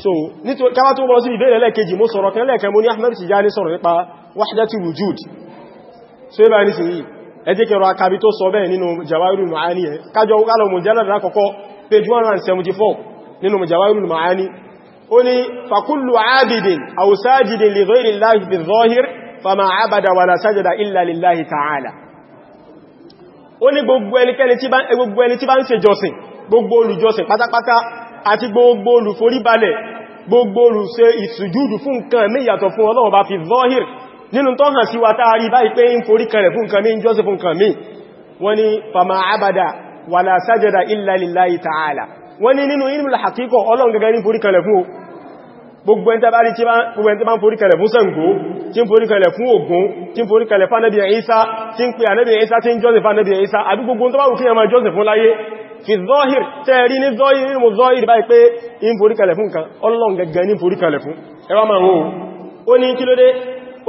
so nítorí ká tó bọ́ sí ìbéèrè lẹ́ẹ̀kejì mo sọ̀rọ̀ kan lẹ́ẹ̀kan mo ní Ahmad Tijani sọ̀rọ̀ nípa wahdatul wujud so ibà ní sí yìí ẹjẹ́ kẹrọ akabi tó sọ bẹ́ẹ̀ nínú Jawahirul Ma'ani ẹ kájọ kálọ̀ mujallad àkọ́kọ́ page 174 nínú Jawahirul Ma'ani ó ní fakullu abidin aw sajidin li ghayri Allahi bi zahir fama àti gbogbo olùforíbalẹ̀ gbogbo olùṣe ìsùjúdù fún nǹkan mí yàtọ̀ fún Ọlọ́run bá fi zọ́hìr nínú tó hàn sí wa táàrí báyìí pé ń forí kan rẹ̀ fún nǹkan mí ń jọ́sẹ̀ fún nǹkan mí wọ́n ni fama abada wàlá sájada illa lillahi ta'ala wọ́n ni nínú ilmù al-haqiqa Ọlọ́run gẹ́gẹ́ ní forí kan rẹ̀ fún gbogbo ẹntẹ́ bá rí tí bá ń forí kalẹ̀ fún Ṣàngó tí ń forí kalẹ̀ fún Ògún tí ń forí kalẹ̀ fún Ànábì Ìsá tí ń pè Ànábì Ìsá tí ń jọ́sẹ̀ fún Ànábì Ìsá àbí gbogbo tó bá wù kí ẹ máa jọ́sẹ̀ fún láyé fi zọ́hìr tẹ́rí ní zọ́hìr ní zọ́hìr báyìí pé in forí kalẹ̀ fún kan ọlọ́run gẹ̀gẹ̀ ní forí kalẹ̀ fún ẹwà máa wọ́n ó ní kí ló dé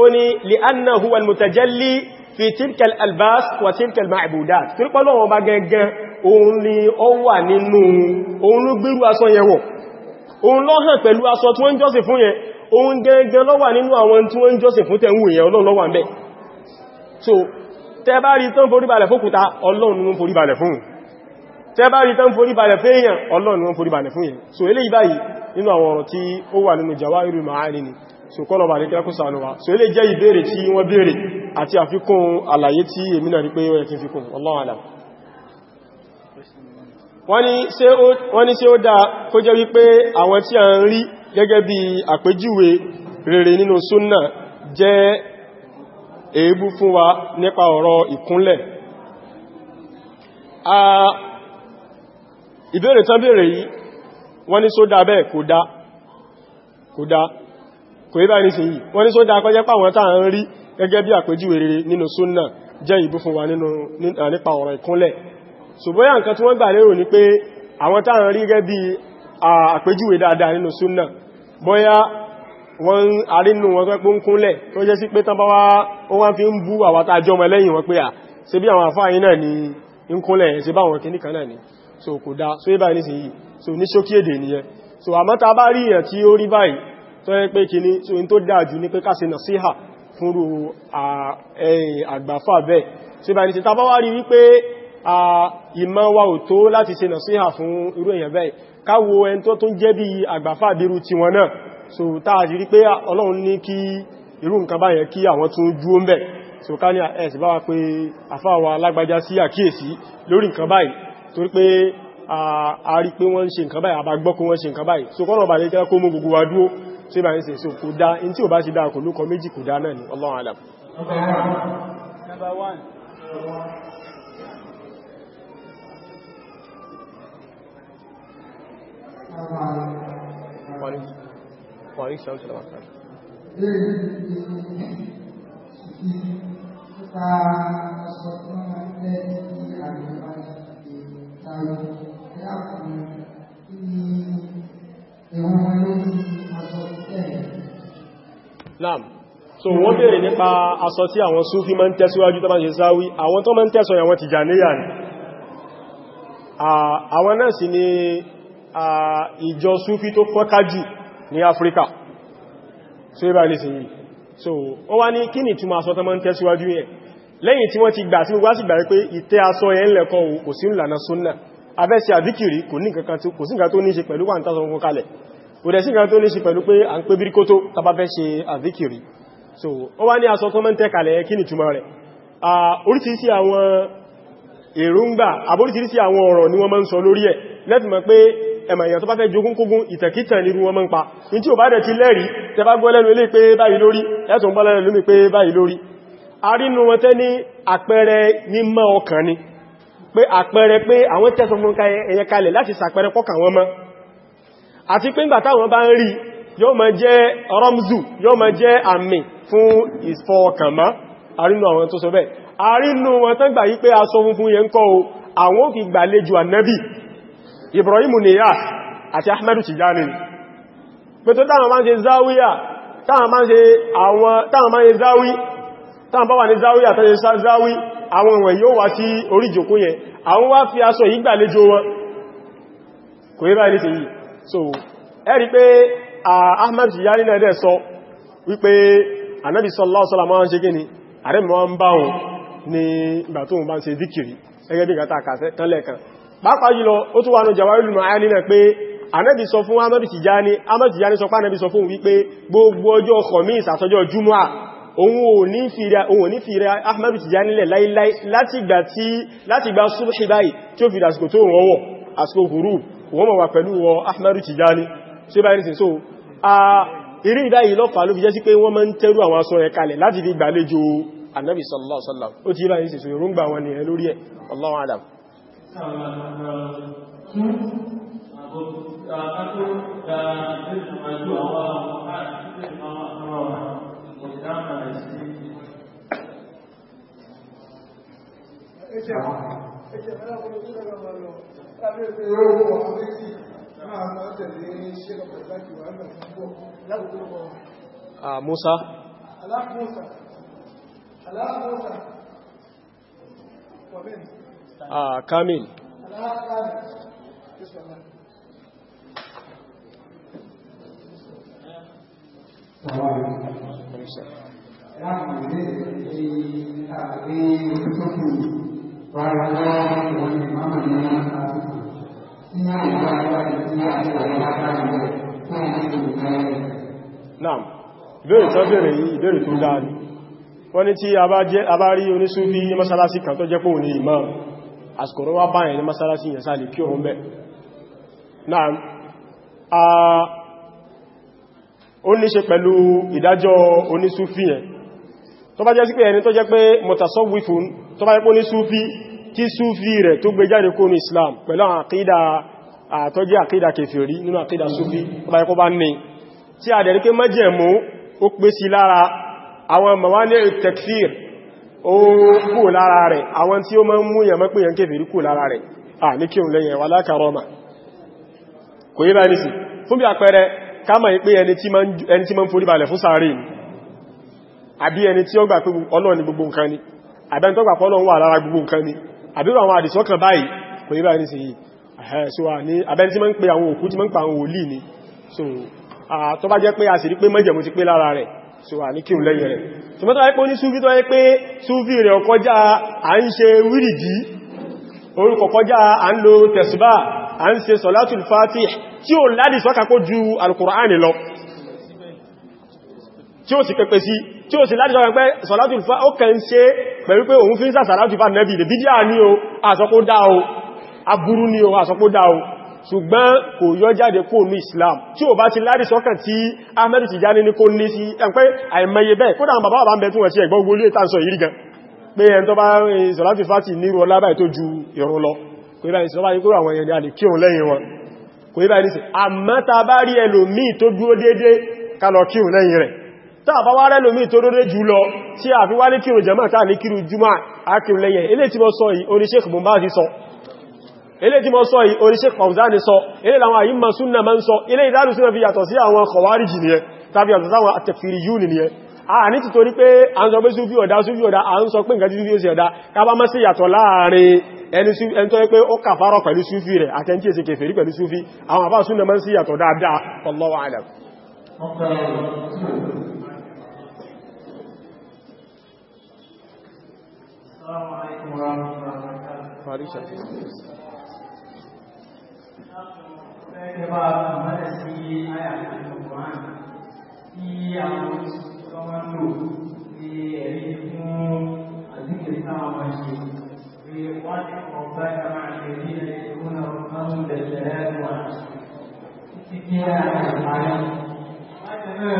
ó ní li annahu wal mutajalli fi tilkal albas wa tilkal ma'budat tí pọ́lọ́wọ́n bá gẹ́gẹ́ so tẹ bá rí tán foríbalẹ̀ fókúta ọlọ́run ní foríbalẹ̀ fún tẹ́ bá rí tán forí balẹ̀ fún èèyàn Ọlọ́run ni wọ́n forí balẹ̀ fún yẹn so eléyìí báyìí nínú àwọn ọ̀rọ̀ tí ó wà nínú Jawahirul Ma'ani ni so kọ́lọ̀ balẹ̀ kí lákùsà ní wa so eléyìí jẹ́ ìbéèrè tí wọ́n béèrè àti àfikún àlàyé tí èmi náà rí pé ó yẹ kí n fikún Allahu a'lam wọ́n ní ṣé ó dáa kó jẹ́ wípé àwọn tí a ń rí gẹ́gẹ́ bí àpèjúwe rere nínú súnnà jẹ́ èébú fún wa nípa ọ̀rọ̀ ìkúnlẹ̀ ìbéèrè tán béèrè yìí wọ́n ní só dá bẹ́ẹ̀ kò dá kò dá kò yí báyìí nísìnyí wọ́n ní só dá kọjẹ́ pàwọn tàà ń rí gẹ́gẹ́ bí àpèjúwe rere nínú súnnà jẹ́ ìbú fún wa nípa ọ̀rọ̀ ìkúnlẹ̀ ṣùgbọ́n nǹkan tí wọ́n gbà lérò ní pé àwọn ń rí gẹ́gẹ́ bí àpèjúwe dáadáa nínú ni ń kúnlẹ̀ ṣe bá náà ni so kò dá so ibà ní sí yìí so ní ṣókí èdè nìyẹn so àmọ́ta bá rí èyàn tí ó rí báyìí tó yẹ pé kìíní so in tó dájú ní pé káṣe nà síhà fúnrú àgbàfà bẹ́ẹ̀ so ibà ní sí tàbá wá rí wípé ìmọ̀ wa ò tó láti ṣe nà síhà fún irú èyàn bẹ́ẹ̀ káwo ẹn tó tún jẹ́ bí àgbàfà bírú ti wọn náà so táà rí pé ọlọ́run ní kí irú nǹkan báyẹn kí àwọn tún dúó ń bẹ̀ so ká ní ẹ̀sì bá wa pé àfáà wa lágbájá sí àkíyèsí lórí nǹkan báyìí torí pé a rí pé wọ́n ń ṣe nǹkan báyìí àbágbọ́ pé wọ́n ṣe nǹkan báyìí so kọ́nà bàlẹ̀ jẹ́ kó mú gbogbo wa dúó tí bá ń ṣe so kò dá in tí ò bá ṣe dá kò lúkọ méjì kò dá náà ni Allahu alam Ìgbà sọ fún ẹgbẹ́ ìgbà ìgbà tayọ ẹ̀yà kan kí ni ẹ̀wọ̀n wọn lórí aṣọ tẹ̀. Naam. So wọ́n bèèrè nípa aṣọ tí àwọn Súfí máa ń tẹ̀síwájú tó bá ṣe sáwí, àwọn tó máa ń tẹ̀sọ̀ àwọn Tìjàníyà ni. Àwọn náà sì ni ìjọ Súfí tó fọ́ká jù ní Áfríkà. So, ó wá ní kí ni túnmọ̀ aṣọ tó máa ń tẹ̀síwájú yẹn? lẹ́yìn tí wọ́n ti gbà sí wá sí gbà pé ìtẹ́ aṣọ yẹn lẹ́kọ́ kò sí ìlànà súnnà abẹ́sí àdíkìrí kò ní nǹkan kò sí nǹkan tó ní ṣe pẹ̀lú wà ń tásọ wọn kalẹ̀ kò dẹ̀ sí nǹkan tó ní ṣe pẹ̀lú pé à ń pé bíríkótó tàbá ṣe àdíkìrí so ó wá ní aṣọ tó mẹ́ntẹ́ kalẹ̀ kí ni túmọ̀ rẹ̀ oríṣiríṣi àwọn èròǹgbà àbóríṣiríṣi àwọn ọ̀rọ̀ ni wọ́n máa ń sọ lórí ẹ̀ lẹ́tì mọ̀ pé ẹ̀mọ̀ èèyàn tó bá fẹ́ jogún kógún ìtẹ̀kítẹ̀ nírú wọn máa ń pa ní tí arínú wọn tẹ́ ní àpẹẹrẹ mímọ́ ọkàn ni pé àpẹẹrẹ pé àwọn tẹ́sọ fún ẹyẹ kalẹ̀ láti sàpẹẹrẹ pọ́kà wọn mọ́ àti pé ńgbà táwọn bá ń rí yóò máa jẹ́ ramzu yóò máa jẹ́ àmì fún ìfọkànmọ́ arínú àwọn tó sọ bẹ́ẹ̀ arínú wọn tán gbà yí pé aṣọ funfun yẹn kọ́ táwọn bá wà ní záwí àtàrí záwí àwọn ìwọ̀n yóò wá sí orí ìjòkó yẹn àwọn wá fi aṣọ yìí gbàlejò wọn kò yẹ báyìí nìsìnyí so ẹ̀rí pé Ahmad Tijani náà dẹ̀ sọ wípé anábi sallallahu alaihi wasallam máa ń ṣe gíní ààrẹ mọ́ ń bá wọn ní ìgbà tó ń bá ń ṣe díkìrì ẹgẹ́ bí gata kàfẹ́ ní Jawahirul Ma'ani sọ fún wípé gbogbo ọjọ́ Khamis àtọjọ́ Jumu'ah òun ò ní fi rẹ̀ Ahmadu Tijani lẹ̀ láíláí láti gba ṣúrùsì báyìí tí ó fi àsìkò tó wọ́n wọ́n àsìkò gùrù wọ́n mọ̀ wà pẹ̀lú wọn Ahmadu Tijani ṣe bá ní so ìrí ìdáyìí lọ́fà ló fi jẹ́ sí pé wọ́n mọ́ ń tẹ́rù àwọn aṣọ ẹ̀ kalẹ̀ láti fi gbàlejò annabi sallallahu alaihi wasallam ó ti bá ní sísò ìrúngbà wọn ni ẹ lórí ẹ̀ kò Musa. Ah Musa. Kamil. Naam, ìbéèrè tó béèrè yìí ìbéèrè tó dáa ni. Wọ́n ní tí a bá rí oníṣúfí mọ́sálásí kan tó jẹ́ pé òní ìmọ̀ àsìkòrò wá báyìí ní mọ́sálásí yẹn sáà lè kí òun bẹ́. Naam, ó ní ṣe pẹ̀lú ìdájọ́ onísúfí yẹn tó bá jẹ́ sí pé ẹni tó jẹ́ pé mutasawwifun tó bá jẹ́ pé onísúfí kí súfí rẹ̀ tó gbé jáde kó ní Islam pẹ̀lú àkídà àtọ́jẹ́ àkídà kèfèrí nínú àkídà súfí tó bá jẹ́ kó bá ní tí a dẹ̀rí pé májẹ̀mú ó pé sí lára àwọn mawani tekfir ó kú lára rẹ̀ àwọn tí ó máa ń mú yẹn kò yí bá sí fún bí àpẹẹrẹ kámà ìpé ẹni tí ma ń forí balẹ̀ fún sàárè ní àbí ẹni tí ó gbà pé Ọlọ́run ni gbogbo nǹkan ni àbí ẹni tó gbà pé Ọlọ́run wà lára gbogbo nǹkan ni àbí àwọn àdìsọ́kàn báyìí kò yíbá ní sí yìí àbẹ́ni tí ma ń pe àwọn òkú tí ni so tó bá jẹ́ pé a sì rí pé mẹ́jẹ̀mú fatih tí ó ládì sọ́kà kó ju alkùránì lọ tí ó sì pẹ̀pẹ̀ sí tí ó sì ládì sọ́kà pé sọ́látù fà ó kẹ́ ń ṣe pẹ̀lú pé òun fi ń sà sàlátù fà nẹ́bì lè bídíà ní o àsọpó dá aburú ní o àsọpó dá ṣùgbọ́n kò yọ jáde kó ní Islam tí ó bá ti ládì sọ́kà tí Ahmed Tijani ní kó ní sí ẹ̀pẹ́ àìmẹye bẹ́ẹ̀ kódà bàbá bàbá ń bẹ tún ẹ̀ tí ẹ̀gbọ́ gbogbo ilé ìtànsọ yìí gan pé ẹn tó bá sọ̀látù fà ti nírú ọlábàá tó ju ìrún lọ pé báyìí sọ́bá ikú àwọn èèyàn ni a lè kírun lẹ́yìn wọn kò yí báyìí sí àmọ́ ta bá rí ẹlòmí tó dúró dédé kalọ̀ lẹ́yìn rẹ̀ tàà bá wá rẹ́lòmí tó dédé jùlọ tí a fi wá ní kírù jẹ́mà tàà ní kírù jùmà ákìrù lẹ́yìn ilé tí mo sọ yìí oníṣẹ́kù bùn bá ti sọ ilé tí mo sọ yìí oníṣẹ́kù Fawzān sọ ilé làwọn àyí ma súnnà ma ń sọ ilé ìdálù súnnà fi yàtọ̀ sí àwọn Khawārij nìyẹn tàbí àtàtàwọn Takfīriyyūn nìyẹn a ní títorí pé a ń sọ pé Sufi ọ̀dá Sufi ọ̀dá a ń sọ pé nǹkan ẹni tó yẹ pé ó kàfàrọ̀ pẹ̀lú súfí rẹ̀ àtẹ́ntí èsì kèfèrí pẹ̀lú súfí àwọn àbá súnà mọ́ sí yàtọ̀ dáadáa Allahu a'lam àwọn ọmọ ìlú ní ẹ̀rí fún àdúgbò ìsáwọn ọmọ ìṣẹ́ وأطع ربك مع الذين يدعون ربهم بالجلال والإحسان ìpínlẹ̀ àìsàn láti náà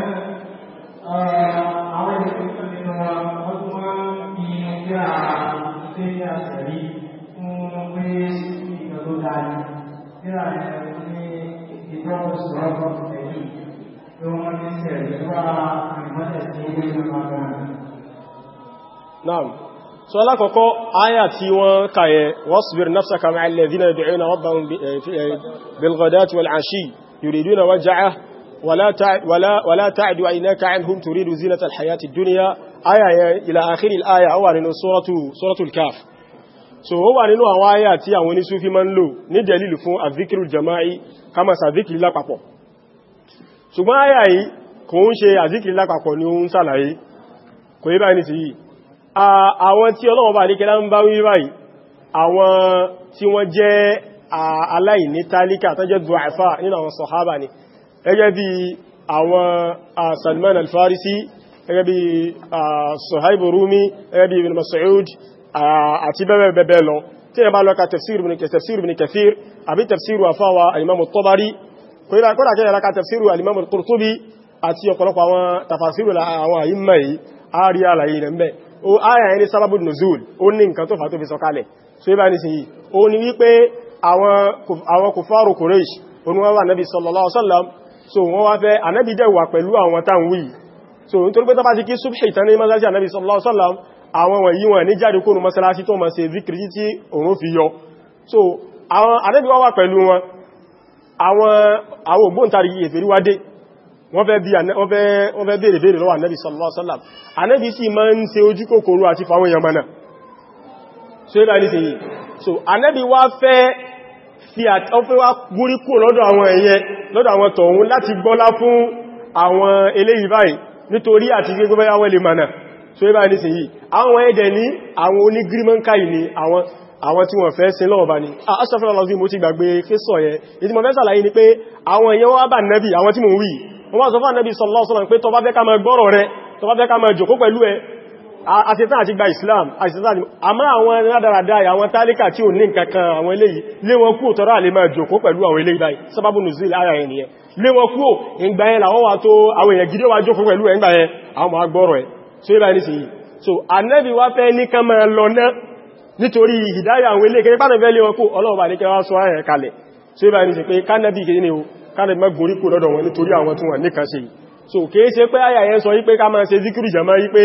àwọn ìpínlẹ̀ nínú wọ́n tó wọ́n ní ẹgbẹ́ àtúnṣe àṣẹ̀rí fún pé ìgbà tó dáadé tí a ní ìgbà òṣèrọ́pọ̀ ẹ̀yí tó wọ́n ní so alákọ̀ọ́kọ́ ayà tí wọ́n kàyẹ wasbir nafsaka ma'a alladhina yad'una rabbahum eh, eh, bil ghadati wal 'ashi yuriduna wajhah wala ta'du 'aynaka 'anhum turidu zinata al-hayati ad-dunya ayà ila akhiri al-ayà ó wà nínú suratul kaf so ó wà nínú àwọn ayà tí àwọn onísúfí máa ń lò ní dalilu fún azikirul jama'i kama sa zikiri lápapọ̀ ṣùgbọ́n ayà yìí kò ń ṣe azikiri lápapọ̀ ni ó ń sàlàyé kò yí báyìí nìsí yìí àwọn tí ọlọ́wọ́ bá àríkẹ́lá ń bá wí báyìí àwọn tí wọ́n jẹ́ aláìní tálíkà tó jẹ́ du'afa nínú àwọn sọ̀hábà ni gẹ́gẹ́ bí àwọn Salman al-Farisi gẹ́gẹ́ bí Suhaibu Rumi gẹ́gẹ́ bí Ibn Mas'ud àti bẹ́ẹ̀bẹ́ẹ̀ lọ tí ẹ bá lọ ka tafsir Ibn Kathir àbí tafsir àfáwà alimamu Tabari kódà kí ẹ̀lá ka tafsir alimamu Qurtubi àti ọ̀pọ̀lọpọ̀ àwọn tafasiru àwọn àyíma yìí a rí o aya ẹni sábàbù nùzúl ó ní nǹkan tó fà tó fi sọ̀kalẹ̀ so ibá ní sinyi ó ní wípé àwọn kòfàrò Quraysh òun wọ́n wà nábi sallallahu alaihi wasallam so wọ́n wá fẹ́ anábi jẹ́ wà pẹ̀lú àwọn táwùí so nítorí pé tó bá ti kí subhi tán ní masalasi anábi sallallahu alaihi wasallam àwọn wọ̀nyí wọn ní jáde kónú masalasi tó ma ṣe zikiri tí òun fi yọ so àwọn anábi wá wà pẹ̀lú wọn àwọn ògbóǹtarìgì èfèrí wá dé wọ́n fẹ́ bèèrè bèèrè lọ́wọ́ ànẹ́bì sallallahu alaihi wasallam ànẹ́bì sì máa ń ṣe ojú kòkòrò àti fàwọn èèyàn mọ́nà so ẹ́bà ní tèyí so ànẹ́bì wá fẹ́ fi àtọ́fẹ́ wá gúrí kò lọ́dọ̀ àwọn èèyàn lọ́dọ̀ àwọn tọ̀hún láti gbọ́lá fún àwọn eléyìí báyìí nítorí àti gbogbo àwọn lè mọ̀nà so ẹ́bà ní tèyí àwọn ẹ̀dẹ̀ ní àwọn onígrímọ́nkáì ní àwọn àwọn tí wọ́n fẹ́ ṣe lọ́ọ̀bá ni aṣọ́fẹ́ lọ́lọ́gbí mo ti gbàgbé fẹ́sọ̀ yẹn ìdí mo fẹ́ ṣàlàyé ni pé àwọn èèyàn wá bà nẹ́bì àwọn tí mo wí wọ́n sọ fún Ànábì sallallahu alaihi wasallam pé tó bá fẹ́ ká máa gbọ́rọ̀ rẹ̀ tó bá fẹ́ ká jòkó pẹ̀lú ẹ àṣetán àti gba Islam àṣetán àmá àwọn rádaràdá àwọn tálíkà tí ò ní nǹkankan àwọn eléyìí lé wọn kúrò tọ́rọ àlè máa jòkó pẹ̀lú àwọn eléyìí báyìí sábàbù nùzí ara ènìyàn lé wọn kúrò ìgbà yẹn làwọ́ wa tó àwọn èèyàn gidi wá jókó pẹ̀lú ẹgbà yẹn àwọn máa gbọ́rọ̀ ẹ̀ so ibà ní sí so Ànábì wá fẹ́ ní kan máa lọ ná nítorí ìdáyà àwọn eléyìí kẹrẹ pàtàkì lé wọn kú Ọlọ́run so ibà ní sí pé kánábì kìí kálẹ̀ mọ́ goríkò lọ́dọ̀ wọn nítorí àwọn tún wà níkan sí so kìí ṣe pé àyà yẹn sọ wípé ká máa ṣe zikiri jama wípé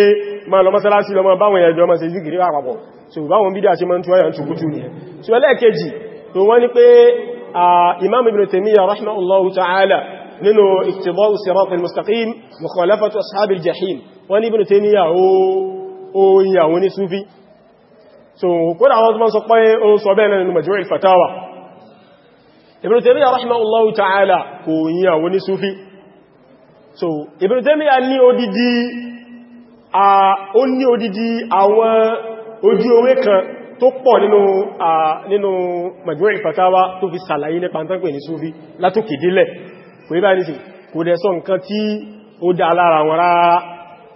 máa lọ mọ́sálásí lọ mọ́ báwọn ẹjọ́ máa ṣe zikiri àpapọ̀ so báwọn bídá ṣe máa ń tún àyà tukutu ni so ẹlẹ́ẹ̀kejì so wọ́n ní pé imam ibn Taymiyyah rahimahullahu ta'ala nínú iqtida'u sirat al-mustaqim mukhalafatu ashab tó máa sọ pé ó bẹ́ẹ̀ nínú majmu' fatawa Ibn Taymiyyah Allahu ta'ala kò yí àwọn ní Súfí so Ibn Taymiyyah ní odidi a ó ní odidi àwọn ojú ewé kan tó pọ̀ nínú a nínú Majmu' Fatawa tó fi sàlàyé nípa tán pè ní Súfí látòkè délẹ̀ kò yí báyìí sí kò dẹ̀ sọ nǹkan tí ó dá lára wọn rárá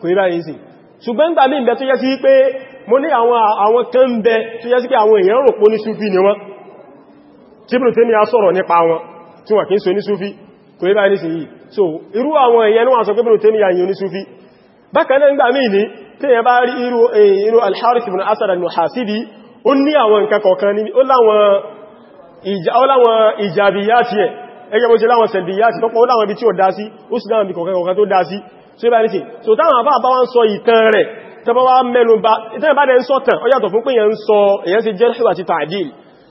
kò yí báyìí sí ṣùgbọ́n gbà mí ìbẹ̀ tó yẹ sí pé mo ní àwọn kan bẹ ni wọ́n tí Ibn Taymiyyah sọ̀rọ̀ nípa wọn tí wọ́n kìí so ní súfí kò rí báyìí nísìnyí so irú àwọn èèyàn wọ́n sọ pé Ibn Taymiyyah yìí ní súfí bákan náà nígbà míì ní tí èèyàn bá rí irú eh, irú al-Harith ibn Asad al-Nuhasibi ó ní àwọn nǹkan kọ̀ọ̀kan ní ó láwọn ìjàbíyà ti ẹ̀ ẹgbẹ́ bó ṣe láwọn sẹ̀lbíyà ti tọ́pọ̀ ó láwọn ibi tí ó dá sí ó sì láwọn ibi kọ̀ọ̀kan kọ̀ọ̀kan tó dá sí so ibá ní sí so táwọn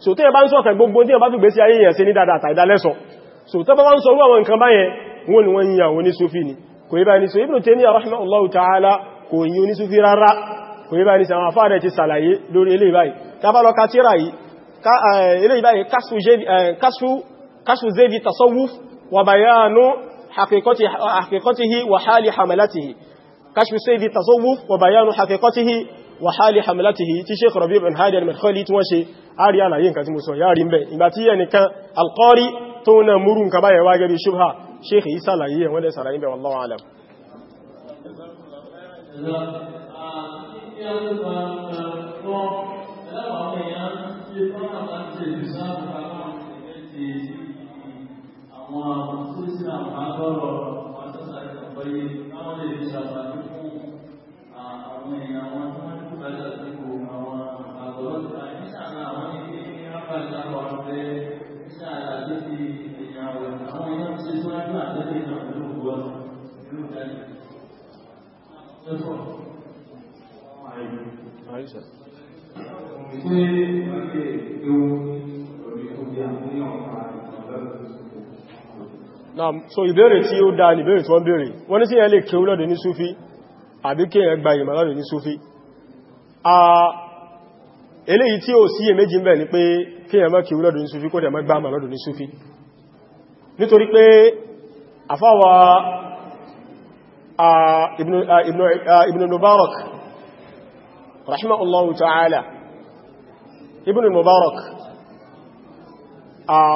so tẹ́yẹ bá ń sọ̀tẹ̀ gbogbo tí wọ́n bá fi gbèsè ayé yẹn sí ní dáadáa àtàìdá lẹ́sọ̀ so tẹ́ bá wọ́n sọ rú àwọn nǹkan báyẹn wọ́n ni wọ́n yíya wọn ní súfì ni kò yí bá ní so Ibn Taymiyyah rahimahullahu ta'ala kò yí ní súfì rárá kò yí bá ní sàwọn afáàdẹ̀ ti sàlàyé lórí eléyìí báyìí tá bá lọ ka tírà yìí eléyìí báyìí kasfu zaydi wàhálì hamilatihi tí Sheikh Rabi' ibn Hadi al-Madkhali tí wọ́n ṣe àrí àlàyé nǹkan tí mo sọ yáà rí mẹ́ ìgbà tí ẹnìkan alqari tó na múrù nǹkan báyẹ̀ wá gẹ́bí ṣubha Sheikh yí sàlàyé wọ́n dẹ̀ sàlàyé bẹ̀ wallahu alam àwọn tí ó so ìbéèrè tí ó dá ní ìbéèrè tí wọ́n béèrè wọ́n ní sí ẹ lè kéwú lọ́dọ̀ ní súfí àbí kí ẹ gba ìmọ̀ lọ́dọ̀ ní súfí eléyìí tí ó síyè méjì ń bẹ ni pé kí ẹ̀mọ́ kí lọ́dún ní súfí kó dẹ̀mọ́ gbáàmà lọ́dún ní súfí nítorí pé àfáwà ibn mubarak rahimahullahu ta'ala ibn mubarak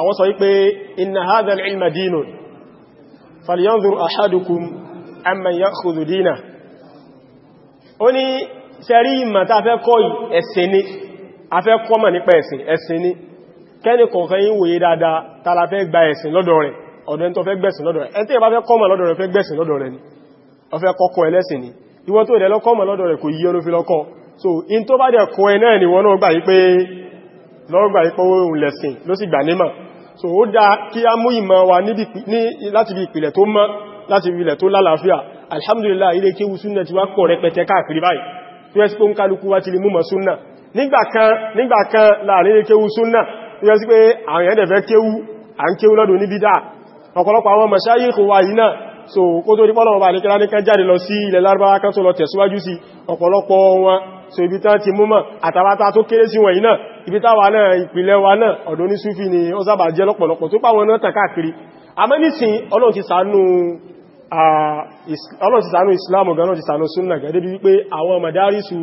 wọ́n sọ wípé inna hadha al-ilma dinun falyanzur ahadukum amman ya'khudhu dinahu ó ní sẹ́rí ìmọ̀ tá fẹ́ kọ́ ẹ̀sìn ni a fẹ́ kọ́ mọ̀ nípa ẹ̀sìn ẹ̀sìn ni kẹ́ni kọ̀ọ̀kan yín wòye dáadáa tààlà fẹ́ gba ẹ̀sìn lọ́dọ̀ rẹ̀ ọ̀dọ̀ ẹni tó fẹ́ gbẹ̀sìn lọ́dọ̀ rẹ̀ ẹni tí ìbá so in tó bá ni wọ́n náà gbà yí pé lọ́rọ̀ gbà yí pé so ó dá kí wa láti bí ìpìlẹ̀ tó mọ́ láti bí ìpìlẹ̀ lálàáfíà alhamdulillah ilé kéwú súnnà ti wá pọ̀ rẹpẹtẹ káàkiri báyìí tó yẹ sí pé ń kálukú wá ti lè múmọ̀ súnnà nígbàkan láàrin kéwú súnnà tó yẹ sí pé so kó tó dípọ́lọ̀ ọba àdíkẹ́lá ní kan jáde lọ sí ilẹ̀ lárúbáwá kan tó lọ tẹ̀síwájú sí ọ̀pọ̀lọpọ̀ wọn so ibi tán ti múmọ̀ àtàwátá tó kéré sí wọ̀nyí náà ibi táwà náà ìpìlẹ̀ wa náà ọ̀dọ̀ ní súfì ni ó sábà jẹ́ ah ti sànú islamu gan náà ti sànú súnnà gẹ́dẹ́ bí wípé àwọn madarísù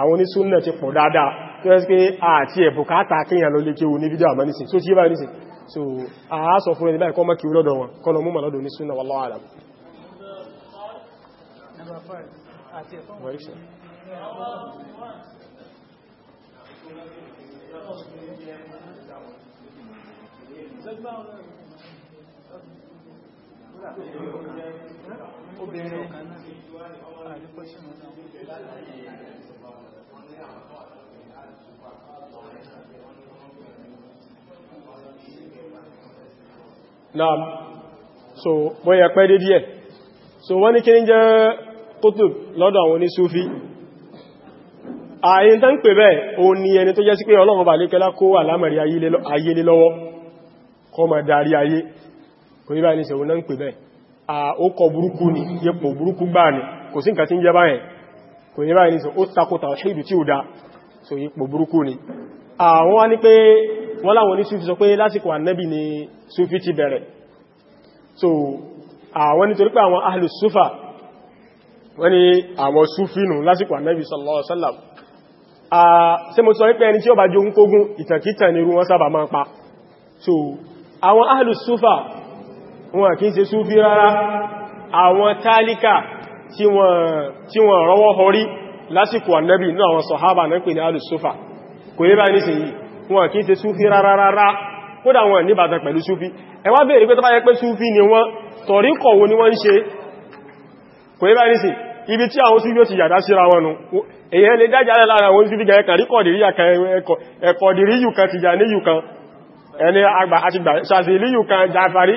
àwọn onísúnnà ti pọ̀ dáadáa tó yẹ́ pé àti ẹ̀ bùkátà kíyàn lọ lé o ní fídíò àmọ́nísìn so a sọ fún ẹni báyìí kọ́ mọ́kí lọ́dọ̀ wọn kọ́nà mú na Thank obìnrin ọ̀kan náà àríkọ́sìnà so wọ́n yà pẹ́ dé díẹ̀ so wọ́n ní kí ní jẹ́ kótù lọ́dọ̀ àwọn oní súfí àyín tán pè bẹ́ẹ̀ o ní ẹni tó jẹ́ sí pé ọlọ́run bà lékẹ́lá kó wà ayé lé lọ́wọ́ kó má darí ayé kò yíba ní ṣe wọ́n ń pè bẹ́ẹ̀ ó kọ burúkú ni yẹpò burúkú gbáà ni kò sí nǹkan tí ń jẹ́ báyẹn kò yíba ní ṣe ó takò tàwàṣídù tí ó dá so yẹpò burúkú ni àwọn wá ní pé wọ́n láwọn ní súfì sọ pé lásìkò ànẹ́bì ni súfì ti bẹ̀rẹ̀ so àwọn nítorí pé àwọn ahlù súfà wọ́n ni àwọn súfì nù lásìkò ànẹ́bì sallallahu alaihi wasallam àwọn ahlù súfà wọn kìí ṣe súfí rárá àwọn tálíkà tí wọ́n rọwọ́ horí lásìkò annabi ní àwọn sọ̀hábà náà pè ní alùsúfà kò yí bá ní sí yìí wọn kìí ṣe súfí rárá rárá kódà wọn ní bàtà pẹ̀lú súfí ẹ wá pé ni wọ́n tọ̀ríkọ̀ wo ni wọ́n ń ṣe kò yí bá ní sí ibi tí àwọn súfí ó ti yàdá síra wọn nù èyàn lè dájá lára àwọn súfí gan ẹkàrí kọ̀dìríyà kan ẹkọ̀dìríyù kan tìjà níyù ẹni àgbà àti gbà ṣàṣìlíyù kan jàfàrí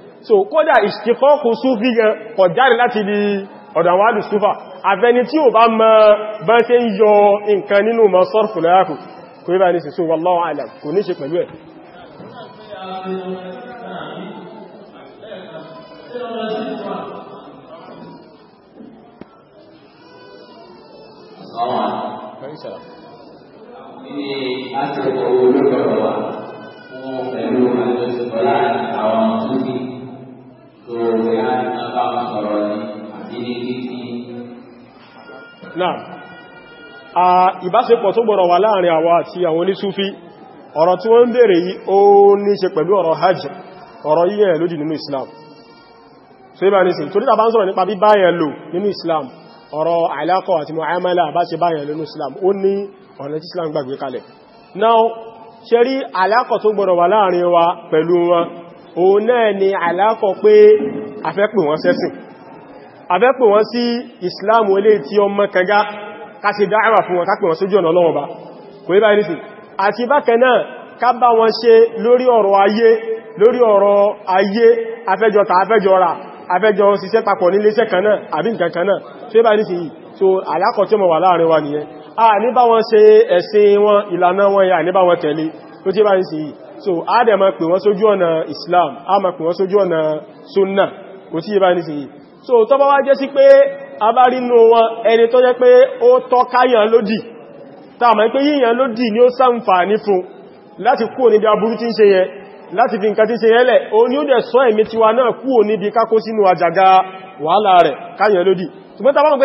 so kódà ìṣtíkọ́kù súfí kò jáde láti di ọ̀dàwádù súfà àfẹni tí ò bá mọ́ bá ṣe ń yọ nǹkan nínú mọ́ sọ́rfù lẹ́yàkù kò ibà ní sì so wallahu a'lam kò ní ṣe pẹ̀lú ẹ̀ Ini hasil olùgbọ̀wà fún pẹ̀lú àwọn ìṣẹ̀lẹ̀ àwọn òṣìṣẹ́ ìbáṣepọ̀ tó gbọ́dọ̀ wà láàrin àwa àti àwọn onísúfí ọ̀rọ̀ tí wọ́n ń bèèrè yìí ó ní ṣe pẹ̀lú ọ̀rọ̀ hajj ọ̀rọ̀ yíyẹ̀ lódì nínú Islam so ibá ní sí torí tàbá ń sọ̀rọ̀ nípa bí báyẹ̀ lò nínú wa nwa. òun náà ni àlákọ̀ pé afẹ́pù wọn sẹ́sìn afẹ́pù wọn sí islam olè tí ó mọ́ kẹgá kásì dáàwà fún wọn kápẹ̀ wọn sójú ọ̀nà Ọlọ́run bá kò ibá ní sí àti bákan náà ká bá wọn ṣe lórí ọ̀rọ̀ ayé lórí ọ̀rọ̀ ayé afẹ́jọ ta afẹ́jọ ra afẹ́jọ ṣiṣẹ́ papọ̀ níléeṣẹ́ kan náà àbí so àlákọ̀ tí ó mọ̀ wà láàrin wa nìyẹn a ní bá wọn ṣe ẹ̀sìn wọn so a dẹ̀ ma pè wọ́n sójú ọ̀nà Islam a ma pè wọ́n sójú ọ̀nà sunna kò ní so tó wá jẹ́ sí pé a bá rí nù wọn ẹni tó jẹ́ pé ó lódì ta ma pé yíyàn lódì ni ó fún láti kúrò níbi aburú tí ń láti fi nǹkan tí yẹlẹ̀ o ni ó dẹ̀ sọ ẹ̀mí tiwa náà kúrò níbi kákó sínú àjàgà wàhálà rẹ̀ káyàn lódì ṣùgbọ́n tàbá fún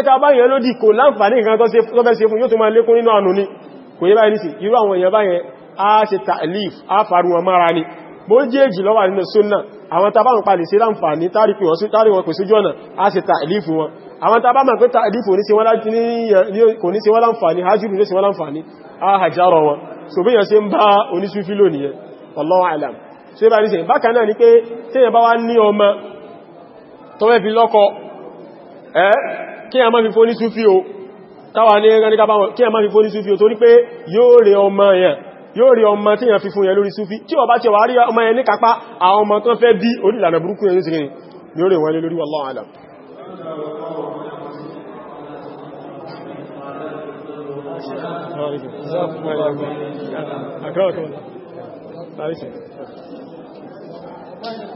a ṣe ta'lif a faru wọn mara ni bó jẹ́jì lọ́wà nínú súnnà àwọn tàbá ń palè sí láǹfààní tàrí wọn sí tàrí wọn pèsè jọ́nà a ṣe ta'lif wọn àwọn tàbá mọ̀ pé ta'lif kò ní sí wọ́n láǹfààní hajjúrù ní sí wọ́n láǹfààní a hajjárọ wọn so bí yàn sí ń bá onísúfí lónìí wallahu a'lam so bá ní sẹ́yìn bákan kí a má fi fóní súfí fi fóní torí pé yóò rẹ ọmọ yẹn yóò rí ọmọ tí yàn fi fún yẹn lórí súfí tí ó bá ti wà rí ọmọ yẹn ní kápá àwọn ọmọ tó fẹ́ bí orílànà burúkú yẹn sí yóò rí wọlé lórí wallahu alam Thank you.